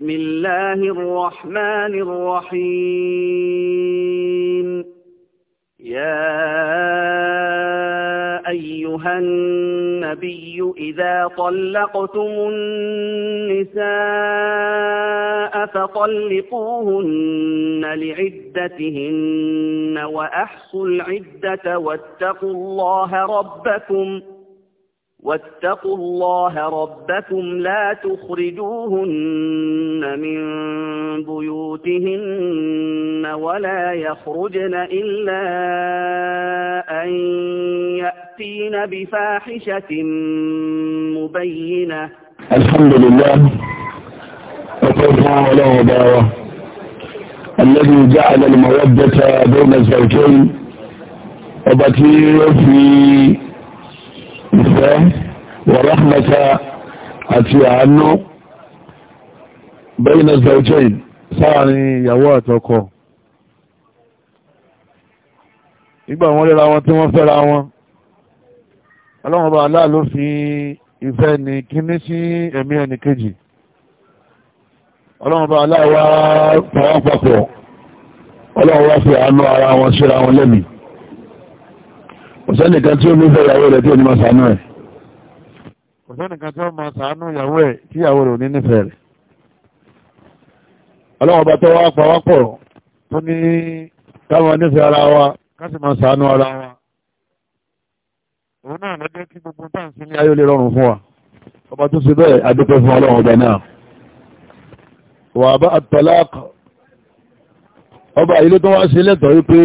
بسم الله الرحمن الرحيم يا أيها النبي إذا طلقتم النساء فطلقوهن لعدتهن وأحصوا العدة واتقوا الله ربكم واتقوا الله ربكم لا تخرجوهن من بيوتهن ولا يخرجن إلا أن يأتين بفاحشة مبينة الحمد لله وكفى على دعوة الذي جعل المودة بين الزوجين وبتير في ìkẹ́ wàràhàmàtà àti àánú bẹ́yìnà zaujain sáàrin ìyàwó àtọkọ nígbà wọn lera wọn tí wọ́n fẹ́ra wọn ọlọ́run bá aláà ló fi ìfẹ́ ní kíní sí ẹ̀mí ẹnì kejì ọlọ́run bá aláà pàápàpọ̀ ọlọ́run wá fi àánú ara wọn síra wọn lẹ́mìí ọ̀sẹ́nìkan tí ó ní fẹ́ ìyàwó rẹ̀ tí ó ní máa sànú ẹ̀ kò sẹ́nìkan tí wọ́n máa sàánú ìyàwó ẹ̀ tí ìyàwó rẹ̀ ò ní nífẹ̀ẹ́ rẹ̀ ọlọ́wọ́n bá tó wá pa wá pọ̀ tó ní táwọn nífẹ̀ẹ́ ara wa ká sì máa sàánú ara wa òun náà lọ́jọ́ kí gbogbo táǹsì ní ayé ó lè rọrùn fún wa ọba tó ṣe bẹ́ẹ̀ adúpẹ́ fún ọlọ́run ọba náà wà bá àtàlákọ̀ ọba ilé tó wá ṣe lẹ́tọ̀ọ́ wípé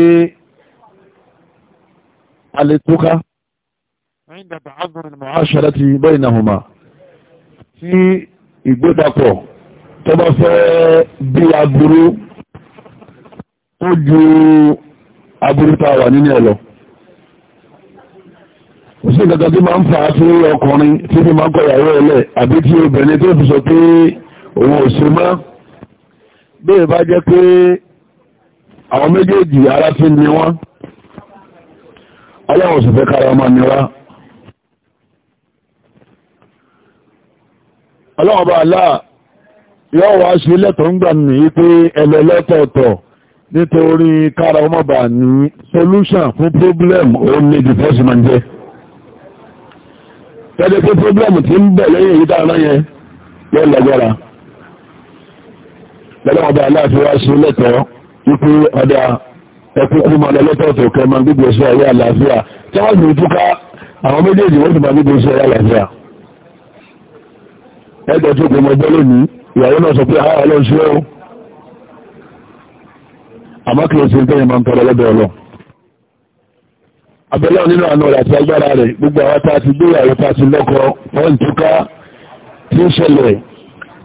a lè túká عند تعذر المعاشرة بينهما في ìgbédapọ̀ tó bá fẹ́ bí aburú tó ju aburú tá a wà nínú ẹ̀ lọ. ó sì kankan tí máa ń fà á sí ọkùnrin tí fi máa ń kọyàwó ẹlẹ̀ àbí tí obìnrin tó fi sọ pé òun ò ṣe mọ́ bẹ́ẹ̀ bá jẹ́ pé àwọn méjèèjì ara ti ní wọ́n ọlọ́run sì fẹ́ kára ọmọ ni wá ọlọ́wọ́n bá aláà yọ́ wá ṣe lẹ́tọ̀ọ́ ń gbà ní wípé ẹlẹ́lẹ́tọ̀ọ̀tọ̀ nítorí kára ọmọba ní solution fún problem òun ní the first man jẹ́ tẹ́lẹ̀ pé problem ti ń bẹ̀ lẹ́yìn èyí dára yẹn yọ́ lọ́gbọ́ra lọ́wọ́n bá aláà fi wá ṣe lẹ́tọ̀ọ́ wípé ọ̀dà ẹkùnkùn máa lẹ́lẹ́tọ̀ọ̀tọ̀ kẹ́ máa gbígbèsè ọ̀yà àlàáfíà tí wọ́n sì ń túká àwọn méjèèjì wọ́n sì máa gbígbèsè ọ̀yà àlàáfíà ẹ̀jẹ̀ tó kò mọ ẹgbẹ́ lónìí ìyàwó náà sọ pé àwọn ah, ọlọ́run ṣe ọ́ àmọ́ kí o ṣe ń tẹ́yìn máa ń tọrọ lọ́dọ̀ ọlọ́ abẹ́lẹ́ nínú àna ọ̀rọ̀ àti agbára rẹ̀ gbogbo àwọn tá a ti gbé ìyàwó tá a ti lọ́kọ wọ́n tó ká tí ń ṣẹlẹ̀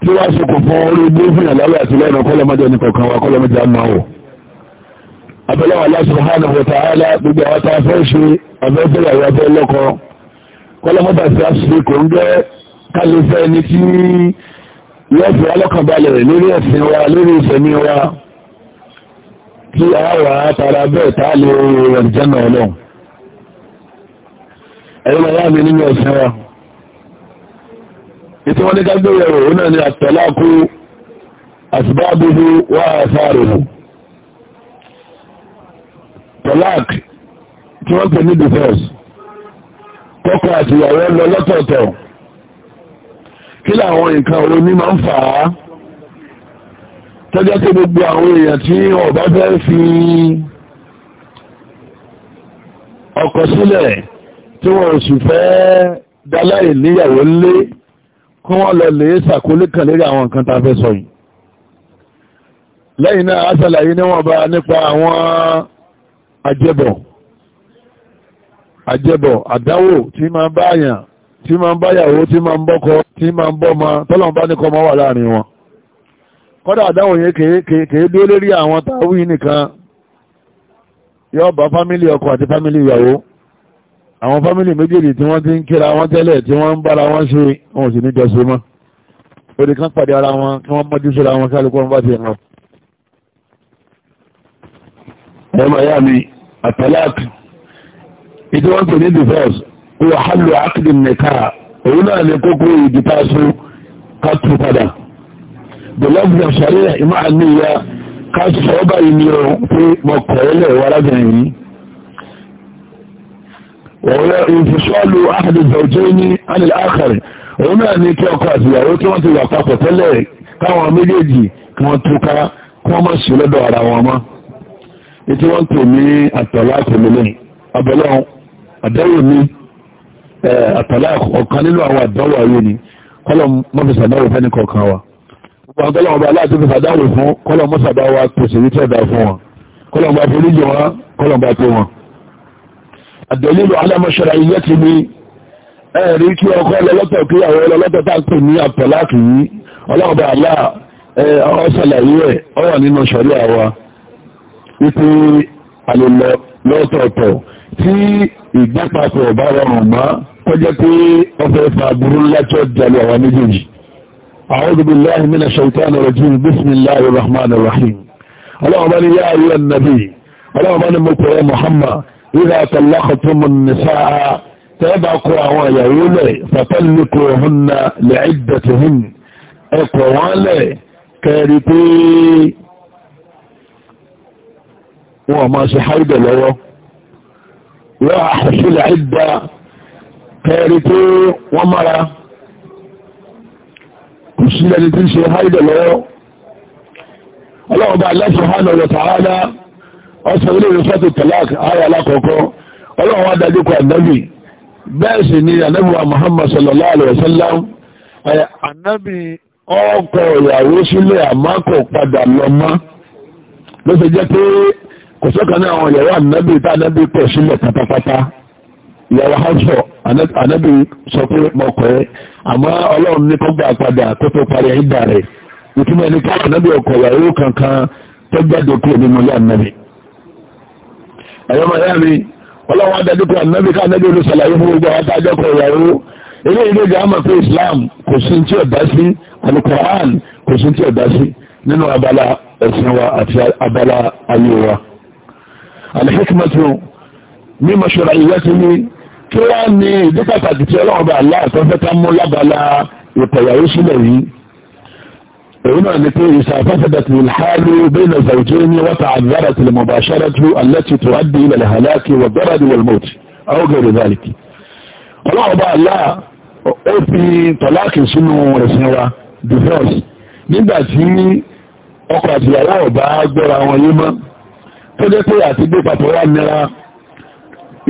tí wọ́n aṣọ kò fún orí igbó fún ìyàlálẹ́ àti lẹ́nu kọ́lọ́mọdé ní kọ̀ọ̀kan wa kọ́lọ́mọdé àmà wò abẹ́lẹ́ wà láti hàn ká lè fẹ́ ẹni tí yóò fi alọ́kànbalẹ̀ lórí ẹ̀sìn wa lórí ìfẹ̀mí wa kí a wà á tara bẹ́ẹ̀ tá a lè rẹ̀ jẹ́nà ọlọ́run ẹ̀yọ́ lọ́wọ́ mi nínú ẹ̀sìn wa ìtí wọ́n ní lọ lọ́tọ̀ọ̀tọ̀ kí làwọn nǹkan òun ní máa ń fà á tọ́jọ́ sí gbogbo àwọn èèyàn tí ọba fẹ́ fi ọkọ̀ sílẹ̀ tí wọ́n sì fẹ́ dáláì níyàwó lé kí wọ́n lọ lè ṣàkólé kan lérí àwọn nǹkan tá a fẹ́ sọ yìí lẹ́yìn náà a ṣàlàyé níwọ̀nba nípa àwọn àjẹbọ̀ àdáwò tí máa bá àyàn tí máa ń báyàwó tí máa ń bọ́kọ tí máa ń bọ́mọ tọ́lọ́n bá ní kọ́ máa wà láàrin wọn kọ́dà àdáwò yẹn kèé dúró lérí àwọn táwí nìkan yóò bá fámílì ọkọ àti fámílì ìyàwó àwọn fámílì méjèèjì tí wọ́n ti ń kíra wọn tẹ́lẹ̀ tí wọ́n ń bára wọn ṣe wọn ò sì ní jọṣe mọ́ òde kan pàdé ara wọn kí wọ́n mọ́jú síra wọn kálukú wọn bá ti ràn. ẹ máa yá mi àtàláàkì wà hálù ákìdì nìka òun náà ní kókó ìdìtà sún ká tú padà bẹ̀lọ́gbìn ṣàríyà ìmọ̀ àníyà ká sọ ọ́ báyìí ní ọ pé mo kọ̀ọ́lẹ̀ wà lábẹ̀rẹ̀ yìí wọ̀wọ́ ìfisọ́lù ákìdì zọ̀jẹ́ ní ánìlẹ̀ ákàrì òun náà ní kí ọkọ àtìyàwó tí wọ́n ti wà papọ̀ tẹ́lẹ̀ káwọn méjèèjì kí wọ́n túká kí wọ́n má sí lọ́dọ̀ ara wọn mọ́ ètí wọ́n pè ní àtọ̀lá àtọ̀lẹ́lẹ́ àtàlá ọ̀kan nínú àwọn àdánwò ayé ni kọ́lọ̀ mọ́fẹ́sà náà fẹ́ ní kọ̀ọ̀kan wa gbogbo àwọn tọ́lọ́wọ́ bá aláàtí fẹ́fà dáwò fún kọ́lọ̀ mọ́sàdá wa kò sì rí tẹ́ẹ̀dá fún wọn kọ́lọ̀ bá forí jẹ wọn kọ́lọ̀ bá tó wọn. àdọ̀lélò alámọ̀ṣọ́ra iye ti ní ẹ̀rí kí ọkọ ọlọ́lọ́tọ̀ kí àwọn ọlọ́lọ́tọ̀ tá à ń pè ní àtàlá kì í ọlọ́wọ́ bá alá ọ ṣàlàyé ẹ̀ ọ wà nínú ṣọ̀rí àwa wípé àlè lọ́tọ̀ọ̀tọ̀ tí ìgbẹ́pàpọ̀ ọ̀bá rọrùn mọ́ kọjá pé ọfẹ́ fa burú lẹ́tọ́ jẹ́lú àwọn méjèèjì a'udhu billahi minash shaitani rajim bismillahir rahmanir rahim ọlọ́wọ́n bá ní yá ayé ẹ̀nàbí ọlọ́wọ́n bá ní mo pẹ̀lẹ́ Muhammad ìrẹ́ àtàlákọ̀tún wọn lẹ̀ máa ṣe háìdẹ̀ lọ́wọ́ wọ́n àṣìlẹ̀ ìdá kẹrì pé wọ́n mára kò sí ẹni tí ń ṣe haidẹ̀ lọ́wọ́ ọlọ́ọ̀bá Allah subhanahu wa ta'ala ọ̀sẹ̀ ilé ìrìnṣẹ́ tó talaq ayà alákọ̀ọ́kọ́ ọlọ́ọ̀wá dájúkọ̀ ànábì bẹ́ẹ̀ sì ni ànábì wa Muhammad sallallahu alaihi wasallam ànábì ọkọ̀ ìyàwó sílẹ̀ àmákọ̀ padà lọ́mọ́ ló fi jẹ́ pé kò sọ́kàn ní àwọn ìyàwó ànábì tá ànábì pẹ̀ sílẹ̀ pátápátá ìyàwó hásọ ànábì sọ pé mọ̀kọ́ ẹ àmọ́ ọlọ́run ní kọ́gbà padà kó tó parí ẹ̀dà rẹ̀ ìtumọ̀ ẹni ká ànábì ọkọ̀ ìyàwó kankan tó jáde kúrò nínú ilé ànábì. ẹ̀yọ́mọ̀ ẹ̀yà mi ọlọ́run adájú pé ànábì ká ànábì olùsàlàyé fún gbogbo àwọn tájọ́ ìyàwó ilé ìlú ìjà àmọ̀ pé Islam kò sí tí ọ̀dá sí alukoran kò sí tí ọ̀dá sí nínú abala ẹ̀sìn wa àti abala ayé wa. الحكمة من شرعياته كي أني ذكرت أكتير الله بألا فتا ملابلا يتياوش له هنا نتيه سافتدت الحال بين الزوجين وتعذرت المباشرة التي تؤدي إلى الهلاك والضرر والموت أو غير ذلك الله بألا أبي طلاق سنو رسنوة دفوس من ذاتي أقرأت يا الله بأكبر عن يمن tó jẹ́ pé àti gbé papọ̀ wá nira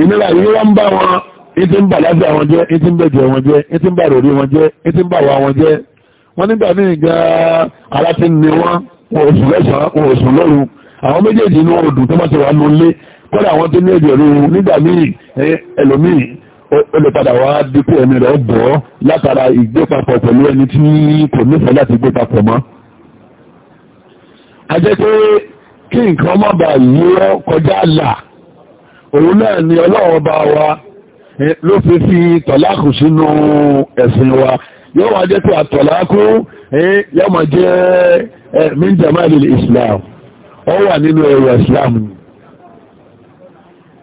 ìnira yìí wọ́n ń bá wọn ìtí ń bà lábẹ́ àwọn jẹ́ ìtí ń bẹ̀jẹ̀ wọn jẹ́ ìtí ń bà ròrí wọn jẹ́ ìtí ń bà wà wọn jẹ́ wọ́n nígbà míì gan-an ara ti ní wọn wọn ò sùn lẹ́sàn-án wọn ò sùn lọ́rùn àwọn méjèèjì ní wọn ò dùn tó bá ti wà nù lé kọ́dà àwọn tó ní ẹ̀jẹ̀ rí wọn nígbà míì ẹlòmíì ó lè padà wá dípò ẹni rẹ̀ bọ̀ látara ìgbépapọ̀ pẹ̀lú ẹni tí kò nífẹ̀ẹ́ láti gbépapọ̀ mọ́. a jẹ́ pé kí nǹkan má bàa yíwọ́ kọjá là òun náà ni ọlọ́run bá wa ló fi fi tọ̀láàkù sínú ẹ̀sìn wa yóò wá jẹ́ pé àtọ̀láàkù yóò máa jẹ́ min jamalil islam ó wà nínú ẹ̀rọ islam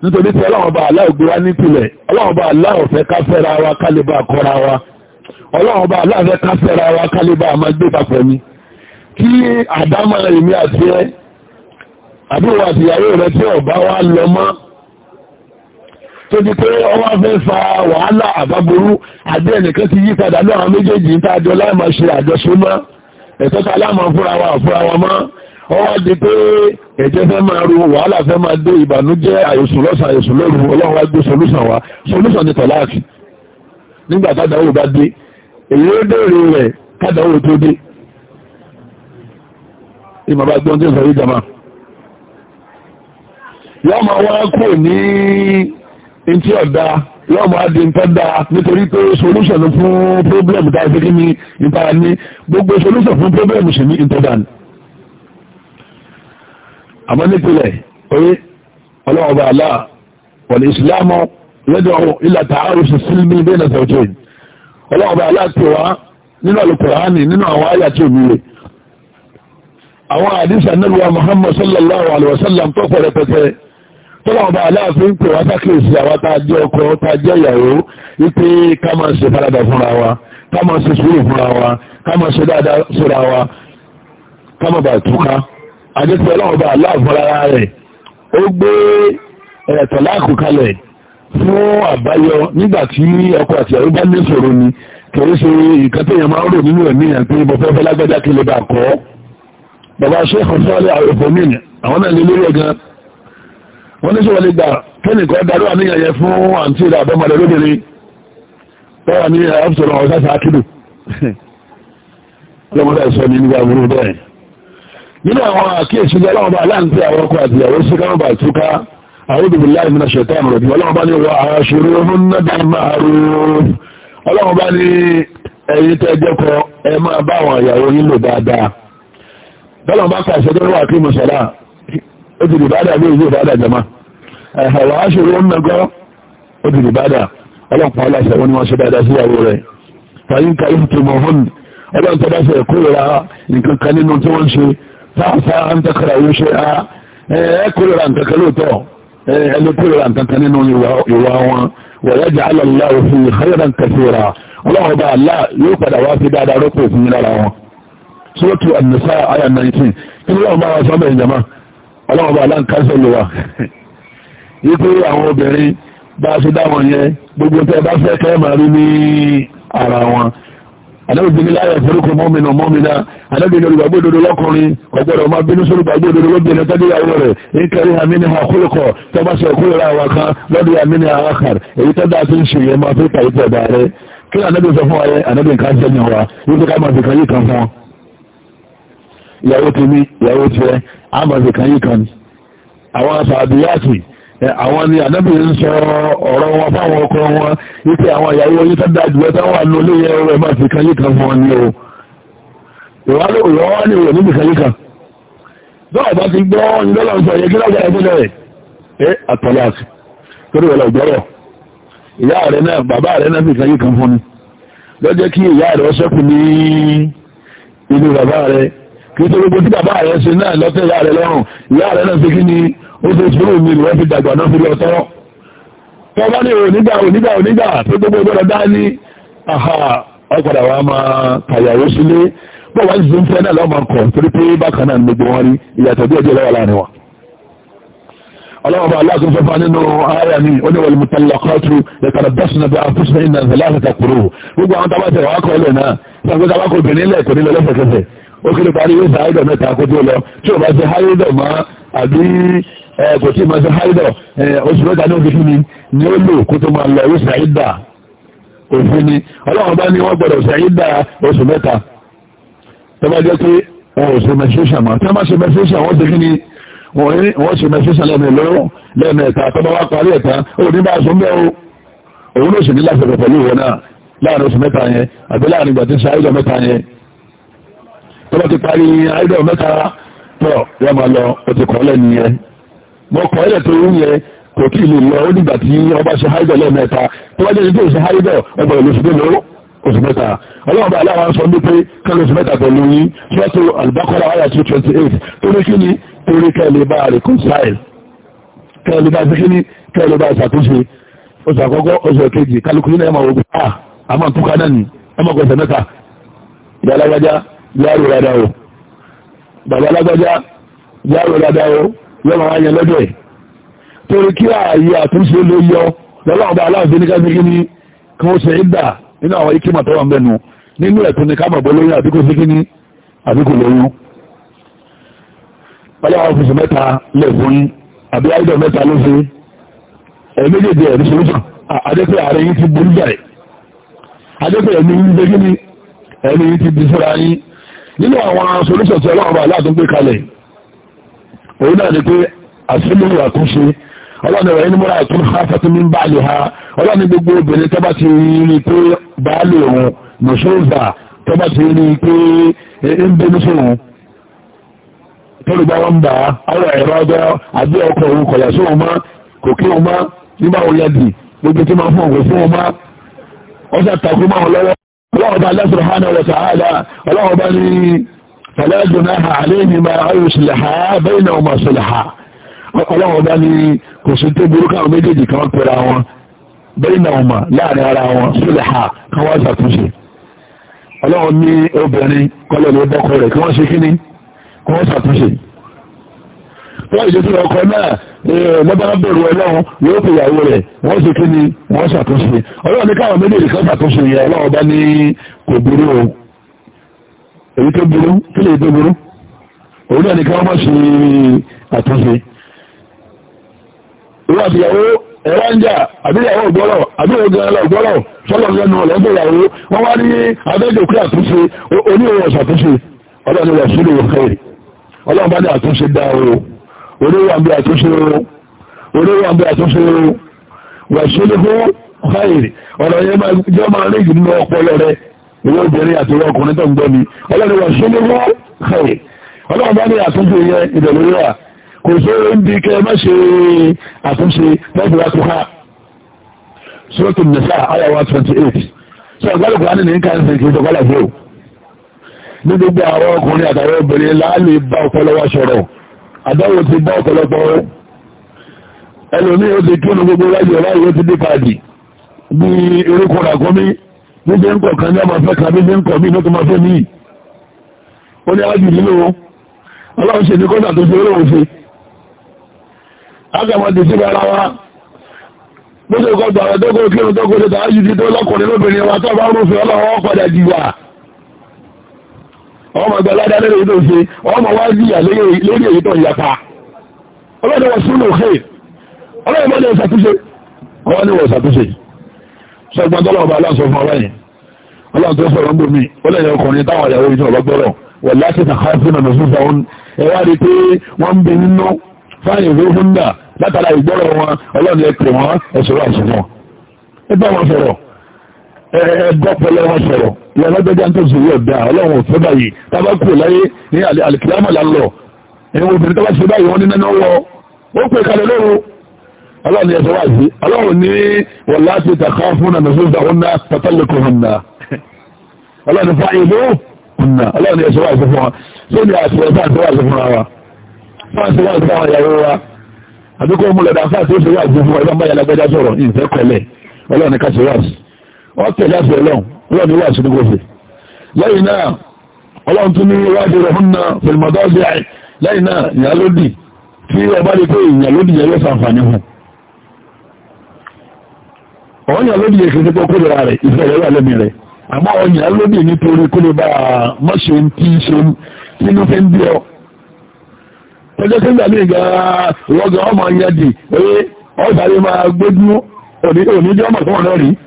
nítorí tí ọlọ́run bá aláwọ̀ gbé wá nípìnlẹ̀ ọlọ́run bá aláwọ̀ fẹ́ ká wa kálíbà kọ́ra wa ọlọ́run bá aláwọ̀ fẹ́ ká fẹ́ra wa kálíbà máa gbé papọ̀ ni kí àdámọ́ èmi àti ẹ́ àbí wà tìyàwó rẹ̀ tí ọ̀bá wá lọ mọ́ tó di pé ọwá fẹ́ fa wàhálà àbáború àdé ẹnìkan ti yí padà lọ́wọ́ àwọn méjèèjì ń tàjọ láìmọ̀ ṣe àjọṣe mọ́ ẹ̀tọ́ ta láàmọ̀ fúnra wa fúnra wa mọ́ ọwá di pé ẹ̀jẹ̀ fẹ́ máa ru wàhálà fẹ́ máa dé ìbànújẹ́ àyòsùn lọ́sàn àyòsùn lóru ọlọ́run wá gbé solúsàn wa solúsàn ni tọ̀láàkì nígbà tádàwó bá dé èyí ó dèrè rẹ̀ tádàwó tó dé ìmọ̀ bá gbọ́n tí ń sọ yìí jama yọ́ ma wá kò ní ntí ọ̀dá yọ́ ma di ntọ́ dá nítorí pé solution fún problem tá a kí ni nípa ní gbogbo solution fún problem sì ní ìtọ́dá ni. àmọ́ nípìnlẹ̀ orí ọlọ́wọ́ bá aláà wọ̀n ìsìlámù lọ́jọ́ ilà tààrù sí sílmi bẹ́ẹ̀ náà sọ̀tún ọlọ́wọ́ bá aláà ti wá nínú alukùránì nínú àwọn àyà tí ò nílé àwọn àdìsí anábìwá Muhammad sallallahu alaihi wasallam tó pẹ̀rẹ̀pẹ̀tẹ̀ tọ́lọ́wọ́ bá aláàfin pè wá sákèsí àwa tá a jẹ́ ọkọ tá a jẹ́ ìyàwó wípé ká máa ṣe faradà fúnra wa ká máa ṣe sùúrù fúnra wa ká máa ṣe dáadáa síra wa ká máa bà túká àdéhùn ọlọ́wọ́ bá aláàfin ara rẹ̀ ó gbé ẹ̀tọ́ láàkú kalẹ̀ fún àbáyọ nígbà tí ọkọ àti ìyàwó bá ní ṣòro ni kìí ṣe nǹkan tó yẹn máa ń rò nínú ẹ̀mí yẹn pé mo fẹ́ fẹ́ lágbájá kí lè bá kọ́ bàbá ṣe é kọ́ sọ́ọ́lẹ̀ àwọn ìfọ̀mí àwọn náà lè lórí ẹ̀gán wọ́n ní sọ̀rọ̀ lè gbà kẹ́lì kan darú àníyàn yẹn fún àǹtí rẹ̀ àbọ́mọdé lóbìnrin tọ́wà ní àfisọ̀rọ̀ ọ̀sáṣà akídù lọ́mọdé sọ ní nígbà burú bẹ́ẹ̀ nínú àwọn àkíyèsí ọlọ́run bá aláǹtí àwọn ọkọ àti ìyàwó sí káwọn bá túká a'udhu billahi minash ma'ruf ọlọ́run bá ní ẹ̀yin tẹ́ jẹ́kọ ẹ máa bá àwọn ìyàwó yín lò ó ti dìbádà bí èyí ìbádà jama ẹ̀hẹ̀ wàá ṣòro ó mẹ́gọ́ ó ti dìbádà ọlọ́pàá aláṣẹ wọn ni wọ́n ṣe dáadáa síyàwó rẹ̀ fàyín ka yìí tó mọ̀ hàn ọlọ́run tọ́ba ṣe kórìíra nǹkan kan nínú tí wọ́n ṣe sáàsá ń tẹ́kọ̀rọ̀ yóò ṣe á ah, ẹ kórìíra nǹkan kan lóòótọ́ ẹ lè kórìíra nǹkan kan ọba àlá yóò padà wá sí dáadáa rọ́pò òfin lára wọn. sọ́tù ànìsá àyà 19 kí ni wọ́n bá wa sọ́mọ̀ ìjàmáà ọlọ́run bá aláǹkásẹ̀ ló wà wípé àwọn obìnrin bá ṣe dáwọn yẹn gbogbo tẹ́ bá fẹ́ kẹ́ máa rí ní ara wọn anábìbí ní láyé mọ́mìnà mọ́mìnà anábìbí olùgbàgbódodo lọ́kùnrin ọ̀gbọ́dọ̀ ọmọ bínú sólùgbàgbódodo lóbìnrin tọ́díyàwó rẹ̀ nítorí àmì ní àkólùkọ̀ tó bá ṣe ìkórìíra àwa kan lọ́dún àmì àwákàr èyí tó dáa tó ń ṣe yẹn máa fi kàyí pọ̀ bá rẹ̀ kí anábìbí sọ fún wa yẹn anábìbí nǹkan ṣẹ́yìn wa wípé ká máa fi kàyí kan fún ìyàwó tèmi ìyàwó tiẹ̀ àmàdì kan yìí kan àwọn sàbíyàtì àwọn ni ànábì ń sọ ọ̀rọ̀ wọn fáwọn ọkọ wọn wípé àwọn ìyàwó yìí tẹ́dá jùlọ táwọn àlólé yẹn rẹ̀ máa fi kan yìí kan fún wọn ni o ìwọ́n ni ìwọ̀n níbi kan yìí kan bọ́ọ̀ bá ti gbọ́ ìdọ́lọ̀ ń sọ yẹ kí lágbà ẹgbẹ́ rẹ̀ ẹ àtọ́láàsì torí wọ́n lọ́gbọ́rọ̀ ìyá rẹ̀ náà bàbá rẹ̀ náà nìkan yìí kan fún ni lọ́jẹ́ kí ìyá rẹ̀ ọ sẹ́kù ní inú bàbá rẹ̀ kì í ṣe gbogbo tí bàbá rẹ̀ ṣe náà lọ́tẹ̀ ìyá rẹ̀ lọ́rùn ìyá rẹ̀ náà ṣe kí ni ó ṣe sùúrù mi ìwọ́n fi dàgbà náà fi lọ tọ́rọ́ tó bá ní onígbà onígbà onígbà tó gbogbo ìgbọ́dọ̀ dá ní àhà ọ̀padà wa máa tàyàwó sílé bó wá ṣe ń fẹ́ náà lọ́mọ kọ̀ torí pé bákan náà gbogbo wọn rí ìyàtọ̀ bí ọjọ́ lọ́wọ́ láàrin wọn. اللهم الله سبحانه وتعالى انه آية مين قلنا والمطلقات يتربصن بأنفسهن إن ثلاثة قروه وقعوا عن طبعات رواكوا لنا فقلت رواكوا بنين لا يكون إلا لفة كثير ó kí ló parí yóò sa haidọ̀ mẹ́ta kó tó lọ tí ò bá ṣe haidọ̀ mọ́ àbí kò tí ì máa ṣe haidọ̀ oṣù mẹ́ta ní òfin ni ni ó lò kó tó máa lọ yóò sa ìdà òfin ni ọlọ́run bá ní wọ́n gbọ́dọ̀ sa ìdà oṣù mẹ́ta tó bá jẹ́ pé wọn ò ṣe menstruation mọ́ tí wọ́n bá ṣe menstruation wọ́n ṣe kí ni wọ́n ṣe menstruation lẹ́ẹ̀mẹ́lọ́rùn lẹ́ẹ̀mẹ́ta tó bá wá tọ́lá ti parí idol mẹ́ta tọ́ yọ máa lọ o ti kọ́ lẹ́nu yẹn mo kọ́ ilẹ̀ tó ń yẹ kò kí lè lọ ó nígbà tí ọba ṣe idol lẹ́ẹ̀mẹ́ta tó bá jẹ́ ṣe idol ọgbọ̀n lóṣù tó lọ oṣù mẹ́ta ọlọ́ọ̀bá aláwọ̀ sọ wípé kẹ́lẹ̀ oṣù mẹ́ta pẹ̀lú yí ṣọ́tò albakora ayà 228 torí kí ni torí kẹ́lẹ̀ bá reconcile kẹ́lẹ̀ bá síkí ní kẹ́lẹ̀ bá ṣàtúnṣe oṣù àkọ́kọ́ oṣù kejì kálukú nínú ẹmọ ogun ah àmọ́ tó ká náà ní ẹmọ kọsẹ̀ mẹ́ta ìyá alágbájá yáàrò rádá o bàbá lágbájá yáàrò rádá o yọ́mọ ayẹ lọ́dọ̀ ẹ̀ torí kí ààyè àtúnṣe ló yọ lọ́lọ́wọ́n bá aláàbí ní kájíkí ní kan ṣe ìdà nínú àwọn ikí màtọ́wà ń bẹnu nínú ẹ̀tún ni káàmà bọ́ lóyún àbíkó sí kíní àbíkó lóyún ọlọ́wọ́n fòsù mẹ́ta lẹ̀ fún yín àbí àìdọ̀ mẹ́ta ló ṣe ẹ̀ẹ́mẹ́jẹ̀dẹ̀ ẹ̀rí solution adẹ́pẹ́ ààrẹ yín ti burú jẹ́ adẹ́pẹ́ ẹ̀mí yín ti bí sọ́ra yín nínú àwọn solution tí ọlọ́run aláà tó gbé kalẹ̀ òun náà ni pé àṣírí àtúnṣe ọlọ́run ẹ̀rọ ìnumọ́ra àtún ha fẹ́tí ní báàlì ha ọlọ́run gbogbo obìnrin tó bá ti rí pé báàlì òun mùsùlùmí tó bá ti rí pé ń bẹnu sóhun tọ́lù bá wọn bá ọ̀rọ̀ ẹ̀rọ ọjọ́ àbí ọkọ̀ òun kọ̀yà sóhun mọ́ kò kí òun mọ́ nígbà òun yẹ dì gbogbo tí máa fún òun fún òun mọ́ ọjà takú máa lọ́wọ́ الله تعالى سبحانه وتعالى الله بني فلا جناح عليهما أي سلحا بينهما سلحا الله بني كنت بروكا ومجدي كمان كراوا بينهما لا نراوا سلحا كواسا كوشي الله ni obìnrin kọlọ̀ ló dọ́kọ̀ rẹ̀ kí wọ́n ṣe kí ni kí wọ́n ṣàtúnṣe wọ́n ìṣesí ọkọ náà lọ́ba bẹ̀rù ọlọ́run yóò fi ìyàwó rẹ̀ wọ́n ṣe kí ni wọ́n ṣàtúnṣe ọlọ́run ní káwọn méjèèjì kan ṣàtúnṣe yẹn ọlọ́run bá ní kò burú o èyí tó burú kí lè tó burú òun náà ní káwọn má ṣe àtúnṣe. ìwọ àtìyàwó ẹ̀rọ ń jà àbíyàwó ògbọ́rọ̀ àbíyàwó gan-an ògbọ́rọ̀ sọ́lọ́ lẹ́nu ọ̀lọ́gbẹ̀yàwó wọ́n wá ní abẹ́jọ́kú àtúnṣe oníhòòhò ṣàtúnṣe ọlọ́run rẹ̀ sílẹ̀ òkè ọlọ́run bá ní àtúnṣe dáa o oríwà bí àtúnṣe oríwà bí àtúnṣe wàṣílẹ̀kú káyèrè ọ̀rọ̀ yẹn máa jẹ́ máa rí ìlú ọpọlọ rẹ ìwé obìnrin àti ọkùnrin tó ń gbọ́ mi ọlọ́run wàṣílẹ̀kú káyèrè ọlọ́run bá ní àtúnṣe yẹn ìdẹ̀lóríwà kò sí oúnjẹ kẹ má ṣe àtúnṣe lọ́dún wàtú ha sọ́tù nìṣà àyàwó 28 sọ ìgbàlùkù á ní ní nǹkan ṣe kì í sọ ní gbogbo àwọn ọkùnrin àtàwọn obìnrin láàlè bá ọpọlọ wa sọ̀rọ̀ àdáwò ti bá ọ̀pọ̀lọpọ̀ rẹ̀ ẹlòmí ó ti kí ní gbogbo ráyè ráyè ó ti dé káàdì bí erékùn ràkúnmí ní bí ń kọ̀ kan ní ọmọ fẹ́ kan bí ń kọ̀ mí ní tó máa ó ní ájì nínú ọlọ́run ṣe ní kọ́nà tó ṣe olóhùn ṣe ara wa bó ṣe kọ́ gbàrà tó ọmọ ọgbà ládá lórí èyí tó ń ṣe ọmọ wá jìyà lórí èyí tó ń yapa ọlọ́dọ̀ wọ̀ sínú òkè ọlọ́dọ̀ mọ́ ní ìṣàtúnṣe wọ́n ní wọ̀ ìṣàtúnṣe sọgbọ́n tọ́lọ́ ọba aláṣọ fún ọlá yẹn ọlọ́dọ̀ tó sọ̀rọ̀ ń bò mí ọlọ́dọ̀ ọkùnrin táwọn ìyàwó ìjọ ọlọ́gbọ́rọ̀ wọ̀ láti tàkásí nà lọ́sùn sáwọn ẹwà rí pé wọ́n ń bẹ nínú fáyìn ìwé fúndà látara ìgbọ́rọ̀ wọn ọlọ́dọ̀ ẹ pè wọ́n ẹ̀sọ̀rọ̀ àṣùwọ̀n ẹ bá wọn sọ̀rọ̀ ẹgbọ́pọ̀lọ́ wọn sọ̀rọ̀ lọ́lọ́gbẹ́já tó zòwú ọ̀dá ọlọ́run òfẹ́ báyìí tábà kú láyé ní alìkìlámà lálọ́ ẹ̀wọ̀n obìnrin tábà ṣe báyìí wọ́n ní nínú wọ́ ó pè kalẹ̀ lóru ọlọ́run yẹ sọ́wọ́ àti ọlọ́run ní wọ́n láti tàkà fún ọ̀nà sọ́sọ́ ọ̀nà pàtàkùn ọ̀nà ọlọ́run fa ìlú ọ̀nà ọlọ́run yẹ sọ́wọ́ àti fún wa tó ní àti ẹ̀fà àti wà sí fún wa fáàsì fún àwọn ìyàwó sí fún wọ́n tẹ̀lé àti ọlọ́run ọlọ́run ni wà sí ní kò fè lẹ́yìn náà ọlọ́run tún ní wájú rẹ̀ fúnna fèlìmọ̀dọ́sí àì lẹ́yìn náà ìyàlódì tí ọba lè pé ìyàlódì yẹ yóò sàǹfààní hù ọ̀hún ìyàlódì yẹ kìí pé kólé rẹ̀ ìfẹ́ rẹ̀ wà lẹ́mí rẹ̀ àmọ́ ọ̀hún ìyàlódì nítorí kólé bá mọ́ṣe tí ń ṣe nínú fẹ́ ń bí ọ ọjọ́ tó ń gbàmí ìgbà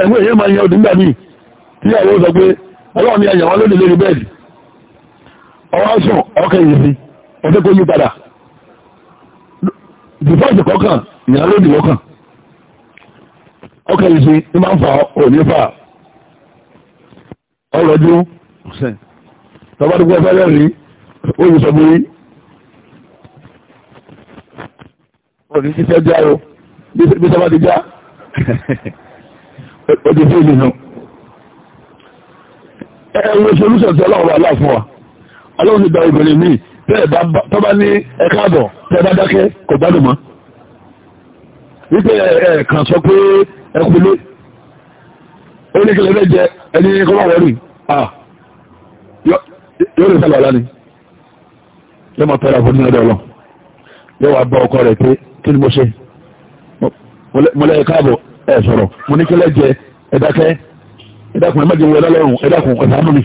ẹgbẹ́ èyẹ máa yan òdìgbà míì tí àwọn sọ pé ọlọ́run ni àyàwó lónìí lórí bẹ́ẹ̀dì ọwọ́ sùn ọkọ̀ èyí sí ọjọ́ kó yí padà dìfọ́ọ̀sì kọ̀ọ̀kan ìyàn lónìí lọ́kàn ọkọ̀ èyí sí ní máa ń fa òní fa ọlọ́dún tọ́ba dúpọ̀ fẹ́rẹ́ rí oyin sọ pé òní ti fẹ́ já o bí sọ́ba ti já ẹ̀dẹ̀ tí ìlú náà ẹ̀wọ̀n solúṣọ̀ tí ọlọ́run wà láàfún wa ọlọ́run ti gba obìnrin míì tó bá ní ẹ̀ka àbọ̀ tẹ́ bá dákẹ́ kò gbádùn mọ́ wípé ẹ̀ẹ̀kan sọ pé ẹkùnlé ó ní kí lẹ́lẹ́ jẹ ẹni kọ́mọ̀ wọ́n rí yóò rí sálọ̀ lánìí yóò máa tọ́ra fún ní ọdọ̀ ọlọ́ yóò wá bá ọkọ rẹ̀ pé kí ni mo ṣe mo lẹ́yìn káàbọ̀ ẹ sọ̀rọ̀ mo ní kílẹ̀ jẹ ẹ̀dákẹ́ ẹ̀dákun ẹ̀mẹ́jẹ̀ wọ ẹ̀dálẹ́rùn ẹ̀dákun ẹ̀sánú mi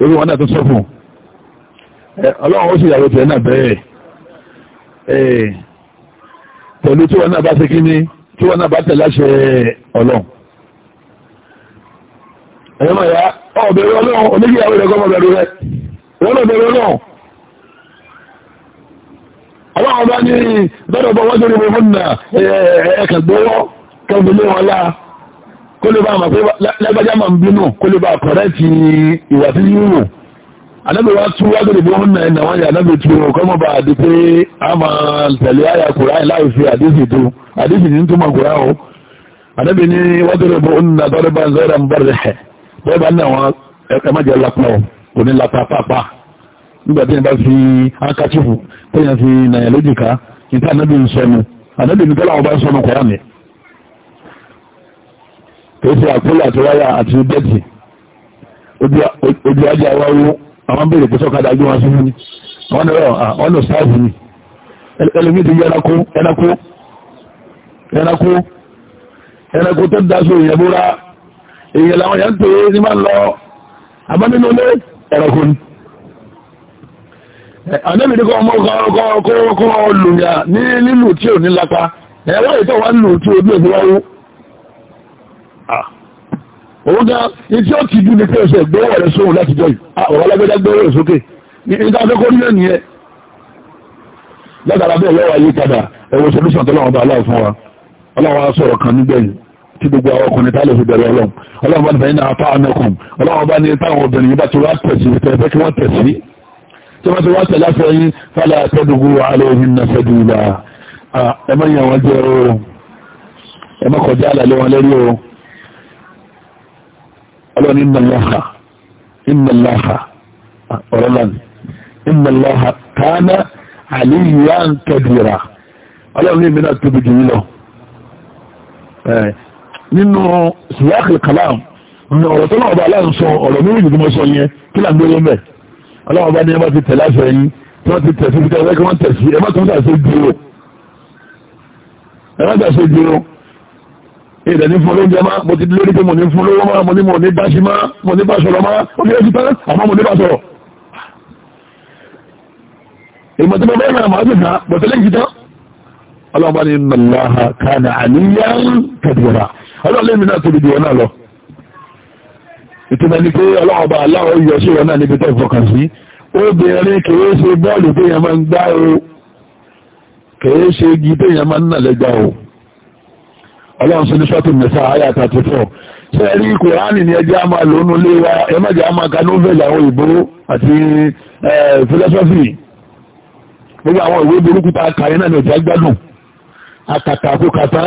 orí ah, wọn náà tó sọ́fún ọlọ́run ó sì yàwó tẹ̀ náà bẹ́ẹ̀ pẹ̀lú tí wọn náà bá ṣe kí ni tí wọn náà bá tẹ̀ láṣẹ ọlọ́run ẹ̀yọ́ máa yá ọ̀bẹ̀rẹ̀ ọlọ́run oníkìyàwó rẹ̀ kọ́ ọlọ́run bá ní dọ́dọ̀bọ̀ wọ́n torí fún nà ẹ̀ẹ́kẹ̀gbọ́wọ́ kẹgbẹ̀lẹ́ wọn láà kó lè bá màpé lágbàjá ma ń bínú kó lè bá kọ̀rẹ́ ti ìwà sí yúrù anábẹ̀wá tú wá torí fún nà ẹ̀nà wọn yà anábẹ̀ tí wọn kọ́ mọ́ bá di pé a máa tẹ̀lé àyà kùrá láì fi tó àdéhì ní túmọ̀ kùrá o anábẹ̀ ní nígbà tí wọ́n bá fi ankachifu tẹ́yàn fi nàyà lójú ká níta anábì ń sọnù anábì ní kọ́lá wọn ń sọnù kọ́ra mi kìí ṣe àti wáyà àti bẹ́ẹ̀tì ojú ajé awáwó àwọn béèrè pé sọ́kadà ajé wọn sínú ni wọ́n ní ah, ọ̀nà sáàfù ni ẹlòmíì ti yẹ ẹranko ẹranko ẹranko ẹranko tó dáṣọ ìyẹ̀búra èèyàn làwọn yẹn ń pè é ní máa ń lọ àbámínú ilé ẹranko ni àdébì ní kọ́ ọmọ kọ́ lùyà ní lílù tí ò ní lápá ẹ̀wọ́ ìtọ́ wá lù tí ojú òfin wáwú òun gan iṣẹ́ ò ti dú ní pé oṣù ẹ̀gbọ́wọ̀ rẹ̀ sóhun láti jọ yìí ọ̀rọ̀ lágbẹ́dá gbẹ́rẹ́ òsókè nígbà àdókò ní ẹ̀nì ẹ̀ látara bẹ́ẹ̀ lọ́wọ́ ayé padà ẹ̀wọ̀ solution tó láwọn bá aláwọ̀ fún wa ọlọ́wọ́ sọ̀rọ̀ kan nígbẹ̀yìn tí gbogbo àwọn ọkùnrin tá lè fi bẹ̀rẹ̀ ọlọ́run ọlọ́run bá ní fẹ́yìn náà apá ànẹ́kùn ọlọ́run bá ní táwọn obìnrin bá ti wá tẹ̀sí tẹ̀ fẹ́ kí wọ́n tẹ̀sí tí wọ́n ti wá tẹ̀lá fẹ́ yín fálà tẹ́dùgú aléhìn na fẹ́dùlá ẹmọ́ yàn wọ́n jẹ́ o ẹmọ́ kọjá àlàlé wọn lẹ́rí o ọlọ́ni ìmọ̀láha ìmọ̀láha ọ̀rọ̀lọ́ni ìmọ̀láha kánà àlìyà ń kẹ́bìrà ọlọ́ni ìmìnà tóbi ọlọ́wọ́n bá ní ẹ bá ti tẹ̀ láṣọ yìí tí wọ́n ti tẹ̀sí fúkẹ́ ẹgbẹ́ kí wọ́n tẹ̀sí ẹ má tún tàṣe dúró ẹ má tàṣe dúró èdè ní fún olóúnjẹ má mo ti lórí pé mo ní fún olówó má mo ní mo ní dáṣí má mo ní bá sọ̀rọ̀ má ó kéré títán àmọ́ mo ní bá sọ̀rọ̀ bẹ́ẹ̀ náà máa tẹ̀sán bọ̀ tẹ́lẹ̀ kí tán ọlọ́wọ́n bá ní nàlá ìtumọ̀ ni pé ọlọ́run ọba aláwọ̀ yọ sí ìwọ náà níbi tẹ́ ìfọkàn sí obìnrin kìí ṣe bọ́ọ̀lù téèyàn máa ń gbá o kìí ṣe igi téèyàn máa ń nà lẹ́gbà o ọlọ́run sí ní sọ́tù mẹ́fà àyà 34 ṣe rí kùránì ní ẹjẹ́ a máa lónú lé wa ẹ má jẹ́ a àwọn òyìnbó àti fílọ́sọ́fì gbogbo àwọn ìwé burúkú ta kàyẹ́ náà ní ọjà gbádùn àkàtà àkókàtà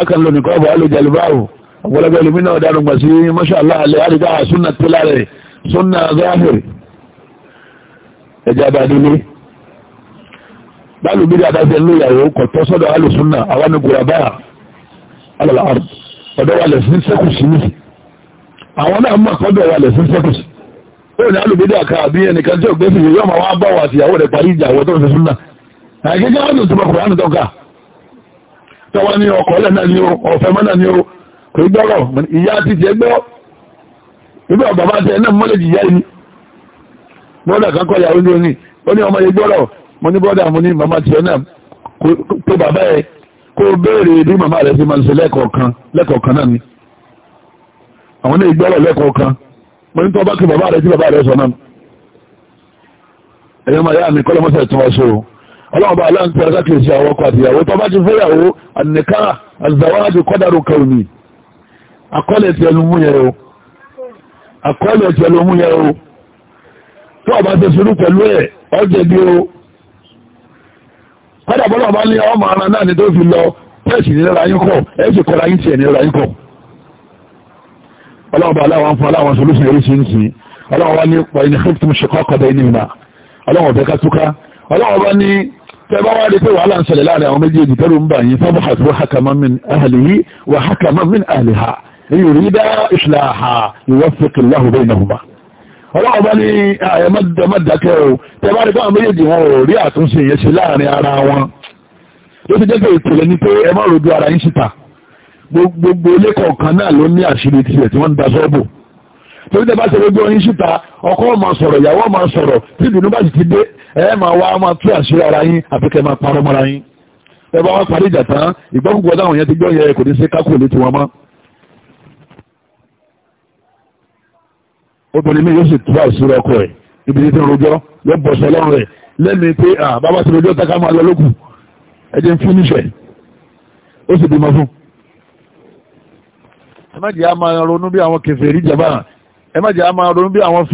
akàn lónìí kọ́ọ̀bù alójàlúbáwò ọ̀pọ̀lọpọ̀ ìlú náà dánú gbà sí mọ́ṣáláà alẹ́ àríká súnà tílà rẹ̀ súnà záhìrì ẹjá bàdílé báàlù bí dáadáa ló yàwó kọ̀tọ́ sọ́dọ̀ alùsúnà àwọn ní gùràbá alàlàárù ọ̀dọ̀ wà lẹ̀sìn sẹ́kùsì ní àwọn náà mọ̀ kọ́dọ̀ wà lẹ̀sìn sẹ́kùsì ó ní alùbídà ká àbí ẹnìkan tí ò gbé sí yóò máa wá bá wà àtìyàwó rẹ̀ parí ìjà àwọn tó ń fi súnà àkíkẹ́ àdùn tó bá kùránì tó ká tí wọ́n ní ọkọ̀ ọ̀lẹ́ náà ni o ọ̀fẹ́ mọ́ náà ni o kò í gbọ́rọ̀ ìyá ti jẹ́ gbọ́ nígbà bàbá tẹ náà mọ́lẹ̀ jìyà yìí bọ́dà kan kọ́ ìyàwó ní òní ó ní ọmọ yẹ gbọ́rọ̀ mo ní bọ́dà mo ní màmá tiẹ̀ náà tó bàbá ẹ kó béèrè bí màmá rẹ̀ ti máa ń ṣe lẹ́kọ̀ọ̀kan náà ni àwọn ní ìgbọ́rọ̀ lẹ́kọ̀ọ̀kan mo ní tọ́ bá kí bàbá rẹ̀ tí bàbá rẹ̀ sọ náà ẹ̀yọ́ ọlọ́run bá aláǹtí alákèsí àwọn ọkọ àtìyàwó tó bá ti fẹ́yàwó ànìká àzàwájú kọ́dàrú kàwùmí àkọọ́lẹ̀ ti ẹnu mú yẹn o àkọọ́lẹ̀ ti ẹnu mú yẹn o tó ọba ti sùúrù pẹ̀lú ẹ̀ ọjẹ́ bí o kọ́dà bọ́lá ọba ní ọmọ ara náà ni tó fi lọ pẹ́ẹ̀sì nílẹ̀ ayín kọ̀ ẹ̀ sì kọ́ra yín tiẹ̀ nílẹ̀ ayín kọ̀ ọlọ́run bá aláwọn ọlọ́run wá ní tẹ́bá wá rí pé wàhálà ń ṣẹlẹ̀ láàrin àwọn méjèèjì tẹ́rù ń bà yín fọ́bọ̀ àtúwò hakaman min ahlihi wa hakaman min ahliha yurida islaha yuwaffiq Allahu baynahuma ọlọ́wọ́ bá ní àyẹ̀mọ́dàkẹ́ o tẹ́bá rí káwọn méjèèjì wọn ò rí àtúnṣe yẹn ṣe láàrin ara wọn ló ti torí tẹ́ bá ṣe gbogbo oyin síta ọkọ máa sọ̀rọ̀ ìyàwó máa sọ̀rọ̀ tí ìdùnnú bá sì ti dé ẹ máa wá máa tú àṣírí ara yín àti kẹ́ máa parọ́ mọ́ra yín ẹ bá wá parí ìjà tán ìgbọ́kùnkùn táwọn yẹn ti gbọ́ yẹ kò ní sí kákò létí wọn mọ́. obìnrin mi yóò sì tú àṣírí ọkọ ẹ̀ ibi tí ń rojọ́ yóò bọ̀ sọ lọ́rùn rẹ̀ lẹ́nu pé bàbá ti rojọ́ tá ká máa lọ lókù ẹ jẹ́ ẹ má jẹ́ a máa ronú bí àwọn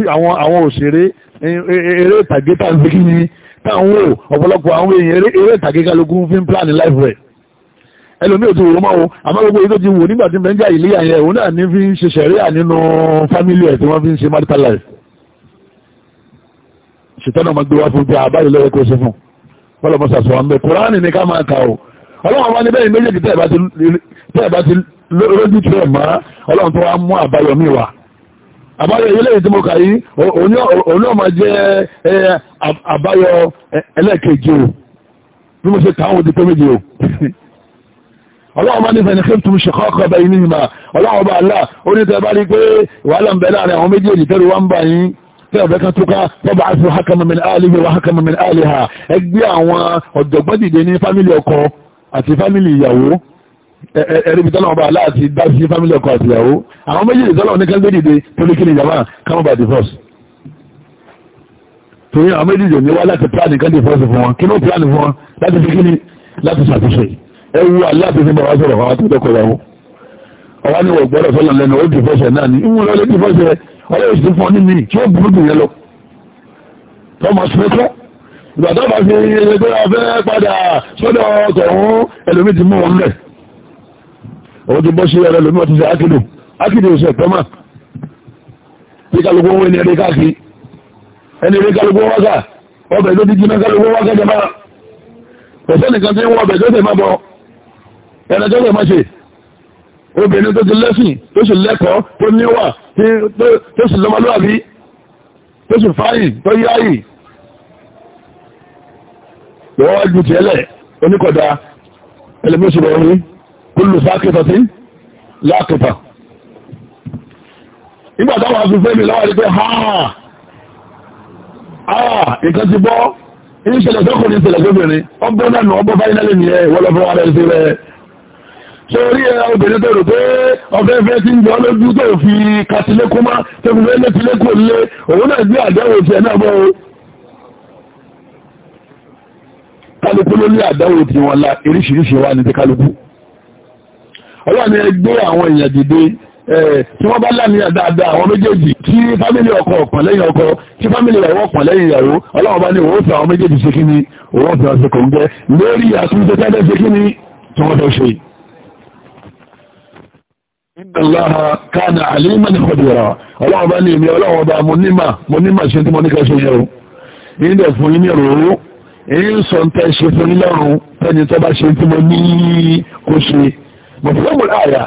àwọn òṣèré eré ìtàgé tá à ń kí ni tá à ń wò ọ̀pọ̀lọpọ̀ àwọn èèyàn eré ìtàgé kálukú fi ń pláàni láìpẹ́ rẹ̀ ẹlòmí ò ti wò ó máa wo àmọ́ gbogbo èyí tó ti wò nígbà tí mẹ́ńjà ìléyà yẹn òun náà ní fi ń ṣe sẹ̀ríà nínú fámílì ẹ̀ tí wọ́n fi ń ṣe marital life ṣètọ́nà máa gbé wá fún pé àbáyé lọ́wọ́ kó ṣe fún bọ́lá àbáyọ ilé tí mo kà yí òun náà máa jẹ́ àbáyọ ẹlẹ́ẹ̀kejì o bí mo ṣe kàáwọn òdìpé méje o ọlọ́wọ́ máa ní fẹ̀yìn kí n tún ṣe kọ́kọ́ bẹ́ẹ̀ ní ìmọ̀ ọlọ́wọ́ bá aláà ó ní tẹ́ bá rí pé wàhálà ń bẹ láàrin àwọn méjèèjì tẹ́rù wá ń bà yín tẹ́ẹ̀bẹ́ kan tó ká tọ́bà á fún hákàmù min áàlìhì wà hákàmù min áàlìhà ẹgbẹ́ àwọn ọ̀jọ̀gbọ́n dìde ní fámìlì ọkọ àti fámìlì ìyàwó ẹ̀rí ibi tọ́lọ́wọ́ bá aláàtí dáṣí fámílì ọkọ àti ìyàwó àwọn méjèèjì tọ́lọ́wọ́ ní kán gbé dìde torí kí ni ìjàmá kámọ́ bá divorce torí àwọn méjèèjì ní wá láti plan nǹkan divorce fún wọn kí ló plan fún wọn láti fi kí ni láti ṣàtúnṣe ẹ wú aláàtí ní bàbá sọ̀rọ̀ àwọn àtúndọ̀ kọ̀ ìyàwó ọwá ní wọ̀ gbọ́dọ̀ sọ́lọ̀ lẹ́nu ó divorce náà ni ìwọ̀n lọ́lẹ́ divorce rẹ̀ ọlẹ́ òṣìṣẹ́ fún ọ ní mi tí ó burú dùn yẹn lọ tọmọ sọ́tọ́ ìgbà tó bá fi ẹgbẹ́ afẹ́ padà sọ́dọ̀ ọkọ̀ ọ̀hún ẹlòmíì ti mú wọn lẹ̀ òun ti bọ́ sí ẹ̀rọ lómi ọtí sí ákìlù ákìlù ò sẹ̀ tọ́mà bí kálukú wọn ẹni ẹ̀rẹ́ káàkiri ẹni ẹ̀rẹ́ kálukú wọn wákà ọbẹ̀ tó ti jiná kálukú wọn wákà jẹba ọ̀sẹ̀ nìkan tí wọ́n ọbẹ̀ tó tẹ̀ má bọ̀ ẹ̀rẹ́ tó tẹ̀ má ṣe obìnrin tó ti lẹ́sìn tó sì lẹ́kọ̀ọ́ tó níwà tó sì lọ́mọlúwàbí tó sì fáyìn tó yáyìn ìwọ́n wá ju tiẹ̀lẹ̀ oníkọ̀dá ẹlẹ́mẹ́sì lọ́wọ́ kúlù sákìtọ̀ tí lákìtọ̀ nígbà táwọn afẹ́fẹ́ mi lọ́wọ́ rí pé ha ah nǹkan ti bọ́ ìṣẹ̀lẹ̀ sọ́kùnrin ìṣẹ̀lẹ̀ sóbìnrin ọgbọ́n náà nù ọgbọ́n fáínálì ni ẹ ìwọ́lọ́fẹ́ wa rẹ̀ sí rẹ̀ sórí ẹ obìnrin tó rò pé ọ̀fẹ́fẹ́ tí ń jọ lójú tó fi kàtílékúmá tó fi lẹ́lẹ́ tí lékò lé òun náà gbé àdáwò tiẹ̀ náà bọ́ o kálukú ló ní àdáwò tiwọn la oríṣiríṣi wa ní ti kálukú ọlọ́ni ẹgbẹ́ àwọn èèyàn dìde tí wọ́n bá lámìí àdáadáa àwọn méjèèjì tí fámílì ọkọ ọ̀pọ̀ lẹ́yìn ọkọ tí fámílì ìyàwó ọ̀pọ̀ lẹ́yìn ìyàwó ọlọ́wọ́n bá ní òun fẹ́ àwọn méjèèjì ṣe kí ni òun fẹ́ ọ̀sẹ̀ kò ń jẹ́ lórí àtúnṣe tẹ́lẹ̀ ṣe kí ni tí wọ́n fẹ́ ṣe. Ìdàláha kánà àlímọ̀ ní kọ̀dìrà ọlọ́wọ́n bá ní èmi ọlọ́wọ́n bá mo nímà mo nímà o. Èyí dẹ̀ fún yín ní òróró èyí ń sọ ń tẹ́ ṣe fún yín lọ́rùn tẹ́ni tó mọ̀tòkọ́mù láàyà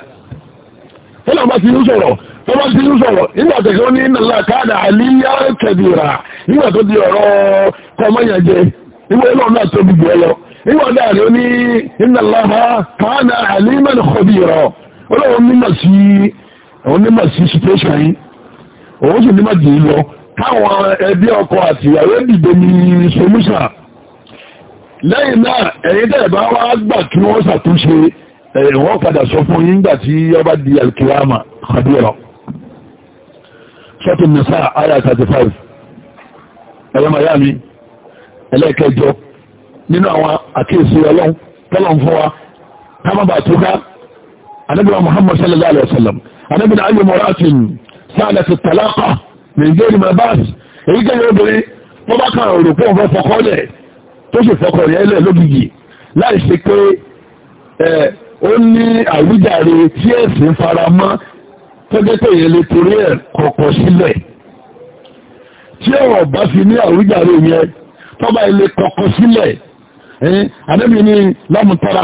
wọ́n náà bá ti ń sọ̀rọ̀ wọ́n bá ti ń sọ̀rọ̀ nígbà tó kí ó ní nàlá káàdà àlíyá kẹbìrà nígbà tó di ọ̀rọ̀ kọmọ́yànjẹ nígbà tó náà tóbi jù ẹ lọ nígbà tó àrí ó ní nàlá káàdà àlíyá kẹbìrà ọlọ́run nímọ̀ sí òun nímọ̀ sí situation yìí òun sì nímọ̀ dì í lọ káwọn ẹbí ọkọ àti ìyàwó dìde ní solúsà lẹ́yìn náà ẹ̀yìn tẹ̀ bá wá gbà kí wọ́n ṣàtúnṣe Eh, wọ́n padà sọ fún yín gbà tí ọba di alkiyama khabira sọ́tún nìsá àyà 35 ẹ̀yọ́mà yá mi ẹlẹ́ẹ̀kẹjọ nínú àwọn àkíyèsí ọlọ́run tọ́lọ̀n fún wa tábàbà tó ká anábìnà muhammad sallallahu alaihi wasallam anábìnà ayé mọ́ràtìn sáàlẹ̀ ti tàlákà nìgbèrè mabas èyí kẹ́yìn obìnrin wọ́n bá kàn rò pé òun fọ́kọ́ lẹ̀ tó sì fọ́kọ̀ rẹ̀ lẹ̀ ó ní àwíjàre tí ẹ̀sìn faramọ́ tọ́jọ́tọ̀ yẹn lè torí ẹ̀ kọ̀ọ̀kọ̀ sílẹ̀ tí ọ̀rọ̀ bá fi ní àwíjàre yẹn tọ́ba ilé kọ̀ọ̀kọ̀ sílẹ̀ àdébí ní lámùtara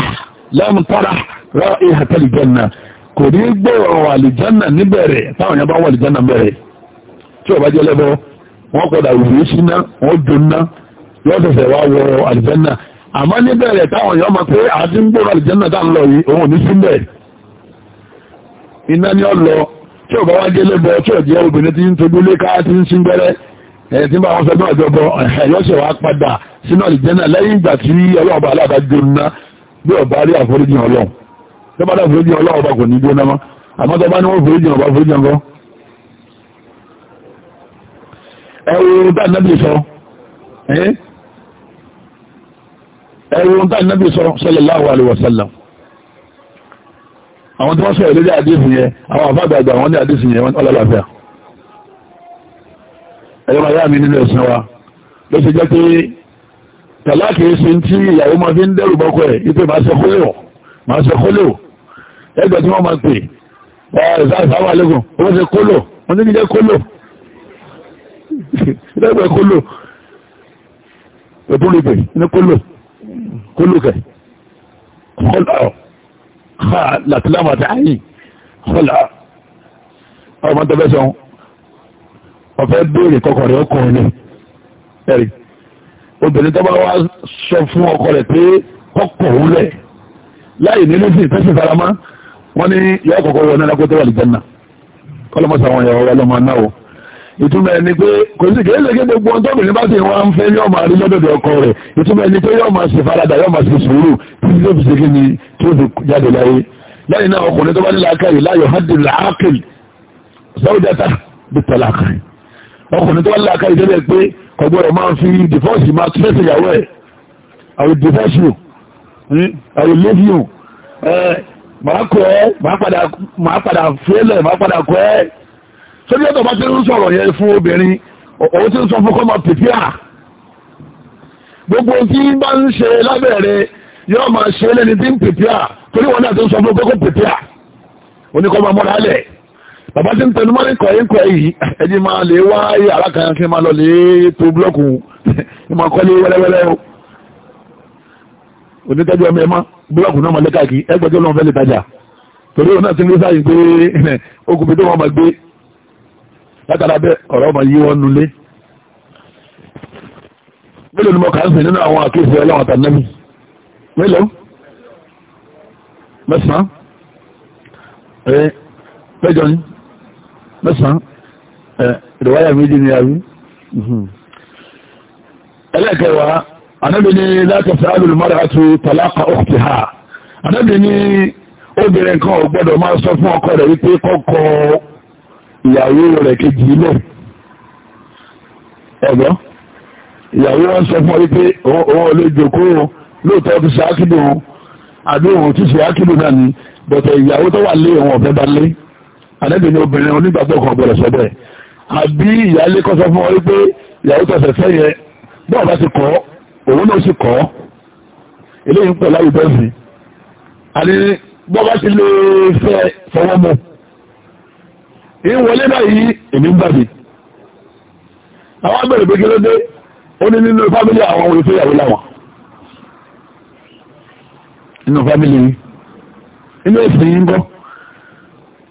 lámùtara rọ ìhàtẹ́lì jẹ́nà kò ní gbọ́rọ̀ àlìjánà níbẹ̀rẹ̀ táwọn yẹn bá wà àlìjánà bẹ̀rẹ̀ tí ọba jẹ́ lẹ́bọ̀ wọ́n kọ̀dà òwúrú síná wọ́n jóná yóò tẹ̀sẹ̀ wá wọ àlìjánà àmọ́ níbẹ̀rẹ̀ táwọn èèyàn mọ̀ pé àti ń gbóra ìjẹ́nà tá ń lọ yìí òun ò ní sílẹ̀ iná ni ọ lọ tí ò bá wá délé bọ tí ò jẹ́ obìnrin tí ń tóbi lé ká tí ń sin gbẹ́rẹ́ ẹ̀ tí bá wọn fẹ́ náà jọbọ ẹ̀yọ́sẹ̀ wá padà sínú ìjẹ́nà lẹ́yìn ìgbà tí ọlọ́ọ̀bà aláàbá jóná bí ọba rí àforíjì ọlọ́run tó bá dá àforíjì ọlọ́run ọba kò ní jóná mọ́ àmọ́ tó bá ní wọ́n foríjì ọba foríjì ọkọ́ ẹ̀rù dáadáa sọ ẹ̀rùn tá ìnábì sọ̀rọ̀ sallallahu alaihi wasallam àwọn tí wọ́n sọ̀rọ̀ lórí àdísì yẹn àwọn àfáàgbàgbà wọn ní àdísì yẹn wọ́n lọ́lọ́fẹ́ ẹ̀yọ́ máa yá mi nínú ẹ̀sìn wa ló ṣe jẹ́ pé tàlákì ṣe tí ìyàwó máa fi ń dẹ́rù bọ́kọ̀ ẹ̀ ipé máa ṣe kólèwọ̀ máa ṣe kólèwọ̀ ẹgbẹ̀ tí wọ́n máa pè ẹ̀sáàsáwà lẹ́gùn ó ṣe kólò wọ́n ní jẹ́ kólò ẹgbẹ̀ kólò ẹ̀bùn lè pè ní kólò خلقه خلعه لا تلامة عين خلعه ọmọ tó fẹ́ sọ ọ̀fẹ́ béèrè kọkọ rẹ̀ ọkọ rẹ̀ ẹ̀rì obìnrin tó bá wá sọ fún ọkọ rẹ̀ pé ọkọ òun rẹ̀ láì nínú sí ìfẹ́sẹ̀ farama wọ́n ní yọ ọkọ̀ọ̀kọ̀ wọn náà kó tó wà lìjẹ́ náà kọ́lọ́mọ́sà wọn yàrá wọn lọ́mọ náà ìtumọ̀ ẹni pé kò sí kéèléke gbogbo ohun tóbìnrin bá sì wọ́n ń fẹ́ yọ́ máa rí lọ́dọ̀dọ̀ ọkọ rẹ̀ ìtumọ̀ ẹni pé yọ́ máa ṣe farada yọ́ máa ṣe sùúrù tí yóò fi ṣe kí ni tí ó fi jáde láyé lẹ́yìn náà ọkùnrin tó bá nílá káyì láyọ̀ hadil akil sọ́wọ́dẹ́ta bí tọ́lá kan ọkùnrin tó bá nílá káyì débẹ̀ pé ọgbọ́dọ̀ máa máa tẹ́sẹ̀ ìyàwó ẹ̀ I will divorce you hmm? I will leave you ẹ eh, máa kọ ẹ máa padà sórí ẹ̀tọ́ bá ti ń sọ̀rọ̀ yẹn fún obìnrin òun ti ń sọ fún kọ́mọ pìpíà gbogbo tí bá ń ṣe lábẹ́rẹ́ yóò máa ṣe lẹ́ni tí ń pìpíà torí wọn náà ti ń sọ fún kókó pìpíà oníkọ́mọ mọ́ra lẹ̀ bàbá tí ń tẹnu mọ́ ní kọ̀yìn kọ̀yìn yìí ẹni máa lè wá yàrá kan kí n máa lọ lè to búlọ́ọ̀kù ní máa kọ́lé wẹ́lẹ́wẹ́lẹ́ o onítọ́jú ọmọ ẹ má búlọ́ọ̀kù náà máa lẹ́ka kí ẹgbẹ́jọ́ lọ́n fẹ́ lè tajà torí wọn náà ti ń rí sáyìn pé okùnfin tó wọn máa gbé látara bẹ́ ọ̀rọ̀ ọmọ yí wọn nulé mélòó ni mo kà ń sìn nínú àwọn àkéèsí ọlọ́wọ̀n tànẹ́mì mélòó mẹ́sàn-án ẹ̀ mẹ́jọ ni mẹ́sàn-án ẹ̀ ìdọ̀wáyà méjì ni a rí mhm. ẹlẹ́kẹ̀wàá anábì ni látọ̀fẹ́ alùmọ́ra àti tàlákà òkùtì ha anábì ni obìnrin kan ò gbọ́dọ̀ máa sọ fún ọkọ rẹ̀ wípé kọ́kọ́ ìyàwó rẹ̀ kejì ilẹ̀ ẹ̀gbọ́ ìyàwó wọn sọ fún ọ wípé òun ò lè o lóòótọ́ ti ṣe ákìlù òun àbí òun ti ṣe ákìlù náà ni bọ̀tẹ̀ ìyàwó tó wà lé òun ọ̀fẹ́ bá lé àdẹ́bìn ní obìnrin onígbàtọ̀ kan ọ̀gbọ̀rọ̀ sọ́bẹ̀ àbí ìyálé kọ́ sọ fún ọ wípé ìyàwó tó ṣẹ̀fẹ́ yẹ bọ́ọ̀ bá ti kọ́ òun náà sì kọ́ eléyìí ń pọ̀ láwùjọ sí i àní bọ́ọ̀ bá ti lè fẹ́ fọwọ́ mọ́ ń wọlé báyìí èmi ń gbàgbé àwọn agbẹ̀rẹ̀ pé kí ló dé ó ní nínú fámílì àwọn olùfẹ́yàwó láwọn nínú fámílì inú ẹ̀sìn yìí ń bọ́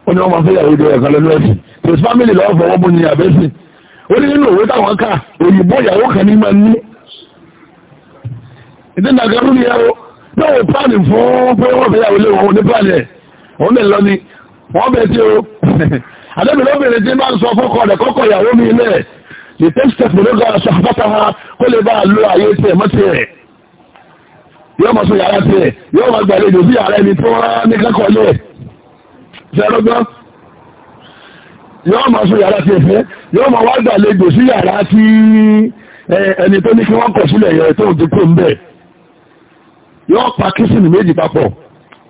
ó ní wọ́n máa fẹ́yàwó ìjọ ẹ̀kan lọ́nà ẹ̀sìn tó sí fámílì lọ́wọ́ fọwọ́ bó ní àbẹ́sìn ó ní nínú òwe táwọn kà òyìnbó ìyàwó kan ní máa ní ìdínà gẹ́rú ni ẹ̀rọ náà wò pláàni fún pé wọ́n fẹ́yàwó lé wọn ní pláàni ẹ̀ òun lè lọ ni wọ́n bẹ̀ sí o àdébì lóbìnrin tí máa ń sọ fọ́kọ rẹ̀ kọ́kọ́ ìyàwó mi ilẹ̀ lè tẹ́ sẹ́pù ló gbára sọ àpáta ha kó lè bá lo àyè tiẹ̀ mọ́tì rẹ̀ yóò mọ̀ sọ yàrá tiẹ̀ yóò mọ̀ gbàlejò bí yàrá ẹni tó rán ní kẹ́kọ̀ọ́ lẹ̀ yóò mọ̀ sọ yàrá tiẹ̀ fẹ́ yóò mọ̀ wá gbàlejò sí yàrá tí ẹni tó ní kí wọ́n kọ̀ sílẹ̀ yẹn tó ti kú ń bẹ̀ yóò pa kìsìnì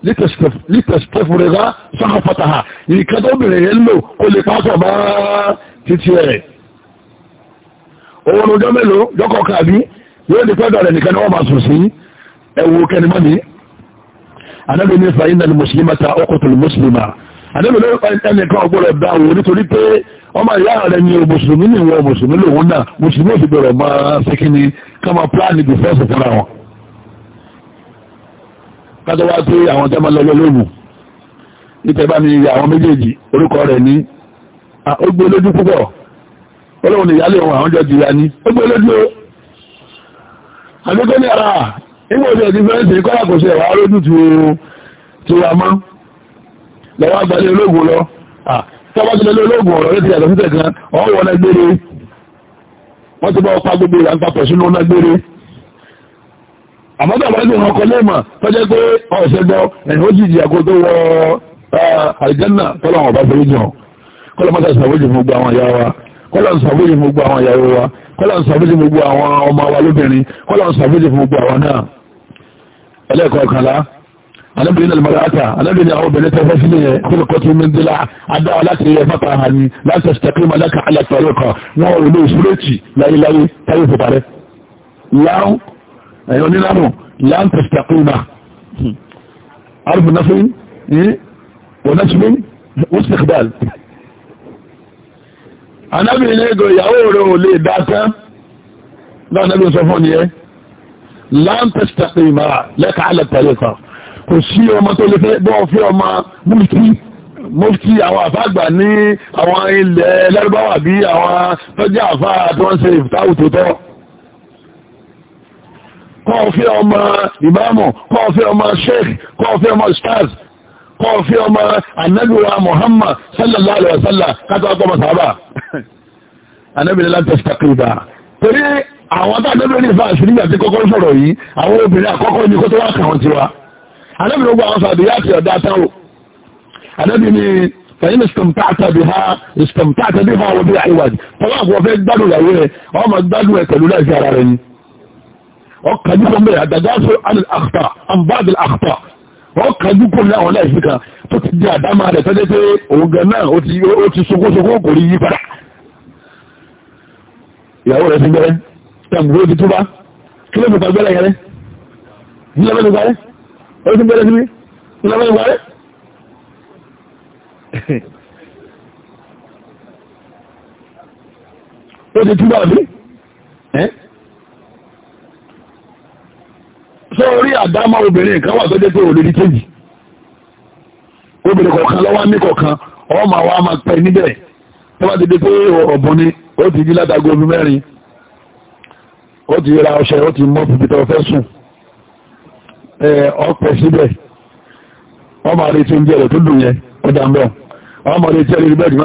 lítẹ̀sítẹ́fúrẹ́dá sáhàfàtàhà ìrìkan tó bèèrè yẹn lò kó lè pàtó bá títí ẹ̀ òun ọjọ́ mélòó jọ́kọ̀ kàbí yóò di pẹ́dọ̀ rẹ̀ nìkan wọ́n máa sùn sí ẹ̀wù kẹnimọ́ni anábì ní fa iná ni mùsùlùmí ta ọkọ̀ tó mùsùlùmí anábì ní ẹnìkan ọgbọ́rọ̀ dá òun nítorí pé ọmọ ìyá rẹ̀ ni mùsùlùmí ni wọn mùsùlùmí lòun náà mùsùlùmí ò fi bẹ̀rẹ̀ máa ni ká máa pláàni dìfẹ́ǹsì fúnra kátó wá sí àwọn tẹ́ máa lọ lọ́lọ́gùn níta bá mi àwọn méjèèjì orúkọ rẹ̀ ní ó gbé lójú púpọ̀ ọlọ́run ní ìyálé òun àwọn jọ jìyà ní ó gbé lójú àdúgbò ní ara nígbà òṣèlú ti fẹ́ǹsì kọ́lá kò ṣe ẹ̀wà lójú ti wa mọ́ lọ́wọ́ àgbàlẹ̀ ológun lọ tọ́wọ́gbẹ̀lẹ̀ ológun ọ̀rọ̀ rẹ̀ ti yàtọ̀ sí tẹ̀kan ọ̀wọ́ nágbére wọ́n ti bá ọpa àmọ́tà bá ní ọkọ̀ lẹ́mà tọ́jẹ́ pé ọ̀ṣẹ́gbọ́ ẹ̀yìn ó jìjì àkó tó wọ àìjẹ́nà tọ́lọ̀ àwọn ọba fẹ́rí jọ kọ́lọ̀ mọ́tà ṣàwójì gbogbo àwọn ìyá wa kọ́lọ̀ ṣàwójì gbogbo àwọn ìyàwó wa kọ́lọ̀ ṣàwójì gbogbo àwọn ọmọ wa lóbìnrin kọ́lọ̀ ṣàwójì gbogbo àwọn náà ẹlẹ́kọ̀ọ́kànlá alábìnrin almarata alábìnrin àwọn obìnrin tẹ́fẹ́ sílẹ̀ yẹn kúrò kọtù mẹ́ndílá adáwà láti yẹ fata hàn ní láti ṣàkíyèmọ̀ aláka alàtọ̀lọ́kọ̀ wọn ẹ̀yìn onílànà láǹtẹ̀ stakuna arúgbó náà fún onásùmí wùsìkìdàl anábì ilé ìgò ìyàwó rẹ̀ ò lè dáta náà anábì sọ fún ni ẹ láǹtẹ̀ stakuna lẹ́ka alẹ́tàlẹ́kọ̀ọ́ kò sí ọmọ tó lè fẹ́ bọ́ fẹ́ ọmọ múlùtí mufti àwọn àfáàgbà ní àwọn ilẹ̀ lárúbáwà bí àwọn tọ́jú àfáà tó ń ṣe ìfìtáwù tó kọ́ ọ fẹ́ ọmọ ìbámu kọ́ ọ fẹ́ ọmọ sheikh kọ́ ọ fẹ́ ọmọ stars kọ́ ọ fẹ́ ọmọ anabiwa muhammad sallallahu alaihi wasallam kátó ọkọ̀ mọ̀sábà anabiwa láti ṣàkíyà torí àwọn tá anabiwa ní ìfàṣì nígbà tí fẹ̀yìn ìsìtẹ̀mtàtà bí ha ìsìtẹ̀mtàtà bí ha wọ́n bí àìwájú tọ́lá àkọ́fẹ́ gbádùn ìyàwó rẹ̀ ọmọ gbádùn ẹ̀ láìsí ara rẹ̀ yìí ọkàjú kan bẹ́ẹ̀ àdàdásó àdàdàkùtà àǹbáàdì àkùtà ọkàjú kan ní àwọn aláìsí kan tó ti di àdámà rẹ̀ tọ́jẹ́ pé òògùn náà ó ti sokósokó kò rí yí padà ìyàwó rẹ̀ ti gbẹ́rẹ́ tàbí ti túbá kí ló fi pa gbẹ́rẹ́ yẹrẹ́ nílẹ̀ ti parẹ́ ó ti gbẹ́rẹ́ síbi nílẹ̀ ti parẹ́ ó ti túbá àbí tó rí àdámá obìnrin nǹkan wà tó jẹ́ pé ò lè rí kéjì obìnrin kọ̀ọ̀kan lọ́wọ́ ní kọ̀ọ̀kan ọmọ àwọn ma pẹ̀ níbẹ̀ tó bá ti dé pé ọ̀bùn ni ó ti jí látago omi mẹ́rin ó ti ra ọṣẹ ó ti mọ́ fẹ́ sùn síbẹ̀ tí ń tó dùn ah, tí rí bẹ́ẹ̀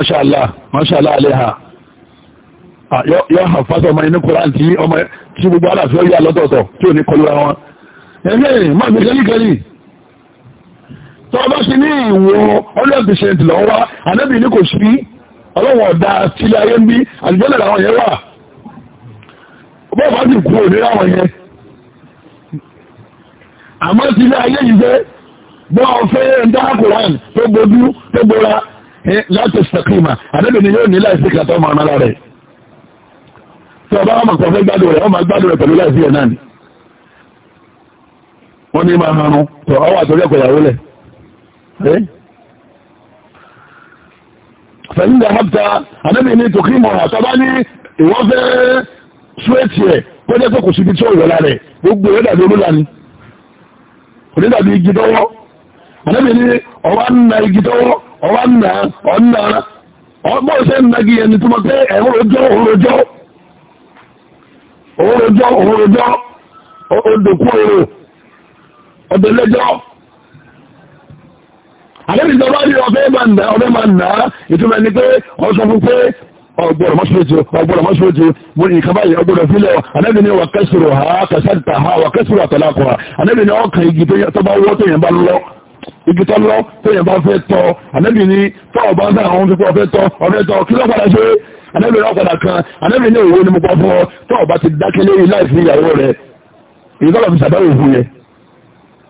yọ́ hàn inú ẹ̀rẹ́ máa gbé kẹ́líkẹ́lì tó ọba sí ní ìwọ̀n hundred percent lọ wá anábì ní kò sí ọlọ́wọ̀n ọ̀dà sílẹ̀ ayé ń bí àlùjọ́lẹ̀ làwọn yẹn wà ọba ọba sì kú òní láwọn yẹn àmọ́ sílẹ̀ ayé yìí fẹ́ bọ́ ọ̀fẹ́ ẹ̀ńdá koran tó gbójú tó gbóra láti sàkìmà anábì ni yóò ní láìsí kàtọ́ ọmọ ọmọ rẹ̀ tí ọba ọmọ kọfẹ́ gbádùn rẹ̀ ọmọ gbádùn rẹ̀ pẹ̀lú láìsí ẹ̀ náà ni wọ́n ní máa rún tọ̀ ọwọ́ àtọ́rí ẹ̀kọ́ ìyàwó lẹ̀ fẹ̀yìn dà hápítà àdébì ní tòkí mọ̀ àtọ́bá ní ìwọ́n fẹ́ súwétì ẹ̀ kó jẹ́ kòkò síbi tí ó yọ̀ lára ẹ̀ gbogbo ẹ̀ dàbí olúla ni kò ní dàbí igi tọ́wọ́ àdébì ní ọwá ń na igi tọ́wọ́ ọwá ń na ọ̀nà ọgbọ́n ṣe ń nagi ẹni tó mọ̀ pé ẹ̀hún rojọ́ òun rojọ́ òun rojọ́ òun rojọ́ ọ̀dọ̀ lẹ́jọ́ àlẹ́bí ìjọba ní ọ̀fẹ́ máa nà ọ̀fẹ́ máa nà ìtumẹ̀ ni pé ọ̀sọ̀ fún pé ọgbọ̀rọ̀ mọ́sílẹ̀tì ọgbọ̀rọ̀ mọ́sílẹ̀tì mú ní ìkàbá yẹ ọgbọ̀rọ̀ fílẹ̀ àlẹ́bí ni wà kẹsìrò ha kẹsàtà ha wà kẹsìrò àtàlákọ̀ọ́ àlẹ́bí ni ọkàn igi tó bá wọ́ tó yẹn bá lọ igi tó lọ tó yẹn bá fẹ́ tọ́ àlẹ́bí ni tọ́ ọba ń dá àwọn tó tọ́ ọfẹ́ tọ́ kí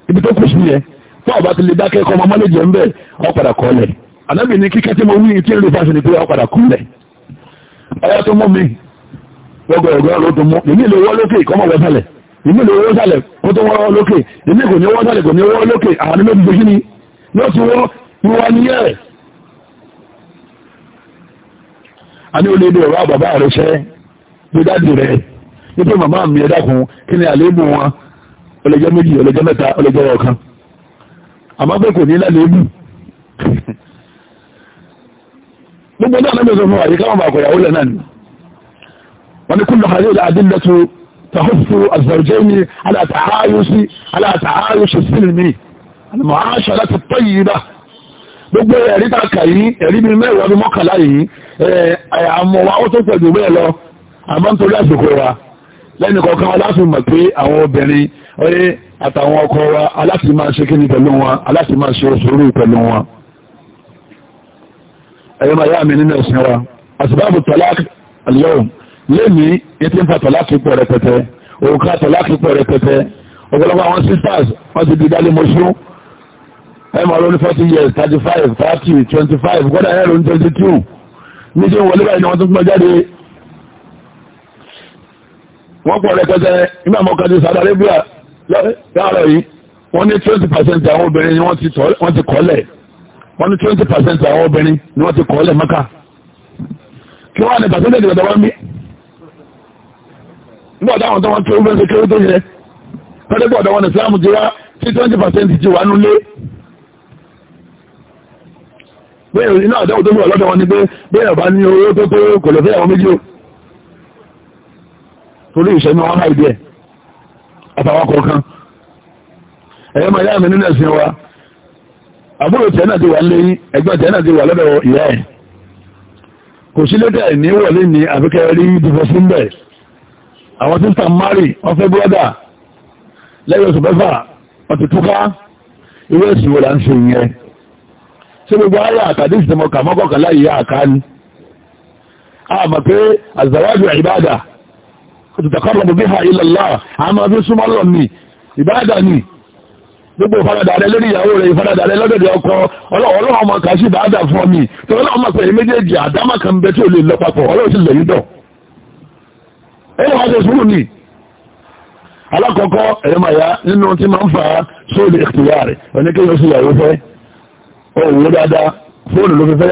ibi tó kù sí yẹn tó ọba ti lè dákẹ́ kọ́ ọmọ mọ́lẹ́jì ẹ̀ ń bẹ̀ ọ padà kọ́lẹ̀ ànábì ní kíkẹ́ tí mo wí tí ń rí fásitì pé ọ padà kọ́lẹ̀ ọyá tó mú mi gbogbo ẹ̀gbọ́n ló tó mú èmi ìlú wọ́ lókè ìkọ́mọ̀ wọ́ sálẹ̀ èmi ìlú wọ́ sálẹ̀ kó tó wọ́ lókè èmi kò ní wọ́ sálẹ̀ kò ní wọ́ lókè àwọn ẹni méjì gbèsè ni yóò ti wọ́ ìwà niyẹ́ a olè ìdè ọ̀rọ̀ bàbá rẹ̀ ṣẹ́ gbé dáàdì rẹ̀ nítorí màmá mi ẹ̀dá kun kí ni àléébù wọn ó lè jẹ́ méjì ó lè jẹ́ mẹ́ta ó lè jẹ́ ọ̀kan àmọ́ pé kò ní lálébù gbogbo náà lọ́gbẹ̀ sọ fún wa yìí káwọn bá kọ̀yàwó lẹ̀ náà ni wọ́n ni kúlọ̀ hàrí àdílẹ̀tù tàhùfù àzọ̀rọ̀jẹ́ni alátàáyúsí alátàáyúsí sílmi alàmọ̀áṣà láti tọ́yìí bá gbogbo ẹ̀rí tàkà yìí ẹ̀rí bí mẹ́wàá bí mọ́kànlá yìí àmọ̀wá ó tó pẹ̀lú bẹ́ẹ̀ lọ àmọ́ nítorí àsìkò wa lẹ́nu kọ̀ọ̀kan aláàfin mọ̀ pé àwọn obìnrin ọyẹ́ àtàwọn ọkọ wa aláàfin máa ṣe kíni pẹ̀lú wọn aláàfin máa ṣe òṣòro pẹ̀lú wọn ẹ̀yọ́ máa yá mi nínú ẹ̀sìn wa àsìbáàbù tọ́lák àlẹ́hùn lẹ́ni etí ń fa tọ́lák pọ̀ rẹpẹtẹ òǹkà tọ́lák pọ̀ rẹpẹtẹ ọ̀pọ̀lọpọ̀ àwọn sisters wọ́n ti di dálé mọ́ṣú ẹ̀ forty years thirty five thirty twenty five gbọ́dọ̀ ẹ̀rọ ní two níṣẹ́ wọlé báyìí ni wọ́n pọ̀ rẹpẹtẹ nígbà mọ́kàn ní Saudi Arabia láàárọ̀ yìí wọ́n ní twenty percent àwọn obìnrin ni wọ́n ti kọ́lẹ̀ wọ́n ní twenty percent àwọn obìnrin ni wọ́n ti kọ́lẹ̀ mọ́kà kí wọ́n ní percentage ìgbàdá wọn bí nígbà táwọn tó wọn tó wọn ṣe kéré tó yẹ pẹ́ẹ́dẹ́gbà ọ̀dọ̀ wọn ní Islam jẹ́ tí twenty percent ti wà nulẹ̀ bẹ́ẹ̀ iná àdáwò tó wà lọ́dọ̀ wọn ni pé bẹ́ẹ̀ bá ní owó tó tó kò lè fẹ́ àwọn méjì o torí ìṣẹ́ni wọn láì díẹ̀ àtàwọn kọ̀ọ̀kan ẹ̀yẹ́ máa yára mi nínú ẹ̀sìn wa àbúrò tẹ̀ náà ti wà lé ẹgbẹ́ tẹ̀ náà ti wà lọ́dọ̀ ìyá ẹ̀ kò sí lẹ́tẹ̀ ní wọlé ní àfikẹ́ rí dìfọ́síńbẹ̀ àwọn tí ń tàn márì wọ́n fẹ́ búrọ́dà lẹ́yìn oṣù mẹ́fà tàkàrọ̀bù bí ha ilẹ̀lá àmọ́ fi súnmọ́ lọ ní ìbáradà ní gbogbo ìfaradà rẹ lórí ìyàwó rẹ ìfaradà rẹ lọ́dọ̀dẹ̀ ọkọ ọlọ́run ọmọ kà sí ìbáradà fún ọ ní tọ́lá ọmọ pẹ̀lú méjèèjì àdámà kan bẹ tí ò lè lọ papọ̀ ọlọ́run sì lẹ̀yìn dọ̀ ẹ̀yìn wá ṣe sùúrù ní alákọ̀ọ́kọ́ ẹ̀yọ́ máa yá nínú tí máa ń fa sóòlù ìkìlá rẹ̀ ẹni kí ló sì yàwó wọ́sàpù ló fi fẹ́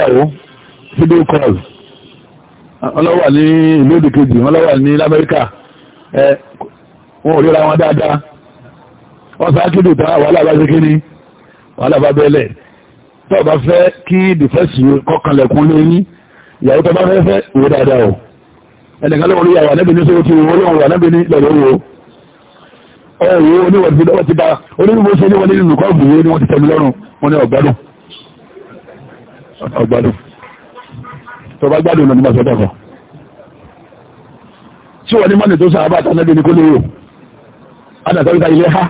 yàwó video call wọ́n lọ wà ní ìlú èdè kejì wọ́n lọ wà ní lamẹ́ríkà ẹ wọ́n ò ríra wọn dáadáa wọ́n sá kí dùtà wàhálà bá ṣekí ni wàhálà bá bẹ́ẹ̀lẹ̀ tó o bá fẹ́ kí dìfẹ́sì kọkànlẹ̀kùn lé yín ìyàwó tó bá fẹ́ fẹ́ wò dáadáa o ẹnìkan ló wọlé yàwó anábìíní sọ́wọ́ ti wọ́n lọ́wọ́ anábìíní lọ́wọ́ wo ọ̀wọ́ oníwọ̀dí lọ́wọ́ ti bá oníwọ̀dí sọ́wọ́ ní nìkan bùrú ni wọ́n ti tẹ̀mí lọ́rùn wọn ni ọ̀gbádùn ọ̀gbádùn tó bá jáde ọ̀nà nígbà sọ́dọ̀ kan tí wọ́n ní mọ́nì tó sáà bá tánẹ́bí ní kó lè wò adàtọ́ríta ilé ha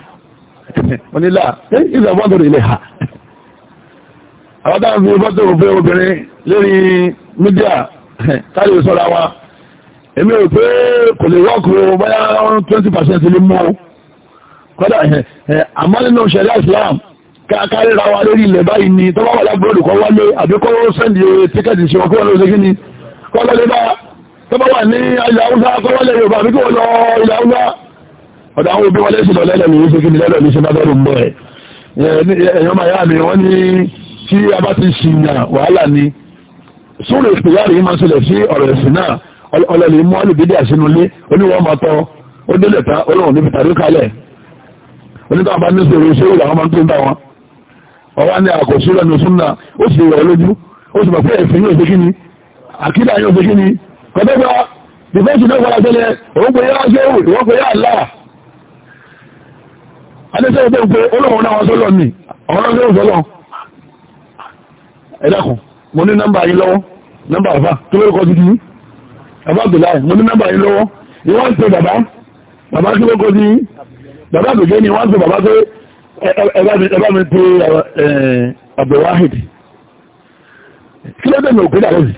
onílà ìzà fọ́tòrò ilé ha àwọn táwọn fi fọ́tòrò fẹ́ obìnrin lórí mídíà káàlì ìṣọ́ra wa èmi ò pé kò lè wọ́kù báyá 20% lè mú kọ́dà àmọ́ nínú ṣẹ̀ríà Islam káàkiri ra wa lórí ilẹ̀ báyìí ni tó bá wà lábúròdù kọ́ wálé àbí kọ́ sẹ́ndì tíkẹ́tì sí ọkọ́ lóṣe kí ni kọ́ lọ́lé bá tó bá wà ní ilẹ̀ haúsá kọ́ wálé yorùbá àbí kọ́ lọ ilẹ̀ haúsá ọ̀dọ̀ àwọn òbí wọlé sílọ lẹ́lẹ̀ mi ṣe kí ni lẹ́lẹ̀ mi ṣe bá bẹ́rù mọ́ ẹ̀ ẹ̀yọ́ máa yá mi wọ́n ní tí a ni sórí ìpìyàrí máa ṣẹlẹ̀ sí ọ̀rọ̀ ẹ̀sìn ọwọ́ ní àkọsí lẹ́nu súnà ó sì rọ̀ lójú ó sì bàbá ẹ̀fẹ́ yóò ṣe kí ni àkídà yóò ṣe kí ni kọ́dọ́gbà dìfẹ́sì náà wọ́n tẹ́lẹ̀ òun pè yá ṣe òun pè yá àlá adẹ́sẹ́ ìpé pé olóhun náà wọ́n tó lọ ní ọ̀rọ̀ náà tó lọ ẹ̀dàkùn mo ní nọ́mbà yìí lọ́wọ́ nọ́mbà àfà tó lórúkọ títí àbá àbdùláì mo ní nọ́mbà yìí lọ́wọ́ ìwọ́n ń pe bàbá bàbá kí lórúkọ títí bàbá àbdùgẹ́ ni wọ́n ń pe bàbá pé ẹbá mi pé Abdulwahid kí ló dé mi òkú dàrú sí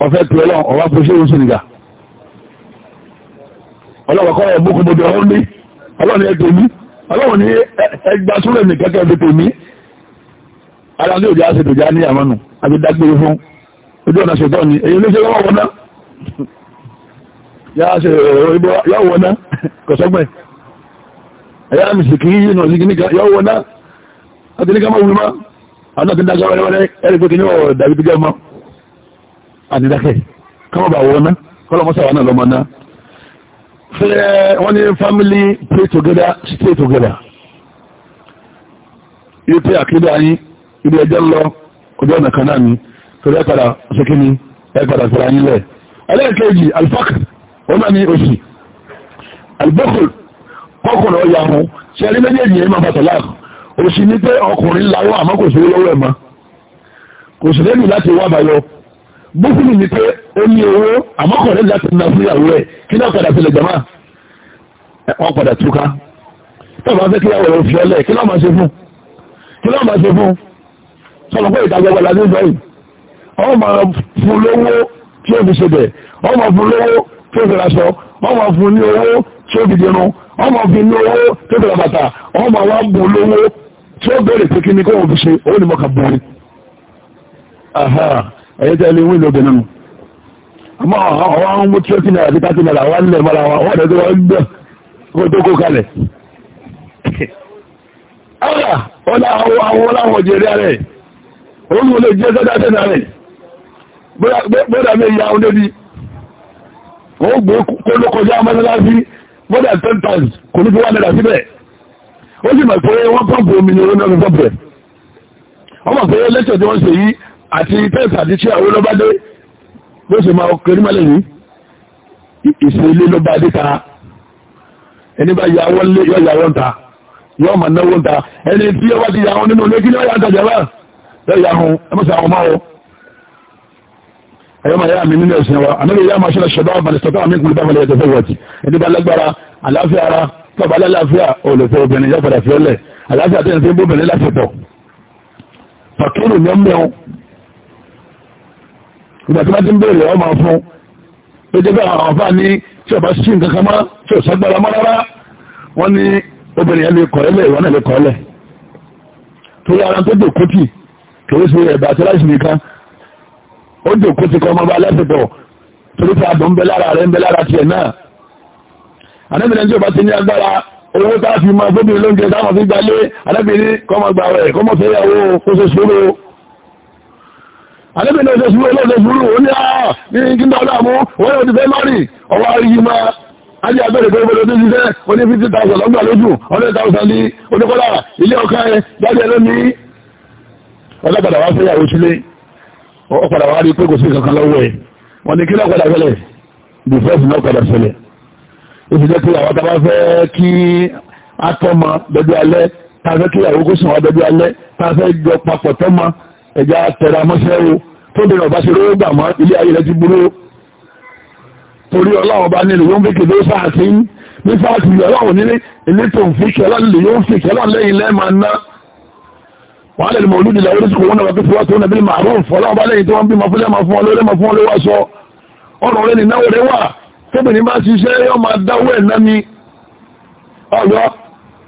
ọ̀fẹ́ pé ọlọ́run ọ̀wá fún ṣé oṣù nìgbà ọlọ́run kọ́ ẹ̀ bókun bóde ọ̀hún ní ọlọ́run ẹ̀ tèmi ọlọ́run ní ẹgbà súnlẹ̀ ní kẹ́kẹ́ ẹ̀ tèmi ara ní òjò àṣẹ tòjá ní àmọ́nù àti dágbére fún ojú ọ̀nà ṣètọ́ ni èyí ló ṣe lọ́wọ́ wọná yà wọná kọ̀sọ́gbẹ̀ ẹ̀yà mìsìkì yìí nà síkì níka yọ wọ́n náà àti níka máa wù má àwọn àti dákẹ́ wọ́n rẹ̀ ẹ̀rì pé kí ní wọ́n dàbí tó jẹ́ mọ́ àti dákẹ́ kọ́mọ̀ bá wọ́n náà kọ́lọ́mọ́sà wà náà lọ́mọ náà fẹ́ wọ́n ní family play together stay together yóò pé àkídà yín ilé ẹjọ́ lọ ojú ọ̀nà kan náà ni torí ẹ̀kadà ṣe kí ni ẹ̀kadà sọ̀rọ̀ yín lẹ̀ ẹlẹ́ẹ̀kejì alifak wọ́n náà ní oṣù albukhl kọkùnrin ọ̀yà wọn ṣe ẹni méjèèjì yẹn máa bàtà láàkù òsì ní pé ọkùnrin láwọ́ àmọ́ kò sí lọ́wọ́ ẹ̀ mọ́ kò sí lẹ́nu láti wá bàyọ bukhl ní pé ó ní owó àmọ́ kò ní láti na fún ìyàwó ẹ̀ kí náà padà tilẹ̀ jàmá wọn padà túká tọ́ba fẹ́ kí àwọn òfin ọlẹ̀ kí náà máa ṣe fún kí náà máa ṣe fún sọ̀rọ̀ pé ìdájọ́ la ní sọ yìí wọ́n máa fún lówó tí ó fi ṣe bẹ̀ wọ́n máa fún lówó tí ó fi ra sọ wọ́n máa fún ní owó tí ó dìde nu ọmọ fi lówó tó tẹ̀lé bàtà ọmọ wa bù lówó tí ó bẹ̀rẹ̀ pé kí ni kó wọ́n fi ṣe ó ní mọ́ka bẹ̀rẹ̀ ẹ̀yẹ́ tẹ́ ilé wíìlì obìnrin nù àmọ́ àwọn àwọn mú tí ó ti nàrà bí tàbí nàrà wà nílẹ̀ mọ́ra wọn wọ́n tẹ́tẹ́ wọ́n gbẹ̀ kó tó kó kalẹ̀ ọ̀rà ọ̀là àwọn àwọn ọláwọ̀ jẹ̀rẹ̀ rẹ̀ olú olè jẹ́ sẹ́dáṣẹ́ náà rẹ̀ bọ́dà mẹ́ ìyá ọdẹ́bí wọ́n gbé kó ló kọjá mọ́sálásí more than ten times kò ní fi wá náírà síbẹ̀ ó sì mọ̀ pé wọ́n pọ́ǹpù omi ni orin náà fi pọ́ǹpù ẹ̀ wọ́n mọ̀ pé lẹ́tọ̀ tí wọ́n ṣe yìí àti tẹ́sí àti tí àwọn lọ́ba dé bó ṣe máa kéré mọ́lẹ̀ yìí ìṣe ilé lọ́ba dé ta ẹni bá ya wọ́n lé yọ ya wọ́n ta yọ ọmọ náwó ta ẹni tí yọ wá ti ya wọn nínú ilé kí ni wọ́n yà ń tajà bá yọ ya hun ẹ ẹ̀yọ́mà yá mi nínú ẹ̀sìn wa anábì yá máa ṣẹlẹ̀ ṣọ̀dọ́ àbàlẹ̀sọ̀tọ́ àmì ìkùnlẹ̀ tàbí ẹ̀tẹ̀ fẹ́wọ̀tì ẹni bá lágbára àláfíà ara tọ́ba aláfíà olùfẹ́ obìnrin yá padà fiọ́lẹ̀ àláfíà tẹ́yìn tí ń bóbìnrin láṣepọ̀ fàkírù ní ọmọ ẹ̀hún ìgbà tí wọ́n ti ń béèrè ọmọ fún ó jẹ́ bẹ́ẹ̀ àwọn afá ní tí ọba sí nǹkan kan máa tí ó jòkó ti kọ́ ọmọba lẹ́sìtọ̀ torí pé àdùn ń bẹ lára rẹ̀ ń bẹ lára tiẹ̀ náà anábìnrin tí ó bá ti ní agbára owó tá a fi máa gbóbi lóúnjẹ táwọn fi gbalé anábìnrin kọ́mọ gbà rẹ̀ kọ́mọ fẹ́ yàwó oṣù sùúrù anábìnrin oṣù sùúrù olóòṣù sùúrù ó ní àá ah, ní kíndà ọlọ́mú wọ́n yóò ti fẹ́ márì ọwọ́ yìí máa ajé abẹ́rẹ́ pé gbọdọ̀ tó ti fẹ́ ó ní fifty thousand lọ́gbà lójú hundred thousand ní oníkọ́lá ilé ọ̀kan jáde lónìí ọlọ́gbàdà wá fẹ́ yàwó sílé ó padà wá rí pé kò sí kankan lọ́wọ́ ẹ̀ wọ́n ní kí ló padà fẹ́lẹ̀ dìfẹ́sì náà padà fẹ́lẹ̀ ó fi jẹ́ pé àwọn tá a bá fẹ́ kí a tọ́ ma dọ́jú alẹ́ tá a fẹ́ kí àwọn kóṣùn wa dọ́jú alẹ́ tá a fẹ́ jọ papọ̀ tọ́ ma ẹ̀já tẹ̀ra mọ́ṣẹ́ o tó dèrò ọba ṣe rówó gbà ilé ayé wọ́n lè mọ̀lú nílẹ̀ oríṣìí wọn náà fífi wá tó nàbí màrún fọ́lá ọba lẹ́yìn tí wọ́n bí ma fún lẹ́mà fún ọlọ́rẹ́ ma fún ọlọ́wà sọ ọ̀rọ̀ rẹ̀ nìnáwó rẹ̀ wà tóbìnrin bá ṣiṣẹ́ yọ́ ma dáwọ́ ẹ̀ náà ni ọ̀yọ́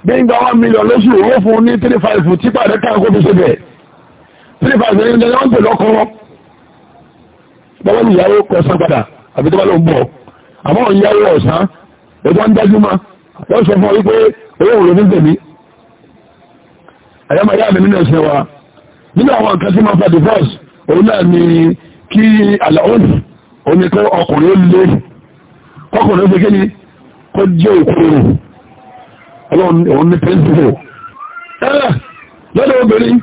bí ń gba one million lóṣù owó fún ní three five típa rẹ̀ káàkó fi ṣe bẹ̀ three five ní ilẹ̀ wọ́n pè lọ́kọ́rọ́ bọ́wọ́ ni ìyàwó kọsán padà àbí tó bá ló ń bọ̀ àmọ́ ìyàwó ọ̀sán ẹ̀gbọ́n dájú ma wọ́n sọ fún ọ wípé àyàmà yá mi nínú ẹ̀sẹ̀ wa nínú àwọn ni kí àlàóòdù òní kó ọkùnrin ó lé kọkùnrin ó fi kíni kó jẹ́ òkúrò ọlọ́run òun ní pẹ́ńsìfò ẹ́rẹ́ lọ́dọ̀ obìnrin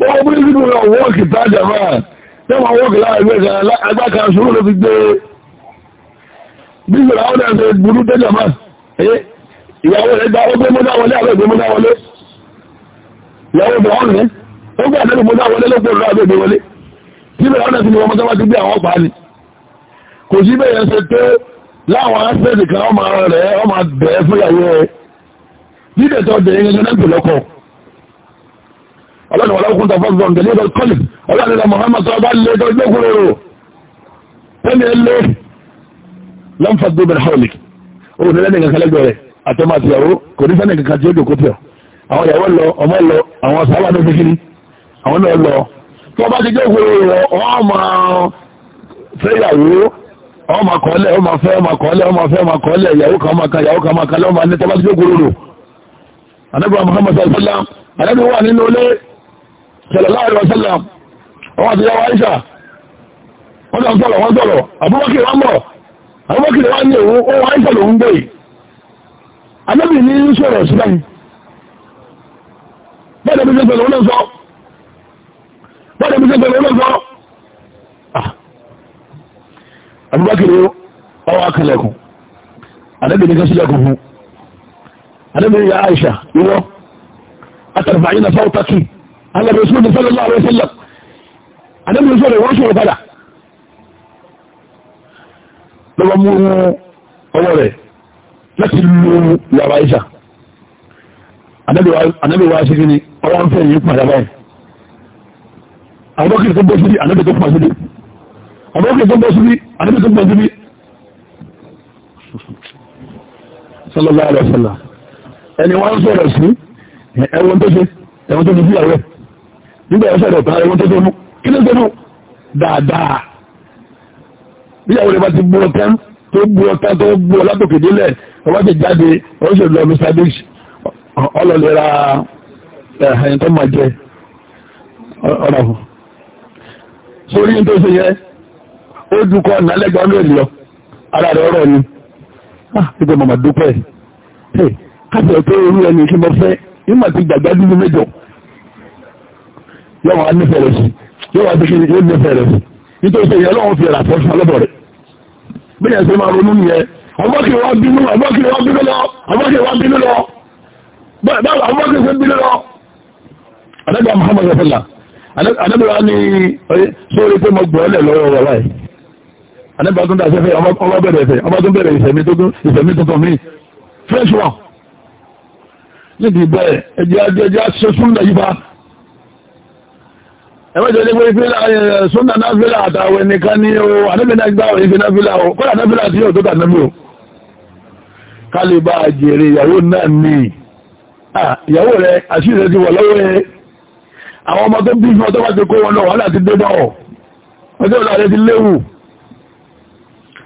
wọ́n wọ́n bí nínú rẹ̀ wọ́ọ̀kì tájà máa tẹ́wọ̀n wọ́ọ̀kì láàrin ẹ̀sẹ̀ agbáka sùúrù ló fi gbé bí ìgbèrè ìyàwó ẹ̀dá ó gbé ìyàwó bọ̀ ọ̀rẹ́ ó gbà nínú mọ́tò àwọlé lóko rẹ̀ àbẹ́ òde wọlé tí bẹ̀rẹ̀ ọ̀nà sí ni wọ́n mọ́tò wá ti gbé àwọn pa ni kò sí bẹ́ẹ̀ yẹn ṣe tó láwọn aspect kan ọmọ rẹ̀ ọmọ bẹ̀ẹ́ fún ìyàwó rẹ̀ dídẹ̀ tó dẹ̀ yẹn yẹn lọ́kọ̀ ọlọ́run wọlé okùn tàfọ́ gbọ̀n gẹ̀lẹ́ ìdọ̀kọ́ kọ́lì ọlọ́run ilẹ̀ Muhammad sọ bá lé tó gbẹ́kúrò rò tẹ́mi lé lọ́nfà gbé bẹ̀rẹ̀ hàwùlì òun ní lẹ́nìkan kẹlẹ́gbẹ̀rẹ̀ àtọ́mọ́ àtìyàwó kò ní sẹ́nìkan kan tí àwọn ìyàwó lọ ọmọ lọ àwọn sábà ní kékeré àwọn náà lọ tí wọ́n bá ti jẹ́ ìwé rẹ̀ wọ́n máa fẹ́ ìyàwó wọ́n máa kọ́lẹ̀ wọ́n máa fẹ́ wọ́n máa kọ́lẹ̀ wọ́n máa fẹ́ wọ́n máa kọ́lẹ̀ ìyàwó kan máa kan ìyàwó kan máa kan lọ́wọ́ máa ní tọ́ba ti jẹ́ ìwé rò anábìyà Muhammad sallam anábì wà nínú ilé sallallahu alaihi wasallam wọ́n àti yàwó Aisha wọ́n náà sọ̀rọ̀ wọ́n sọ̀rọ̀ Abubakar wọ́n bọ̀ Abubakar wọ́n ní òun ó Aisha lòun gbé anábì ní sọ̀rọ̀ sílẹ̀ bọ́ọ̀dẹ̀ bí sẹ́gbẹ̀rẹ̀ ó lọ sọ bọ́ọ̀dẹ̀ bí sẹ́gbẹ̀rẹ̀ ó lọ sọ àbúgbákiri ah. ọwọ́ akẹlẹ̀kùn àdẹ́bìnrin kan sílẹ̀kùn fún àdẹ́bìnrin ya Aisha ìwọ atàrfàyínà fáwọ́tàkì alẹ́bìnrin sọ́dọ̀ sọ́dọ̀ láàrẹ́ sọ́lọ̀ àdẹ́bìnrin sọ́dọ̀ wọ́n sọ̀rọ̀ padà lọ́wọ́ mú ọwọ́ rẹ̀ láti lu yàrá Aisha àdẹ́bìnrin wa ṣe kí ni ọwọ́ ń fẹ́ yìí padà báyìí àbúkìrì tó bọ́ síbi ànábì tó pọ̀ síbi àbúkìrì tó bọ́ síbi ànábì tó pọ̀ síbi sallallahu alaihi wasallam ẹni wọ́n ń sọ̀rọ̀ sí ẹwọ́n tó ṣe ẹwọ́n tó fi bí àwẹ́ nígbà ẹ̀ṣẹ́ rẹ̀ tán ẹwọ́n tó tó mú kí ló tẹ́nu dáadáa bí àwọn ìrẹ́bá ti bú ọtán tó bú ọtán tó bú ọlátòkèdélẹ̀ ọwọ́ ti jáde ọwọ́ sì lọ mr ẹ̀hẹ̀yìn tó máa jẹ ọ̀rọ̀ fún sórí tó ṣe yẹ ó dúkọ́ nálẹ́gbà mẹ́rin lọ ara rẹ̀ ọ̀rọ̀ ni ìgbà ah, màmá dúpẹ́ káfẹ́ tó orú ẹni kí mo fẹ́ nígbà tí gbàgbá dúdú mẹ́jọ yóò sí yóò wá bí yóò nífẹ̀ẹ́ rẹ̀ sí nítorí fi anábì Muhammad sọ́lá anábì wa ní sórí pé mo gbọ́ ọ́lẹ̀ lọ́wọ́ wà láì anábì wa tún dà sẹ́fẹ́ ọba bẹ̀rẹ̀ ẹ̀fẹ́ ọba tún bẹ̀rẹ̀ ìsẹ̀mí tuntun mi fresh one níbi ìbẹ̀rẹ̀ ẹjẹ́ ẹjẹ́ ṣe súnlẹ̀ yípa ẹwọ́jọ́ ní pé súnà náfílà àtàwẹ̀ nìkan ní o anábì náà gbá òyìn fi náfílà o kọ́lá náfílà tí yóò tó tà náà mú kálíbà jèrè ìyàwó náà ní ìyàwó rẹ̀ àṣírí rẹ̀ ti wọ̀ lọ́wọ́ àwọn ọmọ tó bí fún ọtọ́ bá ti kó wọn lọ wàhálà ti dé bá ọ ọjọ́ ìlà rẹ ti léwu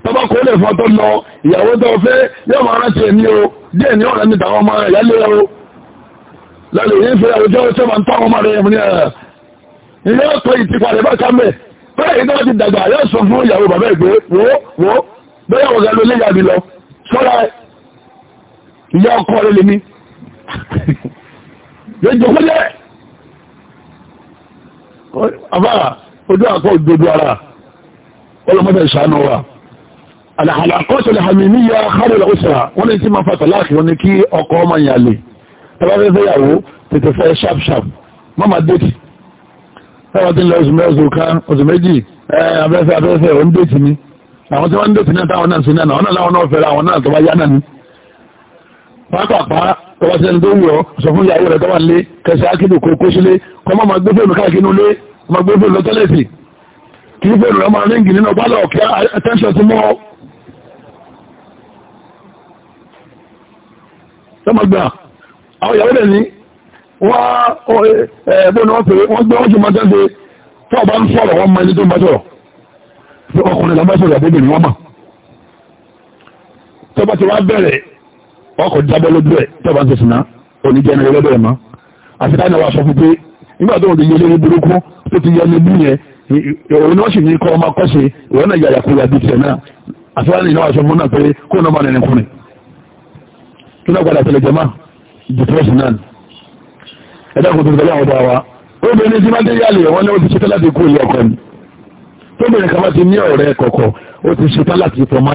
tọ́bá kó lè fún ọtọ́ lọ ìyàwó tó fẹ́ yóò máa rántí ẹ̀mí o díẹ̀ ní ọ̀rẹ́ níta ọmọ rẹ̀ yálé o lálẹ́ yìí fẹ́ àwùjọ ọjọ́ máa ń tọ́ ọmọ rẹ̀ ẹ̀mí rẹ̀ ilé ọ̀tọ̀ ìtìpa bá kámẹ́ bẹ́ẹ̀ yìí àbá ojú àkọ́ òdodo ara ọlọ́mọdé ìṣàánú wa àlàkàlà àkọ́sọ̀lẹ̀ àmìníyà kárẹ̀lẹ̀ òṣèrà wọ́n ní tí ma fa tàláàkì wọ́n ní kí ọkọ ọmọ ìyà lè tẹ́lẹ́fẹ́fẹ́ yàwó tètè fẹ́ sharp sharp mama déètì ẹwà tí ń lọ oṣù mẹ́sùn ká oṣù méjì abẹ́fẹ́ abẹ́fẹ́ òun déètì pàápàá tọba sẹni tó wùọ sọ fún ìyàwó rẹ tọba lé kẹsẹ akílù kó kó sílé kọ mọ máa gbé fóònù káàkiri nulé máa gbé fóònù lọ kí fóònù rẹ máa ríngì nínú ọgbà lọ kí attention ti mọ́ tọmọgbà àwọn ìyàwó rẹ ní wọ́n bóni wọ́n pè wọ́n gbé wọ́n ti máa tẹ́lẹ̀ tó ọba ń sọ̀rọ̀ wọ́n máa ní tó ń bá sọ̀rọ̀ ọkùnrin làbá sọ̀rọ̀ àbẹ́bẹ̀rẹ̀ wọ́n mà ọkọ̀ jábọ́ lójú ẹ̀ tọ́ba ti sìnà oníjẹni lọ́dọ̀ ẹ̀ mọ́ àti táyà wà sọ fún pé nígbà tó ń ti yẹ lórí burúkú tó ti yẹ ní bí yẹn òun náà sì ní kọ́ ọmọ akọ́ṣe ìwọ náà yàyà kó yàbí tiẹ̀ náà àti wọ́n ní ìnáwó aṣọ mọ́ náà pé kó náà máa nìyẹn kùnrin tó náà padà tẹ̀lé jẹ́mà depression náà ẹ̀dá kò tó tẹ̀lé àwọn ọba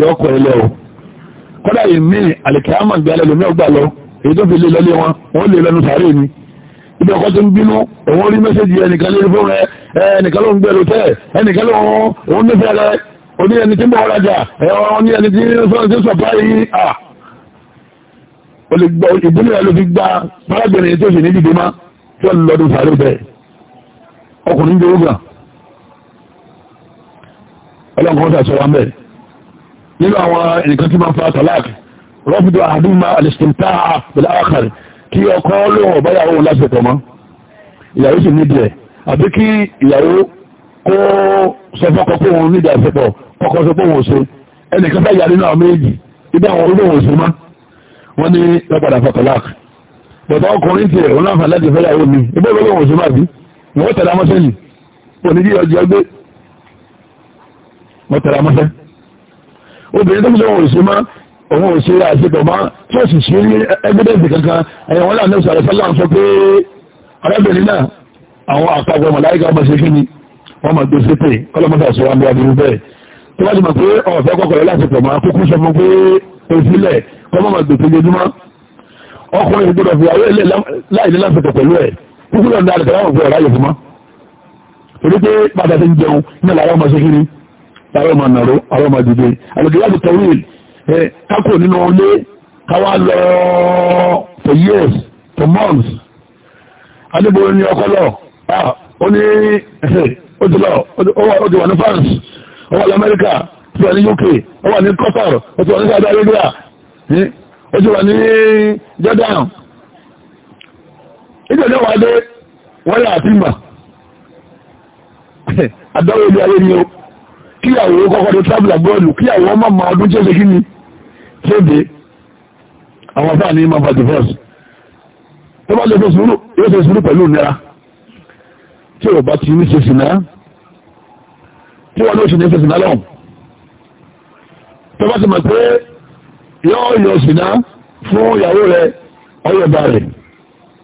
yọ kọ ilẹ̀ o kọ́dà yìí ní àlèkè àmà gbé alẹ́ lómi ọgbà lọ èyí tó fi lé lọlé wọn wọ́n lè lẹ́nu sàárè ni ibi ọkọ̀ tó ń bínú òun rí mẹ́sẹ̀jì ẹnìkan lé fún rẹ ẹnìkan ló ń gbẹ̀rù tẹ́ ẹnìkan ló ń nífẹ̀ẹ́ rẹ oní ẹni tí ń bọ̀ ọ̀rajà ẹ̀wọ̀n ní ẹni tí ń sọ̀rọ̀ tí ń sọ̀pá yìí à ìbúlẹ̀ ló fi gba parábìnrin tó sì ní dìde má tí wọ́n lọ́dún sàárè bẹ́ẹ̀ ọkùnrin jẹ́ ogun ọlọ́nkọ́ sàṣọ wa mẹ́rin nínú àwọn nǹkan tí máa ń fa talaq rọ́fídù àdúmà al-istimta' bil-akhar kí ọkọ lóhùn ọ̀báyàwó lásìkò mọ́ ìyàwó sì ní díẹ̀ àbí kí ìyàwó kó sọ fọ́kọ pé òun nídìí àṣepọ̀ kọ́kọ́ sọ pé òun ò ṣe ẹnìkan bá yà nínú àwọn méjì ibẹ̀ àwọn olóhùn òṣè mọ́ wọ́n ní lọ́padà fa talaq bọ̀dọ̀ ọkùnrin tiẹ̀ òun láǹfà láti obìnrin tó ń sọ òun ìṣe má òun ò ṣe àṣepọ̀ má ṣọ́ọ̀ṣì sí ẹgbẹ́dẹ́gbẹ̀ kankan ẹ̀yàn wọn láàánú sọ̀rọ̀ sọ́lá ń sọ pé arábìnrin náà àwọn àpapọ̀ màláìka ọmọ ṣe kí ni wọ́n máa gbé sépè kọ́lọ́mọ́sà sọ wá ní aburú bẹ́ẹ̀ tó bá ti mọ̀ pé ọ̀fẹ́ kọ́kọ̀rọ̀ láṣepọ̀ má kúkú sọ fún pé òsílẹ̀ kọ́mọ́ máa gbèsè lójúmọ́ ọkùnrin gbọ́dọ̀ fi àwọn ilé láìlé láṣepọ̀ pẹ̀lú ẹ̀ kúkú lọ́nà pé bàtà ti ni táwọn ọmọ nàró àwọn ọmọ dìde àlùkìyà ti tẹ̀wé ẹ kákò nínú ilé káwá lọ for years for months adébò ní ọkọ lọ ó ní ó ti wà ní France ó wà ní Amẹ́ríkà ó wà ní UK ó wà ní Qatar ó wà ní Saudi Arabia ó wà ní Jordan ìjọba wà dé wọ́n yà àti mà àdáwọ̀ ilé ayé ni ó kíyàwó kọ́kọ́ tó tábìlà bọ́ọ̀lù kíyàwó ọmọ ma ọdún tí ó ṣe kí ni kéde àwọn afáà ní ma fa divorce tó bá lè fẹ́ sùúrù yóò ṣe sùúrù pẹ̀lú ìnira tí ò bá ti ní ṣe sìnà tí wọ́n ló ṣe ní ṣe sìnà lọ́wọ́ tó bá ti mọ̀ pé yóò yọ sìnà fún ìyàwó rẹ̀ ọyọ̀dà rẹ̀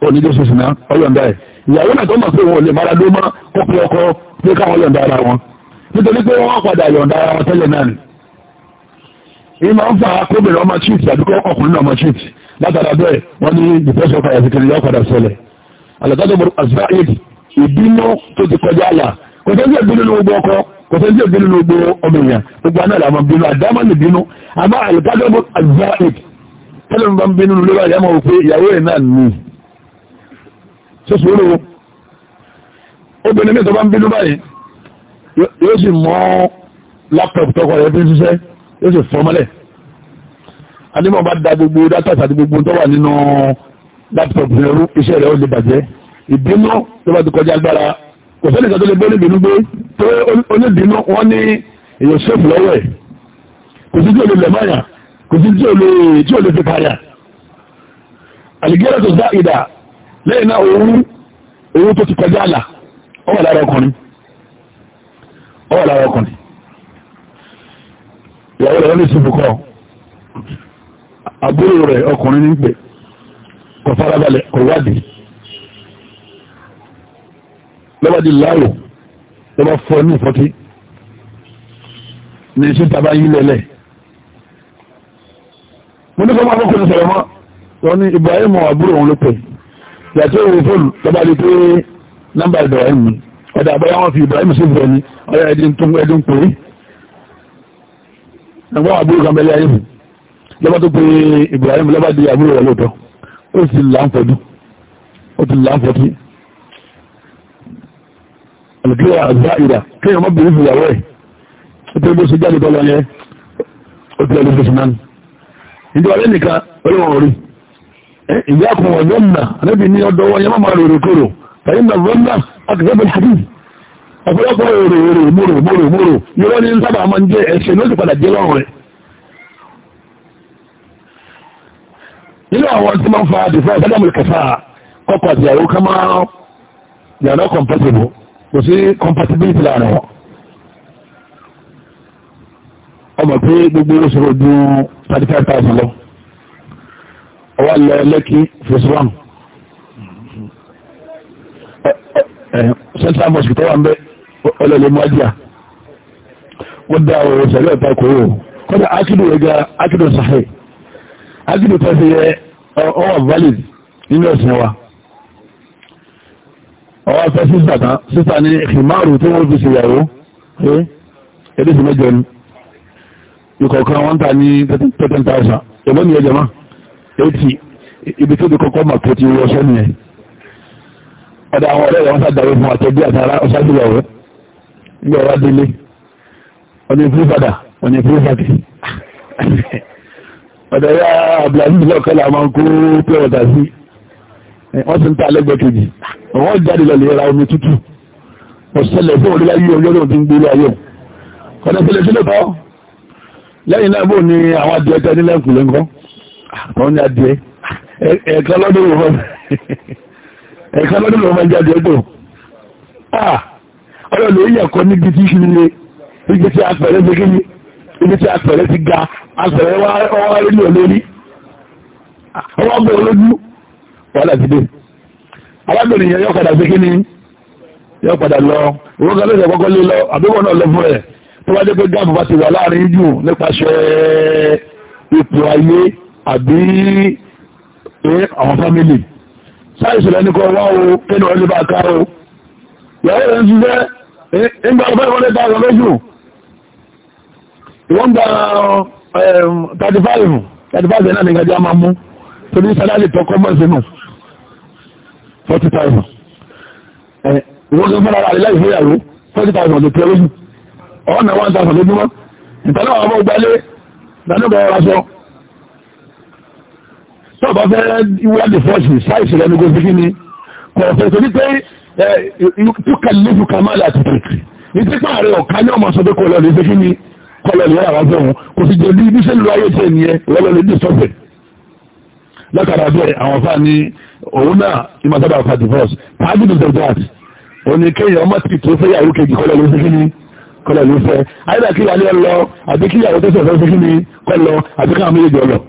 onídó ṣe sìnà ọyọ̀dà rẹ̀ ìyàwó náà tó mọ̀ pé wọn lè mara ló kọ́kọ́ ọkọ pé káwọn yọ̀dà ara wọn nítorí pé wọ́n padà yọ̀ǹda ara wọn tẹ́lẹ̀ náà ni ìmọ̀ ń fa kóbìnrin ọmọ chief àdúgbò ọkùnrin ọmọ chief látara bẹ́ẹ̀ wọ́n ní depression fire sikiri yọ padà ṣẹlẹ̀ alàtàdé azrael ìbínú tó ti kọjá àlà kò tẹ́jú ìbínú ní gbogbo ọkọ kò tẹ́jú ìbínú ní gbogbo ọmọ èèyàn gbogbo anáà làwọn bínú àdámọ́ ní bínú àmọ́ alàtàdé azrael tẹ́lẹ̀ ń bá ń bínú lórí àyàmọ̀ wò pé ìyàwó ẹ̀ náà nù sọ́sọ́ obìnrin mi tó bá ń bínú báyìí yóò sì mọ́ láptọ̀pù tọkọ rẹ̀ fi ń ṣiṣẹ́ yóò sì fọ́ mọ́lẹ̀ adémọ̀ bá da gbogbo dátà àti gbogbo tó wà nínú láptọ̀pù rẹ̀ rú iṣẹ́ rẹ̀ ó lè bàjẹ́ ìbínú tó bá ti kọjá agbára kò sẹ́ni kan tó lè gbé oníbínú gbé tó oníbínú wọ́n ní èèyàn ṣèfù lọ́wọ́ ẹ̀ kò sí tí ò lè lẹ̀ máyà kò sí tí ò lè fi káyà àlìgẹ́rẹ́ tó dá ìdá lẹ́yìn náà òun òun tó ti kọjá àlà ó lára ọkùnrin ọwọ́ làwọn ọkùnrin ìyàwó rẹ̀ ní ìsìnkú àbúrò rẹ̀ ọkùnrin ní pé kò farabalẹ̀ kò wádìí lọ́wọ́dí láàrò lọ́wọ́ fọ́ ní ìfọ́tí ní iṣẹ́ tàbá yí lẹ́lẹ̀ mo ní sọ́mọ́ akọ́kọ́ sọ̀rọ̀ mọ́ wọ́n ní Ibrahim àbúrò òun ló pè yàtọ̀ òun fóònù lọ́bàá pé nọ́mbà Ibrahim ọ̀dà àbáyá wọn fi Ibrahim sí ìfẹ́ ní ọ̀yá ẹ̀dín tó ẹ̀dín pé ẹgbọ́n àbúrò kan bẹ́lẹ̀ ayé fún lọ́bá tó pé Ibrahim lọ́bá di àbúrò rẹ̀ lóòótọ́ ó sì láǹfọ̀dú ó ti láǹfọ̀dú àlùkíyà àzá ìdà kéèyàn má bèrè fìyàwó ẹ̀ ó tó ló ṣe jáde tọ́lọ yẹn ó ti lọ́lọ́ fẹ́sùn náà nígbà wọlé nìkan olóhùn rí ìyá kan wọ̀nyọ́nà àlẹ́bí ní ọdọ́ wọn yẹn má máa rò rò kúrò tàyí nà akẹ́kọ̀ọ́ hadith ọ̀pọ̀lọpọ̀ èrò èrò múrò múrò múrò yíwọ́ ní sábà máa ń jẹ́ ẹ̀ṣẹ̀ ló sì padà jẹ́ lọ́rùn rẹ̀ nínú àwọn tí máa ń fa àdìfẹ́ ìsádàmù kẹfà kọkọ̀ àti àwọn ká máa yàrá compatible kò sí compatibility láàrin wọn ọmọ pé gbogbo oṣooṣù ju thirty lọ ọwọ́ lẹ́ẹ̀lẹ́kì phase one Eh, central mosque tó wà ń bẹ ọlọ́lẹ̀ mọ́jà wọ́n dá ọ̀rọ̀ ìṣẹ̀lẹ̀ ọ̀tá kò wò kọ́dà ákìdò ẹ̀gá ákìdò sàhẹ́ ákìdò tẹ́sí yẹ ọwọ́ valid nínú ẹ̀sìn wa ọwọ́ afẹ́ sísà tán sísà ní ìmáàrù tí wọ́n fi ṣèyàwó ẹ̀dẹ́ sí mẹ́jọ ni ìkọ̀ọ̀kan wọ́n ta ní 13,000 ẹ̀bọ́n ni ẹjọ́ máa 80 ibi tó di kọ́kọ́ mà tó ti wọ́ sẹ́niyàn ọ̀dà àwọn ọ̀rẹ́ rẹ̀ wọ́n sàdáwé fún àtẹ̀bí àtàrà ọ̀ṣájúyàwó ní ọ̀rọ̀ délé ọ̀nà ìfúrúfàdà ọ̀nà ìfúrúfàdì ọ̀dà yá abdulaziz lọ́kọ́lá máa ń kó pure water sí wọ́n ti ń ta alẹ́gbẹ́ kejì wọ́n jáde lọ lè ra omi tútù ọ̀sẹ̀lẹ̀ fún orílẹ̀ ayé ọjọ́ tó ń gbé ilé ayé ọ̀nà ìpìlẹ̀ sílẹ̀ tọ́ lẹ́yìn náà bò ní àwọn adìẹ tẹ́ nílẹ̀ ìpìlẹ̀ ńkọ́ àwọn adìẹ ẹ̀ẹ̀kan lọ́dún òfin ẹ̀ka lọ́dún lọ́wọ́ máa jáde ẹgbẹ́ ọ̀rọ̀ lórí ẹ̀kọ́ níbi tí ṣe nílé ibi tí apẹ̀rẹ̀ ti kíni ibi tí apẹ̀rẹ̀ ti ga apẹ̀rẹ̀ wá rí ní olórí ọwọ́ gbọ́ olójú wọ́n láti dé alábìnrin yẹn yọ́ padà sí kíni yọ́ padà lọ owó kan lóṣẹ̀ kọ́kọ́ lé lọ àbíkọ́ náà lọ fún ẹ̀ tó wá dé pé gáàmù bá ti wà láàrin jù nípasẹ̀ ipò ayé àbí eh, àwọn fámìlì sáyẹ̀sì rẹ̀ ní kọ́ wá o kínú ọdún bá ká o yàwó rẹ̀ ń ṣiṣẹ́ nígbà ọ̀fẹ́ ìwọlé ta ọ̀rọ̀ méjì ìwọ́n gba 35 náà nìkan jẹ́ máa mú tó ní sálárì tọ́kọ́ mọ́ sínú 40,000 tọ́ọ̀bá fẹ́ wíwádìí fọ́ọ̀sì sáìsì rẹ̀ ní gbogbo kí ni kọ̀ọ̀fẹ́ torí pé túkà lẹ́fù kamala àtìkì ní pípa rẹ̀ ọ̀ká ní ọmọ sọ́dọ̀ kọlọ̀lẹ̀ ṣe kí ni kọlọ̀lẹ̀ yàrá fẹ́hùn kò sì jẹ́ bí iṣẹ́ ìlú ayé tẹ̀ ní ẹ lọ́lọ́lẹ̀ dì sọ́fẹ̀ látara bẹ́ẹ̀ àwọn fa ni òun náà ìmọ̀sábà fa divorce pàájú ní dọ̀dọ̀t òní kéèyàn ọmọ sì tó fẹ́ yàrá kejì kọlọ̀lẹ̀ ṣe kí ni kọlọ̀lẹ̀ fẹ́ ayélujára kí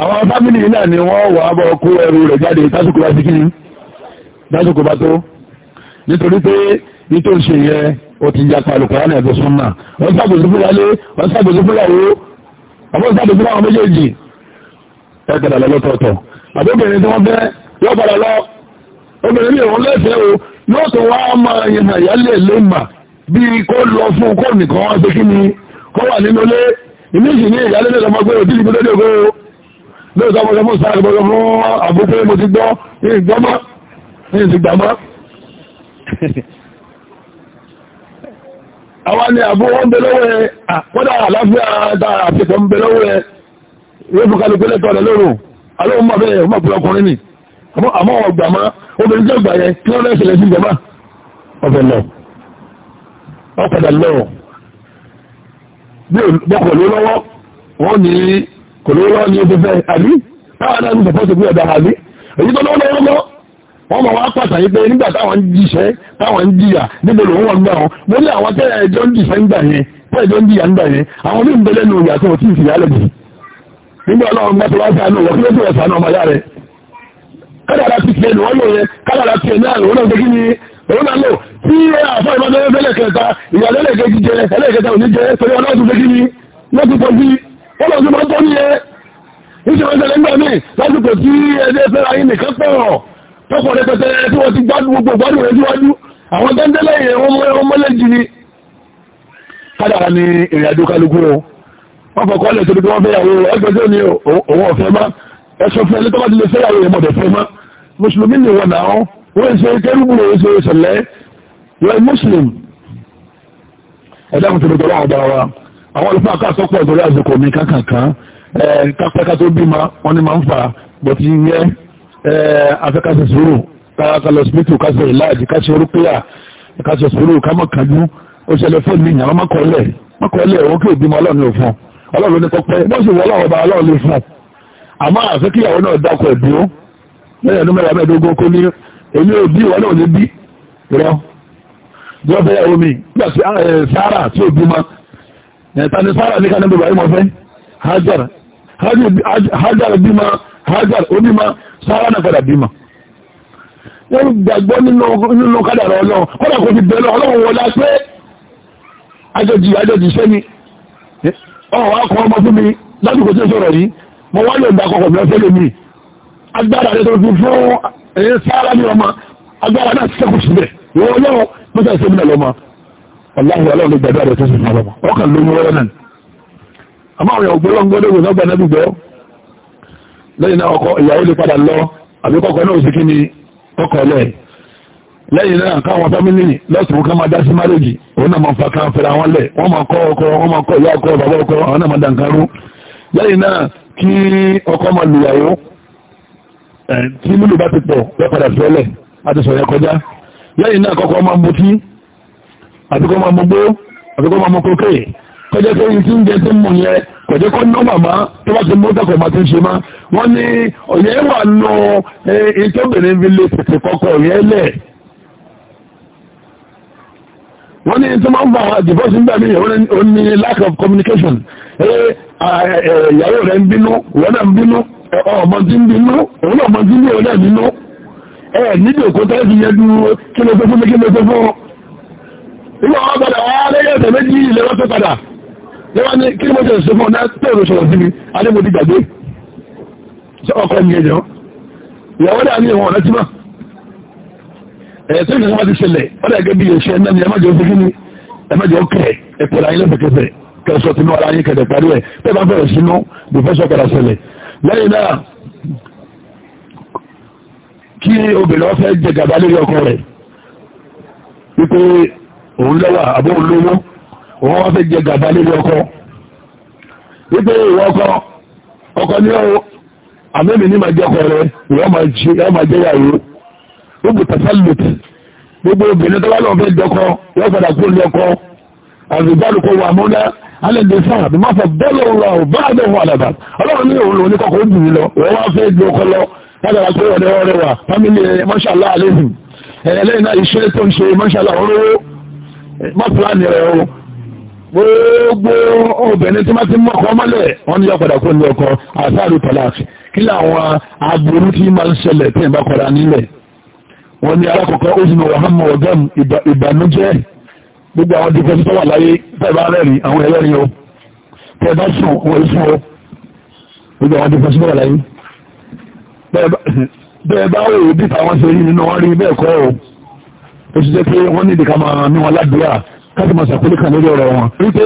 àwọn fámìlì náà ni wọ́n wà bọ́ kó ẹrù rẹ̀ jáde tásìkò bá ti kíni tásìkò bá tó nítorí pé nítorí ṣe yẹ ó ti ya pàlùkọ́rá náà ẹ̀dọ́ súnmà wọ́n ṣàbòsí fúnlálé wọ́n ṣàbòsí fúnláwó wọ́n ṣàbòsí fúnláwó méjèèjì ẹ̀kẹ́dà lọ́lọ́tọ̀ọ̀tọ̀ àbóbìnrin tí wọ́n fẹ́ yóò padà lọ obìnrin yìí wọ́n lẹ́sẹ̀ o yóò tó wá máa yẹn àyálẹ̀ lè mà bíi kó lọ fún kó nìkan wá sí kí ni kó wà nínú lé ìmí ìsìn ní ìyálẹ́lẹ́ lọ́mọ pé òtí ìgbé lóde ògbó lóòótọ́ ọmọ ọmọ sáà gbọ́dọ̀ fún àbúkú mo ti gbọ́ ní ìgbọ́mọ́ ní ìsìgbàmọ́ àwọn ni àbú wọn bẹ lọ́wọ́ ẹ kọ́dà àláfíà dá àfẹ́kọ̀ ń bẹ lọ́wọ́ ẹ yóò fún kálukú lẹ́tọ̀ rẹ̀ lóru alóhùn mọ̀ bẹ́ẹ̀ ọmọ ìpínlẹ̀ ọkùnrin ni àmọ́ ọgbàmá obìnrin tó gbà yẹ kí wọ́n lẹ́sẹ̀ lẹ́sìn jọba ọ̀fẹ́ lọ ọ̀padà lọ́wọ́ bí ọkọ̀ ló lọ́wọ́ wọ́n ní kò ló lọ́wọ́ ní ojú fẹ́ àbí táwọn náà ní sọ̀pọ̀ ìpínlẹ̀ ọ̀dà àbí èyí tó lọ́wọ́ wọ́n mọ̀ wá pàtàkì pé nígbà táwọn jíṣẹ́ táwọn jíyà níbo lòun wọ́n gbà wọn mo ní àwọn tẹ́lẹ̀ ẹjọ́ ń jíṣẹ́ ń gbà yẹn tẹ́lẹ̀ ẹjọ́ ń jíyà ń gbà yẹn àwọn ní ìbẹ̀lẹ̀ nù ìyà tó ti fi yálẹ̀ jù nígbà ọlọ́run bá ti wá sànù wọ́n kí ló tó sànù ọmọ yá rẹ̀ kádàrà ti tiẹ̀ nù wọ́n lò yẹn kádàrà tiẹ̀ náà lò wọ́n náà tí àfá ìbájọ́ ẹgbẹ́lẹ̀ kẹta ìyàlẹ́lẹ̀ kejì jẹ ẹlẹ́kẹta òní jẹ pẹ̀lú ọlọ́dún lé kíní lọ́tùpọ̀ sí ọlọ́dún máa tọ́ ní ẹ ìṣẹ̀lẹ̀ ìṣẹ̀lẹ̀ ńgbà míì lásìkò tí ẹgbẹ́ fẹ́ ayé nìkan àwọn tẹ́ńtẹ́lẹ̀ yẹn mùsùlùmí ni wọ́n náà ń ṣe kẹ́rùbù rẹ̀ ṣe ṣẹlẹ̀ you're a muslim ẹ̀dá mi ti bẹ̀rẹ̀ ọ̀rọ̀ àgbà wa àwọn olùfẹ́ àkàsọ́pọ̀ ìtòrí àsìkò mi kankankan kápẹ́ká tó bímọ wọn ni máa ń fa bọ̀tí yẹ afẹ́kásẹ̀ sùúrù kákalọ̀ sípítù kásẹ̀ ìlàjì kásẹ̀ orúkúyà kásẹ̀ sùúrù kámọ̀kájú ó ṣẹlẹ̀ fún mi ìyàn mọ́kànlẹ̀ mọ́kànlẹ̀ òun kí òbímọ ọlọ́run ò fún ọlọ́run ní kọ́pẹ́ bó sì wọ ọlọ́run ọba ọlọ́run lè fún àmọ́ àfẹ́kíyàwó náà dákọ̀ ẹ̀dúró lẹ́yìn ọdún mẹ́ta mẹ́ẹ̀ẹ́dógún kó ní èmi ò bí ìwọ náà ò ní bí rọ bí wọ́n fẹ́ yàwó mi nígbà tí eh, sára tí ò bímọ ẹ̀ta ni sára ní kanáà bíbá ìmọ̀ fẹ́ hajar hajar bímọ hajar onímọ sára náà padà bímọ wọ́n gbàgbọ́ nínú kádàrà ọlọ́run kọ́dà kò fi bẹ̀rẹ̀ ọlọ́run wọlá pé ajọ́jì ajọ́jì iṣẹ́ ni ọ̀rọ̀ akọ ọmọ fún mi lásìkò tí ó sọ̀rọ̀ yìí mo wá lè gba kọkọ̀ mìíràn fẹ́lẹ̀ mi agbára rẹ̀ tó fi fún ẹ̀yẹ eh, sára ní ọmọ agbára náà ṣẹ́kù síbẹ̀ ìwọ̀n ọlọ́run mọ́tà ìṣe mi lọ́mọ ọ̀láhùn ọlọ́run ló gbàdúrà rẹ̀ tó sì fún ọlọ́mọ ọkàn ló mú wọ́rọ́ náà àmọ́ àwọn ògbó lọ́ngbọ́n ló gbọ́n gbọ́n náà gbọ́ lẹ́yìn náà ọkọ ìyàwó lè padà lọ àbí kọ́kọ́ náà sì kí ni ọkọ lẹ̀ lẹ́yìn náà káwọn fámìlì lọ́sùn ká máa dá sí márèjì òun náà máa fa kan fẹ́ra wọn lẹ̀ wọ́n máa kọ́ ọkọ wọ́n máa kọ́ ìyá ọkọ bàbá ọkọ àwọn náà máa dà nǹkan rú lẹ́yìn náà kí ọkọ máa lùyàwó tí lílù bá ti pọ̀ lọ́ padà fẹ́lẹ̀ láti sọ̀rọ̀ kọjá lẹ́yìn náà kọ́kọ́ máa mutí àbíkọ́ máa mú gbó àbíkọ́ máa mú kókè kọjẹ́ pé yìí tí ń jẹ tí ń mú yẹ kọjẹ́ kọ́ ní ọmọ máa tó bá ti mú tẹ́kọ̀ọ́ máa ti ń ṣe máa wọ́n ní ọ̀yẹ́ wà nù ìtọ́bìnrin fi lè tètè kọ́kọ́ ọ̀yẹ́ lẹ̀ wọ́n ní tí máa ń fa divorce ń bẹ̀rẹ̀ ó ní lack of communication ìyàwó rẹ̀ ń bínú ìwọ́n náà ń bínú ọmọ tí ń bínú òun náà ọmọ tí ń bínú ẹ̀ nílò kó tẹ́lẹ̀ fi yẹjú kí ló fẹ́ fún mi kí ló fẹ́ fún ìwọ̀ àwọn padà wá lẹ́yìn ẹ̀sẹ̀ méjì ìlera tó padà lẹ́wọ́n ní kí ló mọ́ sẹ̀sẹ̀ fún ọ̀nà tẹ́ẹ̀rọ sọ̀rọ̀ sí mi adébòdì gbàgbé ọkọ̀ mi ẹ̀jọ́ ìyàwó dà ní ìwọ̀n ọ̀rẹ́ tí máa ẹ̀ẹ́sẹ́ ìgbésẹ̀ máa ti ṣẹlẹ̀ ọ̀dà gẹ́gẹ́ bí ìṣẹ́ náà ni ẹ̀mọ́jọ́ fi kí ni ẹ̀mọ́jọ́ kẹ̀ ẹ̀pẹ̀lẹ̀ ayé lẹ́fẹ̀kẹfẹ̀ kẹsọ̀ tinú ara yín kẹ̀dẹ̀ parí ẹ̀ tẹ́ẹ̀ bá bẹ̀rẹ̀ sínú bí fẹ́ sọ padà ṣẹlẹ̀ lẹ́yìn náà kí obìnrin wọn fẹ́ jẹ gàba lórí ọkọ rẹ̀ wípé òun lẹ́wà àbọ̀ òun lówó òun wọn fẹ́ jẹ gàba lórí ọkọ wípé ìwọ ọkọ ọkọ ní ọ̀rọ̀ àmẹ́mi ní máa jẹ́ ọkọ rẹ̀ ìwọ máa jẹ́ yàrá gbogbo tasallut gbogbo obìnrin tó bá lọ́wọ́ fẹ́ dọ́kọ yóò padà kó lé ọkọ àrùbálùkọ wà múná alẹ́dẹ sáà bí wọ́n fọ bọ́ọ̀lù ọ̀rọ̀ bá lágbàrá pé ọ̀rẹ́ ọ̀rẹ́ wà fámílì ẹ̀ mọ́ṣálá àléhùn ẹ̀lẹ́yìn náà iṣẹ́ tó ń ṣe mọ́ṣálá orówó mọ́pìlánì rẹ̀ o gbogbo obìnrin tí wọ́n ti mọ́kọ mọ́lẹ̀ wọ́n ní ọ̀padà kó ní ọkọ àsáàrù tọ́láàfì kí làwọn aburú tí máa ń ṣẹlẹ̀ tí ìbá kọ́ra nílẹ̀ wọ́n ní alákọ̀ọ́kọ́ ozùnà wàhámà ọ̀gám ìbànújẹ́ gbogbo àwọn dìkọ́ tó wà láyé tẹ́ẹ̀bá rẹ̀rìn àwọn ẹlẹ́rìn o tẹ́ẹ̀bá sùn òun èso gbogbo àwọn dìkọ́ tó wà láyé bẹ́ẹ̀ bá wò bí táwọn ṣe rí nínú wọn rí bẹ́ẹ̀ kọ́ o ó ṣe jẹ́ pé wọ́n ní ìdíkà máa ní wọn ládùúrà káàkiri máa ṣàkólé kan lórí ọ̀rọ̀ wọn wípé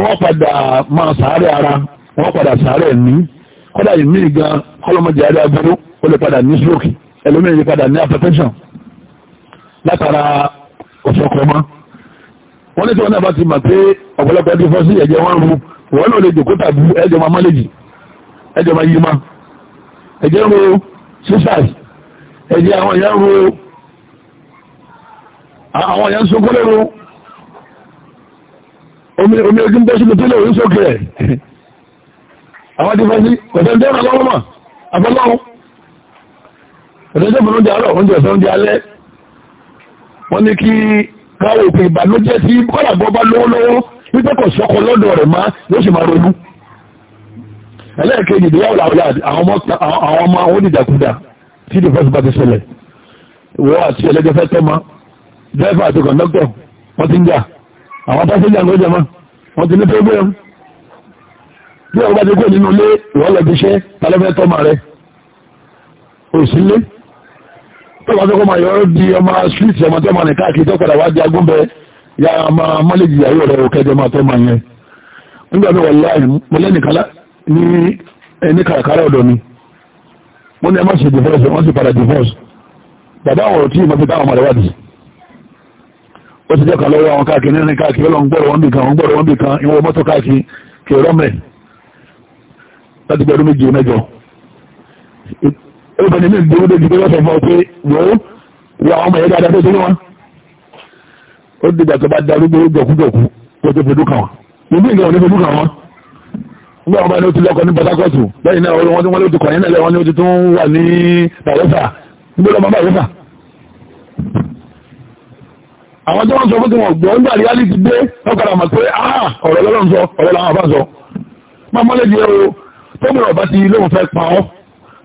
wọ́n padà máa sàárẹ̀ ara wọ́n padà sàárẹ̀ ní kọ́dà ìmí gan kọ́lọ́mọdé adé agbóró ó lè padà ní stroke ẹlòmíràn lè padà ní hypertension látara ọ̀ṣọ́kọ̀ọ́mọ́ wọ́n ní tí wọ́n náà bá ti mà pé ọ̀pọ̀lọpọ̀ ẹgbẹ́ fọ́sí ẹ̀jẹ̀ wọn rú wọ́n náà lè jòkó tàbí ẹjọ́ máa mọ́lẹ́jì ẹjọ́ máa yí máa ẹ̀jẹ̀ ro sísàì ẹ̀jẹ̀ àwọn èèyàn ro àwọn èèyàn sókólé ro omi omi ojú ń bẹ́ sínú tílé òun sókè ẹ̀ àwọn ti fẹ́ sí ọ̀tẹ́ntẹ́ ọ̀nà lọ́wọ́ mà abẹ́lọ́wọ́ ọ̀tẹ́ntẹ́ ọ̀nà oúnjẹ àárọ̀ oúnjẹ ọ̀sán oúnjẹ alẹ́ wọ́n ní kí káwọ̀ òpin ìbànújẹ́ sí kọ́làgbọ́ bá lówó lówó wípé kò sọ́kọ lọ́dọ̀ rẹ̀ má yóò sì máa ronú ẹlẹ́ẹ̀kejì ìdíyàwó àwọn ọmọ àwọn onídàkúdà tí ìdí fẹ́sùn bá ti ṣẹlẹ̀ wọ́n àti ẹlẹ́jọ́ fẹ́ tọ́ ma dẹ́fà àti kọ̀ndọ́kọ̀ wọ́n ti ń jà àwọn pásẹ́jà ń gọ́jà ma wọ́n ti ní tó gbéyàn bí ọgbà ti kó nínú ilé ìwọ́lẹ̀ ti ṣe tálẹ́fẹ́ tọ́ ma rẹ òsínlé tó bá tọ́kọ́ máa yọ di ọmọ street ọmọ tọ́ ma ní káàkiri tó padà wá di agúnbẹ ya máa mọ́lẹ́jì ìyàwó rẹ̀ òkẹ́jọ máa tọ́ ma yẹn nígbà tó wọ̀ láì mọ́lẹ́nìkan ní ẹni eh, kàràkàrà ọ̀dọ̀ mi wọ́n ní ẹ má ṣe divorce wọ́n sì padà divorce bàbá àwọn ọ̀rọ̀ tí ìmọ̀ fi táwọn ọmọdé wádìí ó ti jẹ́ kan lọ́wọ́ àwọn káàkiri nínú káàkiri ọlọ́run gbọ́rọ̀ wọn bì kan wọn gbọ́rọ̀ wọn bì kan ìwọ mọ́tò káàkiri kèrọ mẹ́ láti gbẹ̀rún méjì mẹ́jọ ó bẹ̀rẹ̀ ní ìdíwọ́ nígbà wọn bá ní ó ti lọ́kọ ní Port Harcourt lẹ́yìn náà wọ́n tí wọ́n ló ti kọ̀ yẹn náà lẹ́wọ́n ní ó ti tún wà ní bàrẹ́fà nígbà lọ́mọ bàrẹ́fà àwọn tí wọ́n sọ fún tí wọ́n nígbà ríálì ti dé ọkọ̀rọ̀ àmà pé ah, ọ̀rọ̀ lọ́lọ́run sọ ọ̀rọ̀ làwọn àbá sọ máa mọ́lẹ̀ di ẹ̀rọ tóbìnrin ọba ti lóun fẹ́ pa ọ́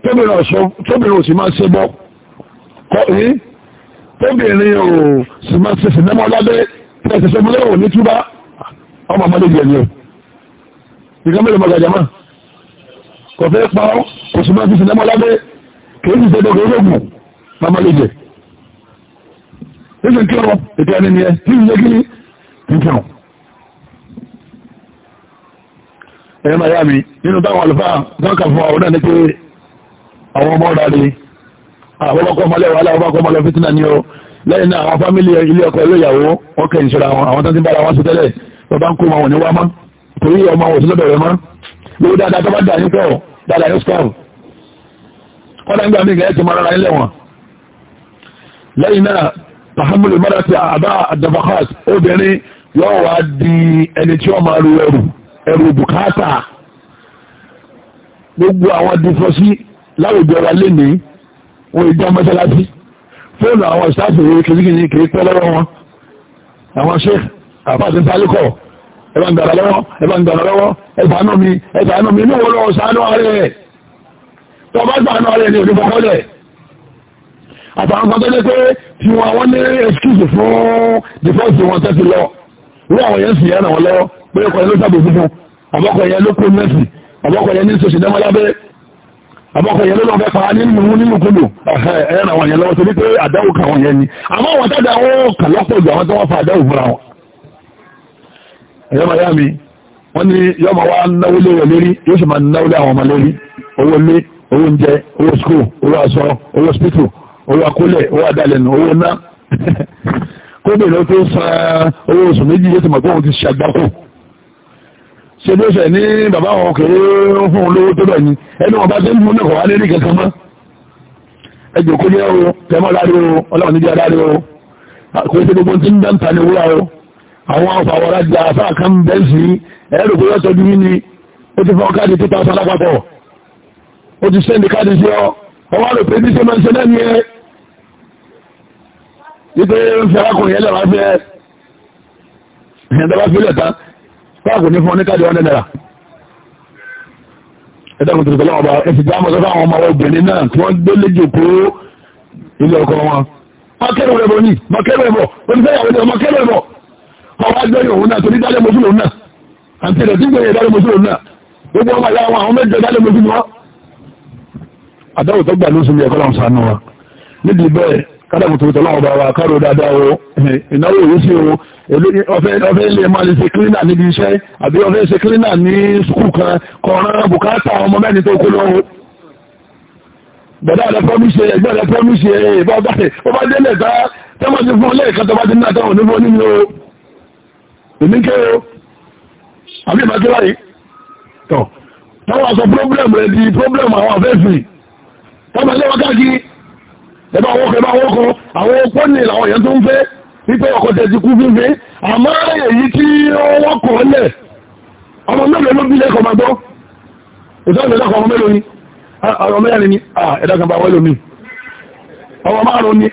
tóbìnrin ò sì máa ṣe bọ́ tóbìnrin ò sì máa ṣe sinẹ́mọ́ lábẹ́ tẹ̀sẹ̀ṣẹ́ mọ́lẹ́wò nǹkan mẹ́lẹ̀ mọ̀gàjà máa kò fẹ́ pa ọ́ kò sì máa fi sinimọ́ lábẹ́ kìí sì sẹ́dọ̀ kìí rògùn máa máa lè jẹ nígbà kí ọ ètò ẹni ni ẹ tí ìyẹ́ kí nǹkan ẹ̀rọ máa yá mi nínú táwọn àlùfáà dáǹkà fún àwọn náà ní pé àwọn ọmọ ọ̀dà rèé àwọn ọkọ̀ ọmọlẹ́ wà láwọn ọkọ̀ ọmọlẹ́ fìtínà ní ọ lẹ́yìn náà àwọn fámílì ilé ọkọ̀ ilé ìyàwó ọkẹ̀ ìṣọ́ra wọn àwọn tó ti bára wọn sí tẹ́lẹ̀ bàbá ń kó wọn wọ̀n ní wá máa torí ọmọ àwọn òṣìṣẹ́ bẹ̀rẹ̀ mọ́ lówó dáadáa tó bá dà ní pẹ́ọ̀ dáadáa ní spam ọ̀dà nígbà mí gẹ̀ẹ́ ti mara ara ilẹ̀ wọn lẹ́yìn náà tahammul mara ti àbá àdàbàkàt obìnrin yóò wá di ẹni tí wọ́n máa ru ẹrù ẹrù bùkátà gbogbo àwọn dìfọ́sí láwùjọ wa lénìí wọ́n ìjọ mọ́sálásí fóònù àwọn ìsáàfù ẹ̀bá ń gbàrà lọ́wọ́ ẹ̀bá ń gbàrà lọ́wọ́ ẹ̀sánú mi ẹ̀sánú mi ní wọ́n lọ́wọ́ sánú ààrẹ tó bá sánú ààrẹ ní òdúgbà mọ́lẹ̀ àtàwọn kan tó dé pé tí wọ́n wọ́n ní excuse fún defense wọn tẹ́tí lọ wọ́n àwọn yẹn sì yẹn ràn wọ́n lọ́wọ́ pé ọkọ̀ yẹn ló sábò fúnfún àbọ́kọ̀ yẹn ló kó mẹ́sì àbọ́kọ̀ yẹn ní sọ̀sì dẹ́mọ́lábẹ́ àbọ́kọ̀ yẹn ló lọ́ fẹ́ pa nínú nínú kúlù ẹ̀ràn àwọn yẹn lọ́wọ́ torí pé àdáwò kan àwọn yẹn ni àmọ́ àwọn tẹ́lẹ̀ àwọn kàlọ́pọ̀ jù àwọn tó wọ́n fa àdáwò fúnra wọn ẹ̀yọ́ máa yá mi wọ́n ní yọ́ máa wá náwó lé rẹ̀ lérí yóò sì máa náwó lé àwọn ọmọ lérí owó lé owó oúnjẹ owó skul owó aṣọ owó hospital owó akólẹ̀ owó adalẹ̀nu owó ná kóbè ló tó san owó oṣù méjì yóò ti mọ̀ pé òun ti ṣàgbákò ṣe bí ṣe ní bàbá àwọn kèrè ń fún un lówó tó bẹ̀ ni ẹni wọn bá ṣe ń mú náà kọ̀ wá lérí kankan mọ́ ẹjọ́ kó jẹ́ o tẹ́mọ́ láre o ọlọ́run níbi aláre ní àwọn afàwọ̀rajà afáàkan bẹ́ẹ̀sì ẹ̀rù pé yọ́tọ̀ bí ní ó ti fọ́n káàdì títà sálápapọ̀ ó ti sẹ́ndì káàdì sí ọ ọwọ́ rẹ̀ pé níṣẹ́ máa ń ṣẹlẹ̀ ní ẹ wípé ń fi arákùnrin ẹlẹ́ wá fẹ́ ẹ̀ẹ́dẹ́gbá fílẹ̀ tán káàkù ní fún oníkàdì ọ̀nẹ́ náírà ẹ̀dẹ́gùn tuntun lọ́wọ́ bá ẹ̀sì jáàmù sọ́fà àwọn ọmọ obìnrin náà tí wọ́n gbé léjò kó ilé ọkọ wọn. mọ́kẹ́rù ọwọ́ gbẹ̀yìn òun náà torí dálẹ́ mojú lòun náà àti ẹ̀rẹ̀ tí gbẹ̀yìn dálẹ́ mojú lòun náà gbogbo ọmọ ìyá wọn àwọn mẹ́jọ dálẹ́ mojú wọn. àdáwò tó gbà ló sinmi ẹ̀kọ́ làwọn sànù wa níbi bẹ́ẹ̀ kádàmù tó tọ́lá ọba ẹ̀ bá délẹ̀ tá tẹ́wọ́n ti fún ọ lẹ́ẹ̀kan bá ti ní àtàwọn onímọ̀ nínú èmi ké o àbí ìbá kíláà yìí tọ̀ táwọn aṣọ pírọ́blẹ̀mù rẹ̀ di pírọ́blẹ̀mù àwọn afẹ́sìn táwọn ẹlẹ́wọ̀n káàkiri ẹ̀bá wọ́kọ̀ ẹ̀bá wọ́kọ̀ àwọn ọkọ̀ ní ìlàwọ̀ yẹn tó ń fẹ́ wípé ọkọ̀ tẹ̀sí kú fífẹ́ àmọ́ èyí tí wọ́n kọ̀ lẹ̀ ọmọ mẹ́rin ló bí lẹ́kọ̀ọ́ máa gbọ́ ìtọ́jú ẹ̀dá kan ọmọ mẹ́rin ni ọmọ mẹ́rin ni ẹ̀dá kan bá wẹ́lómi ọmọ márùn-ún ni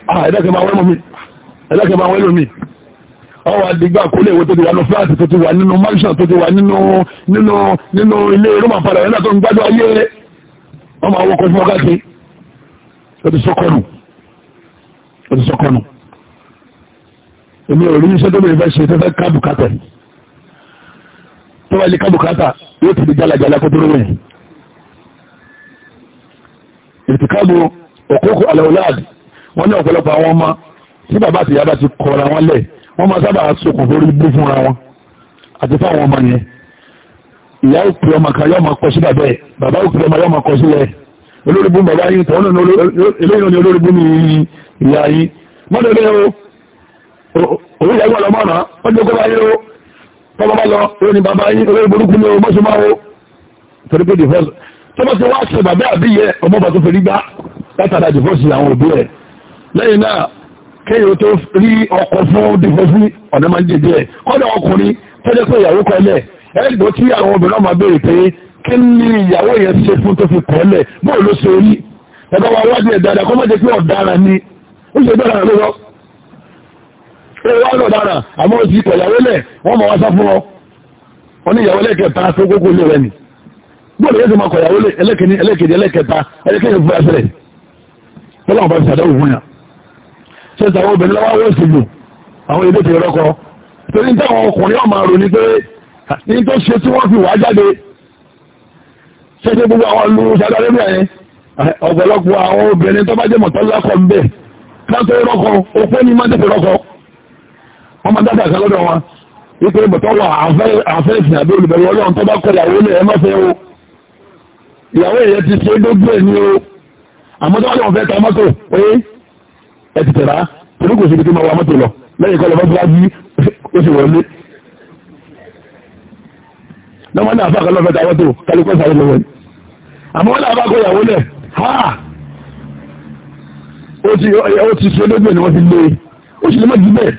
ẹ̀dá kan bá wẹ́lómi ọwọ́ àdìgbà kó lè wo tó ti wà ní fúláàsì tó ti wà nínú mansion tó ti wà nínú nínú nínú ilé roma padà yẹn náà tó ń gbádùn ayé wọ́n máa wọ́kọ̀ fún ọgáṣe ó ti sọ́kọ̀nù ó ti sọ́kọ̀nù èmi ò rí iṣẹ́ tó bẹ̀rẹ̀ fẹ́ ṣe tó fẹ́ kábùkátà tó wà lè kábùkátà yóò ti di jálajàlá kó dúró wẹ̀ ìtìkábù òkókò àlẹ́ òláàdì wọ́n ní ọ̀pọ̀lọpọ̀ àwọn ọmọ tí bàbá àtìyá bá ti kọra wọn lẹ̀ wọ́n máa sábà sokùn lórí bú fúnra wọn àti fáwọn ọmọ yẹn ìyá òkè ọmọ kan yóò máa kọ sí bàbá ẹ̀ bàbá òkè ọmọ yóò máa kọ sílẹ̀ olórí bú bàbá yín tọ́nà eléyìí ni olórí bú ní ìyá yín mọ́tẹ́lẹ́ o òun ìyá ìwọ̀n lọ́mọ́nà wọ́n jẹ́ kó bá yé o tọ́ba bá lọ ó ní bàbá yín olórí burúkú ni o mọ́sùn máa o torí pé divorce tó bá ti wá ṣe bàbá àbí yẹ ọmọ bàtó fèrè gbá látara divorce àwọn òbí ẹ̀ lẹ́yìn náà kéèyàn tó rí ọkọ̀ fún dìbòsí ọ̀nà máa ń jẹjẹ ẹ̀ kọ́dà ọkùnrin tó jẹ́ pé ìyàwó kọ́lẹ̀ ẹ̀ẹ́dìbò tí àwọn obìnrin máa béèrè pé kí ni ìyàwó yẹn ṣe fún tó fi kọ́lẹ̀ bóò ló ṣe rí ẹ̀kọ́ wa wájú ẹ̀ dáadáa kọ́ mọ́ jẹ́ pé ọ̀daràn ni ó ṣe dára lọ́wọ́ ó wá lọ dára àmọ́ ó ti kọ̀ ìyàwó lẹ̀ wọ́n mọ̀ wá sá fún ọ ṣe sàwọn obìnrin lọ́wọ́ àwọn òṣèlú àwọn èdè tó rọ́kọ torí táwọn ọkùnrin ọmọ rò ní pé ní tó ṣe tí wọ́n fi wá jáde ṣe ṣe gbogbo àwọn lu sàdáre bí ẹ̀yìn ọ̀pọ̀lọpọ̀ àwọn obìnrin tó bá jẹ́ mọ̀tọ́lákọ̀ ń bẹ̀ káńtó rọ́kọ òpó ní máa tètè rọ́kọ wọ́n máa dábàá kan lọ́dọ̀ wọn wípé mọ̀tọ́lá àfẹ́ ìsìn àbí olùbẹ̀rù ọlọ́run tó bá kọ ìyàwó ilẹ̀ ẹ o ìyàwó ìyẹn ti ṣe é dójú ẹ̀ ní o àmọ́tọ́lá ọ̀fẹ́ ẹ ti tẹ̀ra torí kò síbi tó máa wa mọ́tò lọ lẹ́yìn kọ́lọ́ bọ́sí lájú ó sì wọlé. lọ́wọ́ náà fà kọ́lọ́ fẹ́ta mọ́tò kálukọ́ sáré lọ́wọ́ ni àmọ́ wọn náà fà kọ́ ìyàwó lẹ̀ ha ó ti ó ti ṣe lóògbé ni wọ́n ti lé ó sì lè má jù bẹ́ẹ̀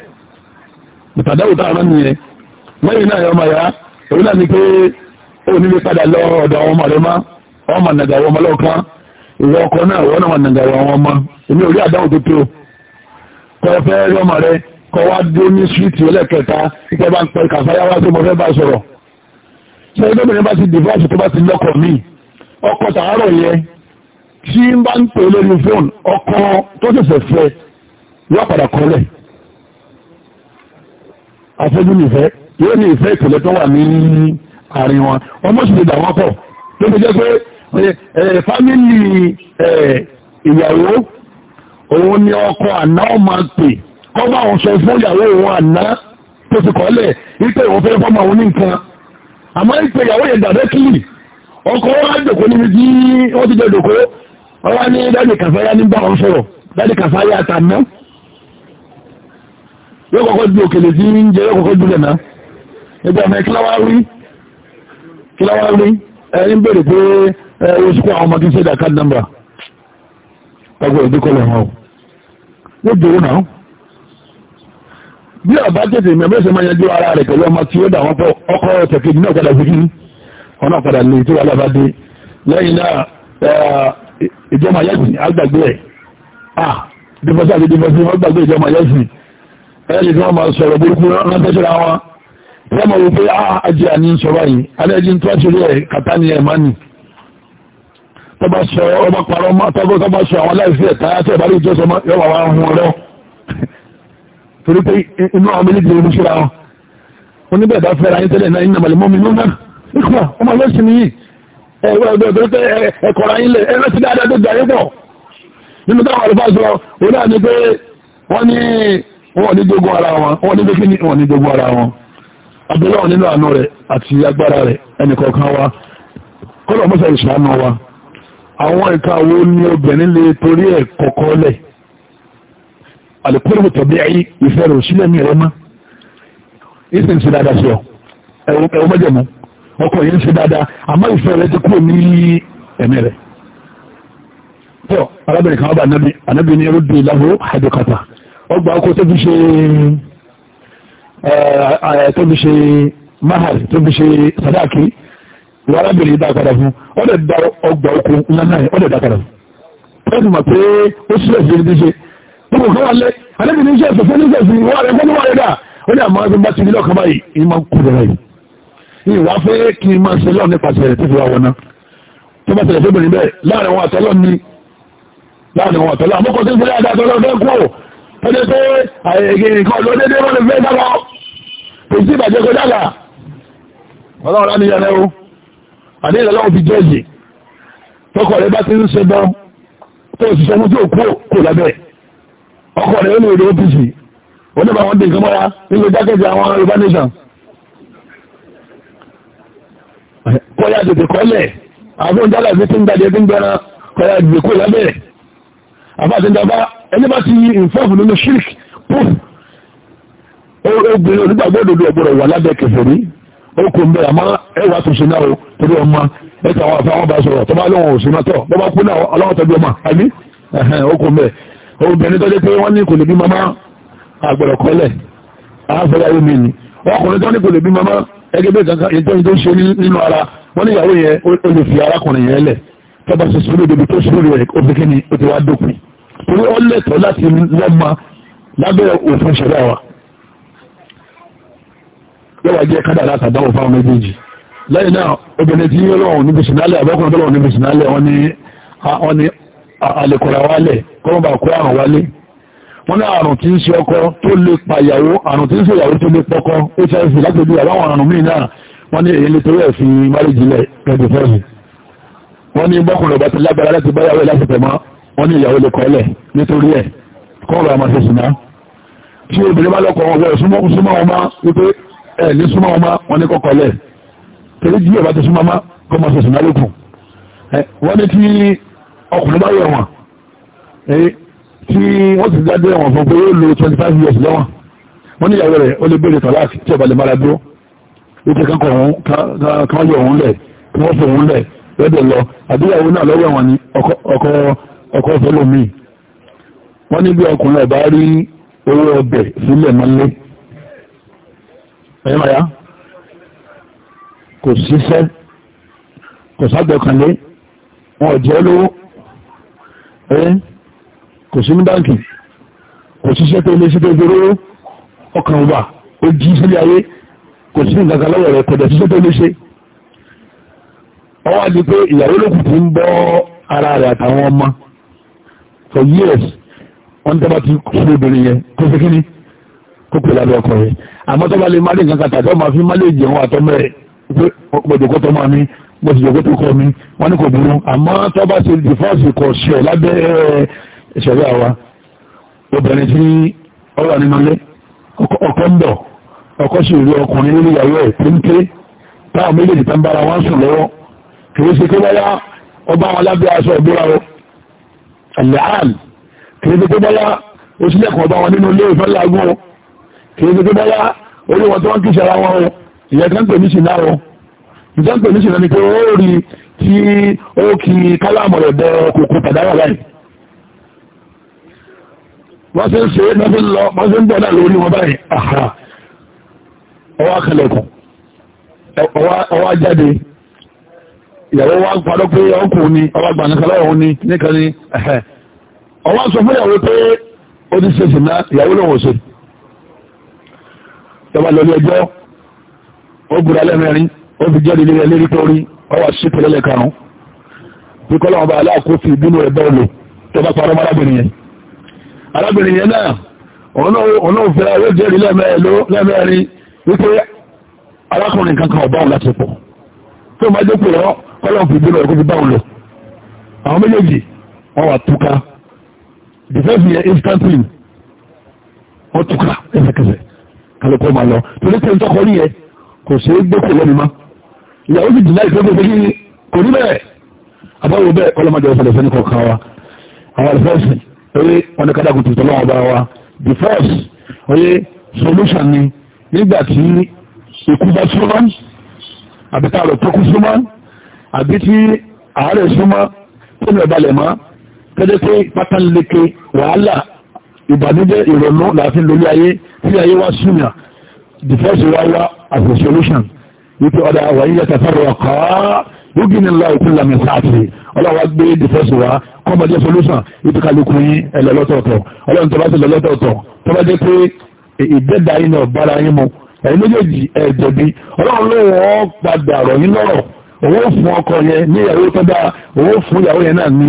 bùtàdáwò táwọn náà nìyẹn lẹ́yìn náà yọ ọmọ yá òun náà ni pé ó nílé padà lọ ọ̀dọ̀ àwọn ọmọ rẹ̀ má ọmọ nàgàwọ̀ ọmọ lọ́ọ̀kan ìwọ ọkọ náà wọ́n náà wà nàgàwọ̀ àwọn ọmọ èmi ò rí àdáhùn tó tó kọ́ fẹ́ rí ọmọ rẹ kọ́ wá dé ní síìtì ẹlẹ́kẹta kíkẹ́ bá ń pẹ́ kàfáyà wá sí mo fẹ́ bá sọ̀rọ̀ ṣe ẹgbẹ́bìnrin bá ti dìbọ́ọ̀sì tó bá ti lọ́kọ̀ mí ọkọ tàárọ̀ yẹ tí ń bá ń pè lórí fóònù ọkọ tó tẹ̀sẹ̀ fẹ́ yọ padà kọ́lẹ̀ afẹ́jú nìfẹ́ yóò ní ìfẹ́ ìpìlẹ̀ tó wà ní àárín wọn ọmọ sì lè dà wọ́n òun ni ọkọ àná ó máa pè kọ́ bá òun sọ fún ìyàwó òun àná tó ti kọ́lẹ̀ wípé òun fẹ́ fọ́mọ òun ní nǹkan àmọ́ ìpè ìyàwó yẹn dàrẹ́kìlì ọkọ wa dòkó níbi tí wọ́n ti jẹ dòkó wọ́n wá ní dáàdì kàfáyà ní bá wọn sọ̀rọ̀ dáàdì kàfáyà àtàná yóò kọ́kọ́ di òkèlè tí ń jẹ yóò kọ́kọ́ dúlẹ̀ náà ẹgbẹ́ ọmọ kíláwá rí kíláwá rí ẹni bèrè pé ẹ oṣù kọ́ àwọn ọmọdé ṣe dàkà nàmbà ọgbọ̀n ìdíkọlẹ̀ hàn yóò jòrò náà bí ọba tètè mẹ́ bẹ́sẹ̀ máa yanjú ara rẹ̀ pẹ̀lú ọmọ tí ó dà wọ́n pọ̀ ọkọ̀ tẹ̀kejì náà padà fìkí ọ̀nà padà lè tó alába dé lẹ́yìn náà ìjọba yẹ́sìn agbàgbé ẹ̀ ah dìbọ́sí àti dìbọ́sí wọ́n gbàgbé ìjọba yẹ́sìn ẹ̀yẹ́ tí wọ́n máa sọ̀rọ̀ burúkú rántẹ́sọ̀rọ̀ wọn wọ́n mọ̀ wípé ah ajé àní sọ̀rọ̀ yìí alẹ́jì ń tọ́jú tọba sọ ọba parọ́ mọ́ tọba tọba sọ àwọn aláìsí ẹ̀ka àti ìbálẹ̀ ìjọsọ mọ́ yọ wàá hun rẹ torí pé inú àwọn méjì lè ṣúra wọn oníbẹ̀ bá fẹ́ra yín tẹ́lẹ̀ náà iná màlẹ̀ mọ́mi ló náà nípa ọmọ lọ́sìn yìí ẹ̀rọ ẹ̀dọ̀ torí pé ẹ̀kọ́ra yín lẹ̀ ẹ̀rọ ti dáadáa tó gbà yín pọ̀ nínú táwọn àlùfáà sọ òun náà ni pé wọ́n ní wọ́n ní jogún ara wọn wọ́n ní pékin wọ́n ní jogún ara wọn abẹ́lẹ́ wọn nínú àánú rẹ̀ àti agbára rẹ̀ ẹnìkọ̀ọ̀kan wa kọ́lọ̀ mọ́sà ìṣàánú wa àwọn ìka wo ni obìnrin lè torí ẹ̀ kọ̀kọ́ lẹ̀ alìkúrò tọ̀bí ayé ìfẹ́ rẹ̀ sílẹ̀ ní ẹ̀rọ mọ́ ìsìn ń dáadáa sí ọ ẹ̀wọ́ mọ́jẹ̀mú ọkọ yìí ń ṣe dáadáa àmọ́ ìfẹ́ rẹ̀ ti kúrò ní ẹ̀mí rẹ̀ tọ́ arábìnrin kan wà anábì anábì ní ẹrú di ìlàwó àdókàtà ọgbà tó fi ṣe sadaki lọ́rábìnrin dá padà fún ọ̀dẹ̀ dá ọgbà okun ńlá náà ọ̀dẹ̀ dá padà fún. ẹ̀sùn mọ̀ pé ó sílẹ̀ sí ibi ṣe gbogbo kan wà lẹ alẹ́bìnrin iṣẹ́ ẹ̀sùn fún iṣẹ́ ìsìn wà rẹ̀ fún wà rẹ̀ dà ó ní àmọ́ ẹgbẹ́ bá ti nílọ̀ kan báyìí ìmọ̀ kú bẹ̀rẹ̀ yìí. ìwà fẹ́ kí n máa ṣe lọ́ọ̀ nípasẹ̀ rẹ̀ tó fi wá wọn ná tó bá tẹ̀lé fẹ́bìnrin àní ìrọ̀lọ́wọ́ fi jẹ́ẹ̀jì tọkọ rẹ̀ bá ti ń ṣe bọ́ tó òṣìṣẹ́ mú tí ò kú kò lábẹ́ ọkọ rẹ̀ ó lè rí apc oníbà wọn dé nǹkan mọ́ra nínú jákèjì àwọn yorùbá nation kọ́yà tètè kọ́lẹ̀ àwọn jálà fi ti ń gbàdé ti ń gbẹ́ra kọ́yà tètè kú lábẹ́ àbájáde ẹni bá ti ìfọ́ọ̀fù okùn ń bẹ ẹwà tó ṣe náà o torí ọmọ ẹ̀ka àwọn àfẹ́ àwọn bá sọ̀rọ̀ tó bá lóhùn òṣù náà tọ̀ bọ́ bá kú náà ọlọ́wọ́ tọ́jú ọmọ àbí okùn bẹ̀ obìnrin tọ́jú pé wọ́n ní kò lè bí mamá àgbẹ̀rọ̀ kọ́lẹ̀ àáfẹ́ ayé mi ni ọkùnrin tó ní kò lè bí mamá ẹgbẹ́ bẹ́ẹ̀ kankan ìtọ́jú tó ṣe nínú ara wọ́n ní ìyàwó yẹn ó lè fi arákùnrin yẹn lẹ̀ tọ́ba ṣe ni ó ti wá dópin torí ó lẹ̀tọ́ láti lọ́mọ yọ́wà jẹ́ kádàrá àtàdáwò fáwọn méjèèjì lẹ́yìn náà obìnrin tí yíó lọ́wọ́ níbi sinálẹ̀ àbọ́kùnrin tọ́lọ́wọ́ níbi sinálẹ̀ wọ́n ni àlèkọ̀rà wálẹ̀ kọ́lọ́bà kó àrùn wálé wọ́n ní àrùn tí ń ṣe ọkọ tó pa ìyàwó àrùn tí ń ṣe ìyàwó tó lè pọkọ hiv lágbègbè àbáwọn àrùn míì náà wọ́n ní èyí nítorí ẹ̀fin márìjìlẹ̀ pẹ̀lú fẹ́ẹ̀sì wọ́n ní bọ́kùnrin ọba ti lágbára láti báyàwó láti tẹ̀mọ́ wọ́n ní ìyàwó lè kọ́lẹ̀ nítorí ẹ̀ kọ́ọ̀rọ̀ àmọ́ ṣe sùnà obìnrin bá lọ́kọ̀ọ́ ọ̀gbẹ́ ìsúnmọ́ ọmọ wípé ẹ̀ ní súnmọ́ ọmọ wọn ní kọ́kọ́ lẹ̀ torí díẹ̀ bá ti súnmọ́ ọmọ kọ́ máa sọ̀sùn náà lókun wọ́n ní tí ọkùnrin bá yẹ̀ wọ̀n tí wọ́n ti dájú ẹ̀wọ̀n fún pé ó lo twenty five years lẹ́wọ̀n wọ́n ní ìyàwó rẹ̀ ó lè béèrè tàláàkì tí ọba lè mára dúró wípé kankan òun kan yọ òun lẹ̀ kí wọ́n fò òun lẹ̀ lọ́dẹ̀ lọ àdúyàwó náà lọ́wọ́ ẹ̀wọ̀n ni ọkọ̀ ọ̀fẹ́ lómi wọ́n ní bí ọkùnrin ọ̀bá rí owó ọbẹ̀ sílẹ̀ mọ́lé ẹ̀yìn ọ̀yá kò síṣẹ́ kò ságbọ̀kànlé wọn ò jẹ́ lówó ẹ̀yìn kò sí ní báńkì kò síṣẹ́ tó lé sí tó gbèrò ọkàn wà ó jí sílé ayé kò sí nǹkan kan lọ́wọ́ rẹ̀ kò dẹ̀ síṣẹ́ tó lé ṣe ọwọ́ àti pé ìyàwó lókùn ti bọ́ ara rẹ̀ àtàwọn ọmọ for years wọ́n tẹ́ bá ti fún obìnrin yẹn kó fi kíní kó pè lábẹ́ ọkọ rẹ̀ àmọ́ tó bá lè má lè nǹkan kàtà tó máa fi má lè jẹun àtọ́mọ́ rẹ̀ pé gbòdòkó tó máa mi mo ti jòkó tó kọ́ mi wọ́n ní kò burú àmọ́ tó bá ṣe dìfọ́ọ̀sì kọ̀ ṣe ọ̀ lábẹ́ ìṣẹ̀lẹ̀ àwa obìnrin tí ọ̀rọ̀ nínú ilé ọkọ ń bọ̀ ọkọ sì rí ọkùnrin nínú ìyàwó ẹ̀ péńté táwọn méjèèjì tó ń bára wọn sùn lọ́wọ́ kìí ṣe kí bọ́lá ọba wọn lábẹ́ aṣọ ìbúra o àlẹ́ àl kìí ṣe kí bọ́lá oṣù lẹ́kọ̀ọ́ bá wọn nínú ilé ìfẹ́ lágún o kìí ní gbígbáyá orí wọn tó wọ́n kí ṣẹra wọn ìyẹn kan pè ní ṣìnà wọn ìjọ́n pè ní ṣìnà ni pé ó rí tí ó kí kálámù rẹ̀ bẹ kòkó pàdánù láì wọ́n ṣe ń ṣe é lọ́sí lọ wọ́n ṣe ìyàwó wa padọ́ pé ọkùnrin ni ọwọ́ agbanìkalẹ̀ ọ̀hún ni nìkan ni ọwọ́ sọ fún ìyàwó pé ó ti ṣe ṣìnà ìyàwó lòun tọ́ba lọ ní ẹjọ́ ó gbúra lẹ́mẹ̀rin ó fi jẹ́ ìdílé lérí tó rí ọwọ́ ṣípò lẹ́lẹ̀ karùn-ún bí kọ́lọ́ ọba aláàkó fi ìbínú rẹ̀ bọ́ọ̀lù tọ́ba parọ́ arábìnrin yẹn arábìnrin yẹn náà òun náà fẹ́ ó jẹ́ ìdílé lẹ́mẹ̀rin wípé arákùnrin kankan ọba òun láti pọ̀ tó máa jẹ́ pé lọ́wọ́ kọ́lọ́ fi ìbínú rẹ̀ kó fi bá òun lò àwọn méjèèjì wọ́n wà túká the first instantly wọ́n túká ẹsẹ̀kẹsẹ̀ kálukọ́ máa lọ torí pé ntọ́kọ rí yẹ kò sí é gbẹ́kọ̀ lẹ́nu ma ìyàwó ti dìlá ìfẹ́ gbogbo yìí kò ní bẹ́ẹ̀ abáwo bẹ́ẹ̀ ọlọ́mọdé ọ̀sẹ̀lẹ̀ fẹ́ ní kọ̀ọ̀kan wa àwọn àlùfẹ́sì oye wọn ni kádàkùn tuntun lọ́wọ́ bá the first oye solution ni nígbà tí ikú bá súnmọ́ àbí tá a lọ tó kú súnmọ́ àbí tí àárẹ̀ súnmọ́ tó lọ balẹ̀ mọ́ tẹ́lẹ̀ pé pátánléke wàhálà ìbànújẹ́ ìrònú láti lórí ayé tí ayé wá súnmà the first wá wá as a solution wípé ọ̀dà àwọn yíyá tàfàrọ̀ ọ̀kọ́ gúgínì lọ ìpín lámì sáàtì ọlọ́wà gbé the first wá kọ́mọdé solution wípé kálukú yín ẹlọ́lọ́tọ̀ọ̀tọ̀ ọlọ́run tó bá ti lọ́lọ́tọ̀ọ̀tọ̀ tó bá jẹ́ pé ìdẹ́dà yín náà bára yín mu ẹ̀yin méjèèjì ẹ̀jẹ̀bi ọlọ́run ló wọ́n padà rọ̀ yín lọ́rọ̀ owó fún ọkọ yẹn ní ìyàwó tó dáa owó fún ìyàwó yẹn náà ní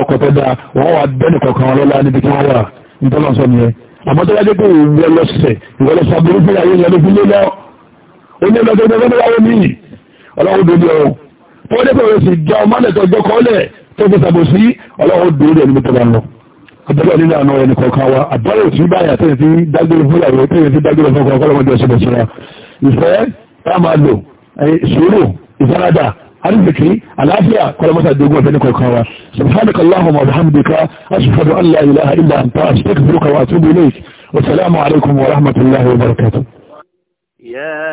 ọkọ tó dáa wọ́n wà bẹ́ẹ̀ nìkọ̀ọ̀kan ọlọ́lá níbi tí wọ́n wà ìtọ́lọ́sọ nìyẹn àmọ́ tó wájú pé ìwọ lọ́sẹ̀ ìwọ lọ́sẹ̀ aburú fún ayé ìyẹn ló fi lé lọ ó ní ọlọ́dọ̀ tó fẹ́ wáyé níyì ọlọ́run dòdò ọ̀hún tó wájú pé òun sì já ọmọ àlẹ́ tó jọ kọ́lẹ̀ tó fi sàbò sí ọlọ́run dòdò ẹni tó bá lọ abẹ́rẹ́ nínú àná ẹni kọ̀ọ̀kan wa àbẹ́rẹ́ òtí báyà tẹ́yìn tí dágbére fún ìyàwó tẹ́yìn tí dágbére fún ọkọ̀ ọlọ́mọdé ọ̀sẹ̀ bẹ̀sẹ̀ wa ìfẹ́ tá a máa lò sùúrù ìfaradà الذكري العافية قال مثلا دقوا فينك وكوا سبحانك اللهم وبحمدك أشهد أن لا إله إلا أنت استغفرك وأتوب إليك والسلام عليكم ورحمة الله وبركاته يا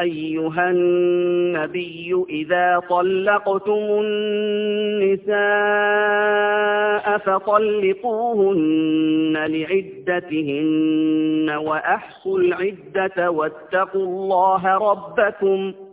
أيها النبي إذا طلقتم النساء فطلقوهن لعدتهن وأحصوا العدة واتقوا الله ربكم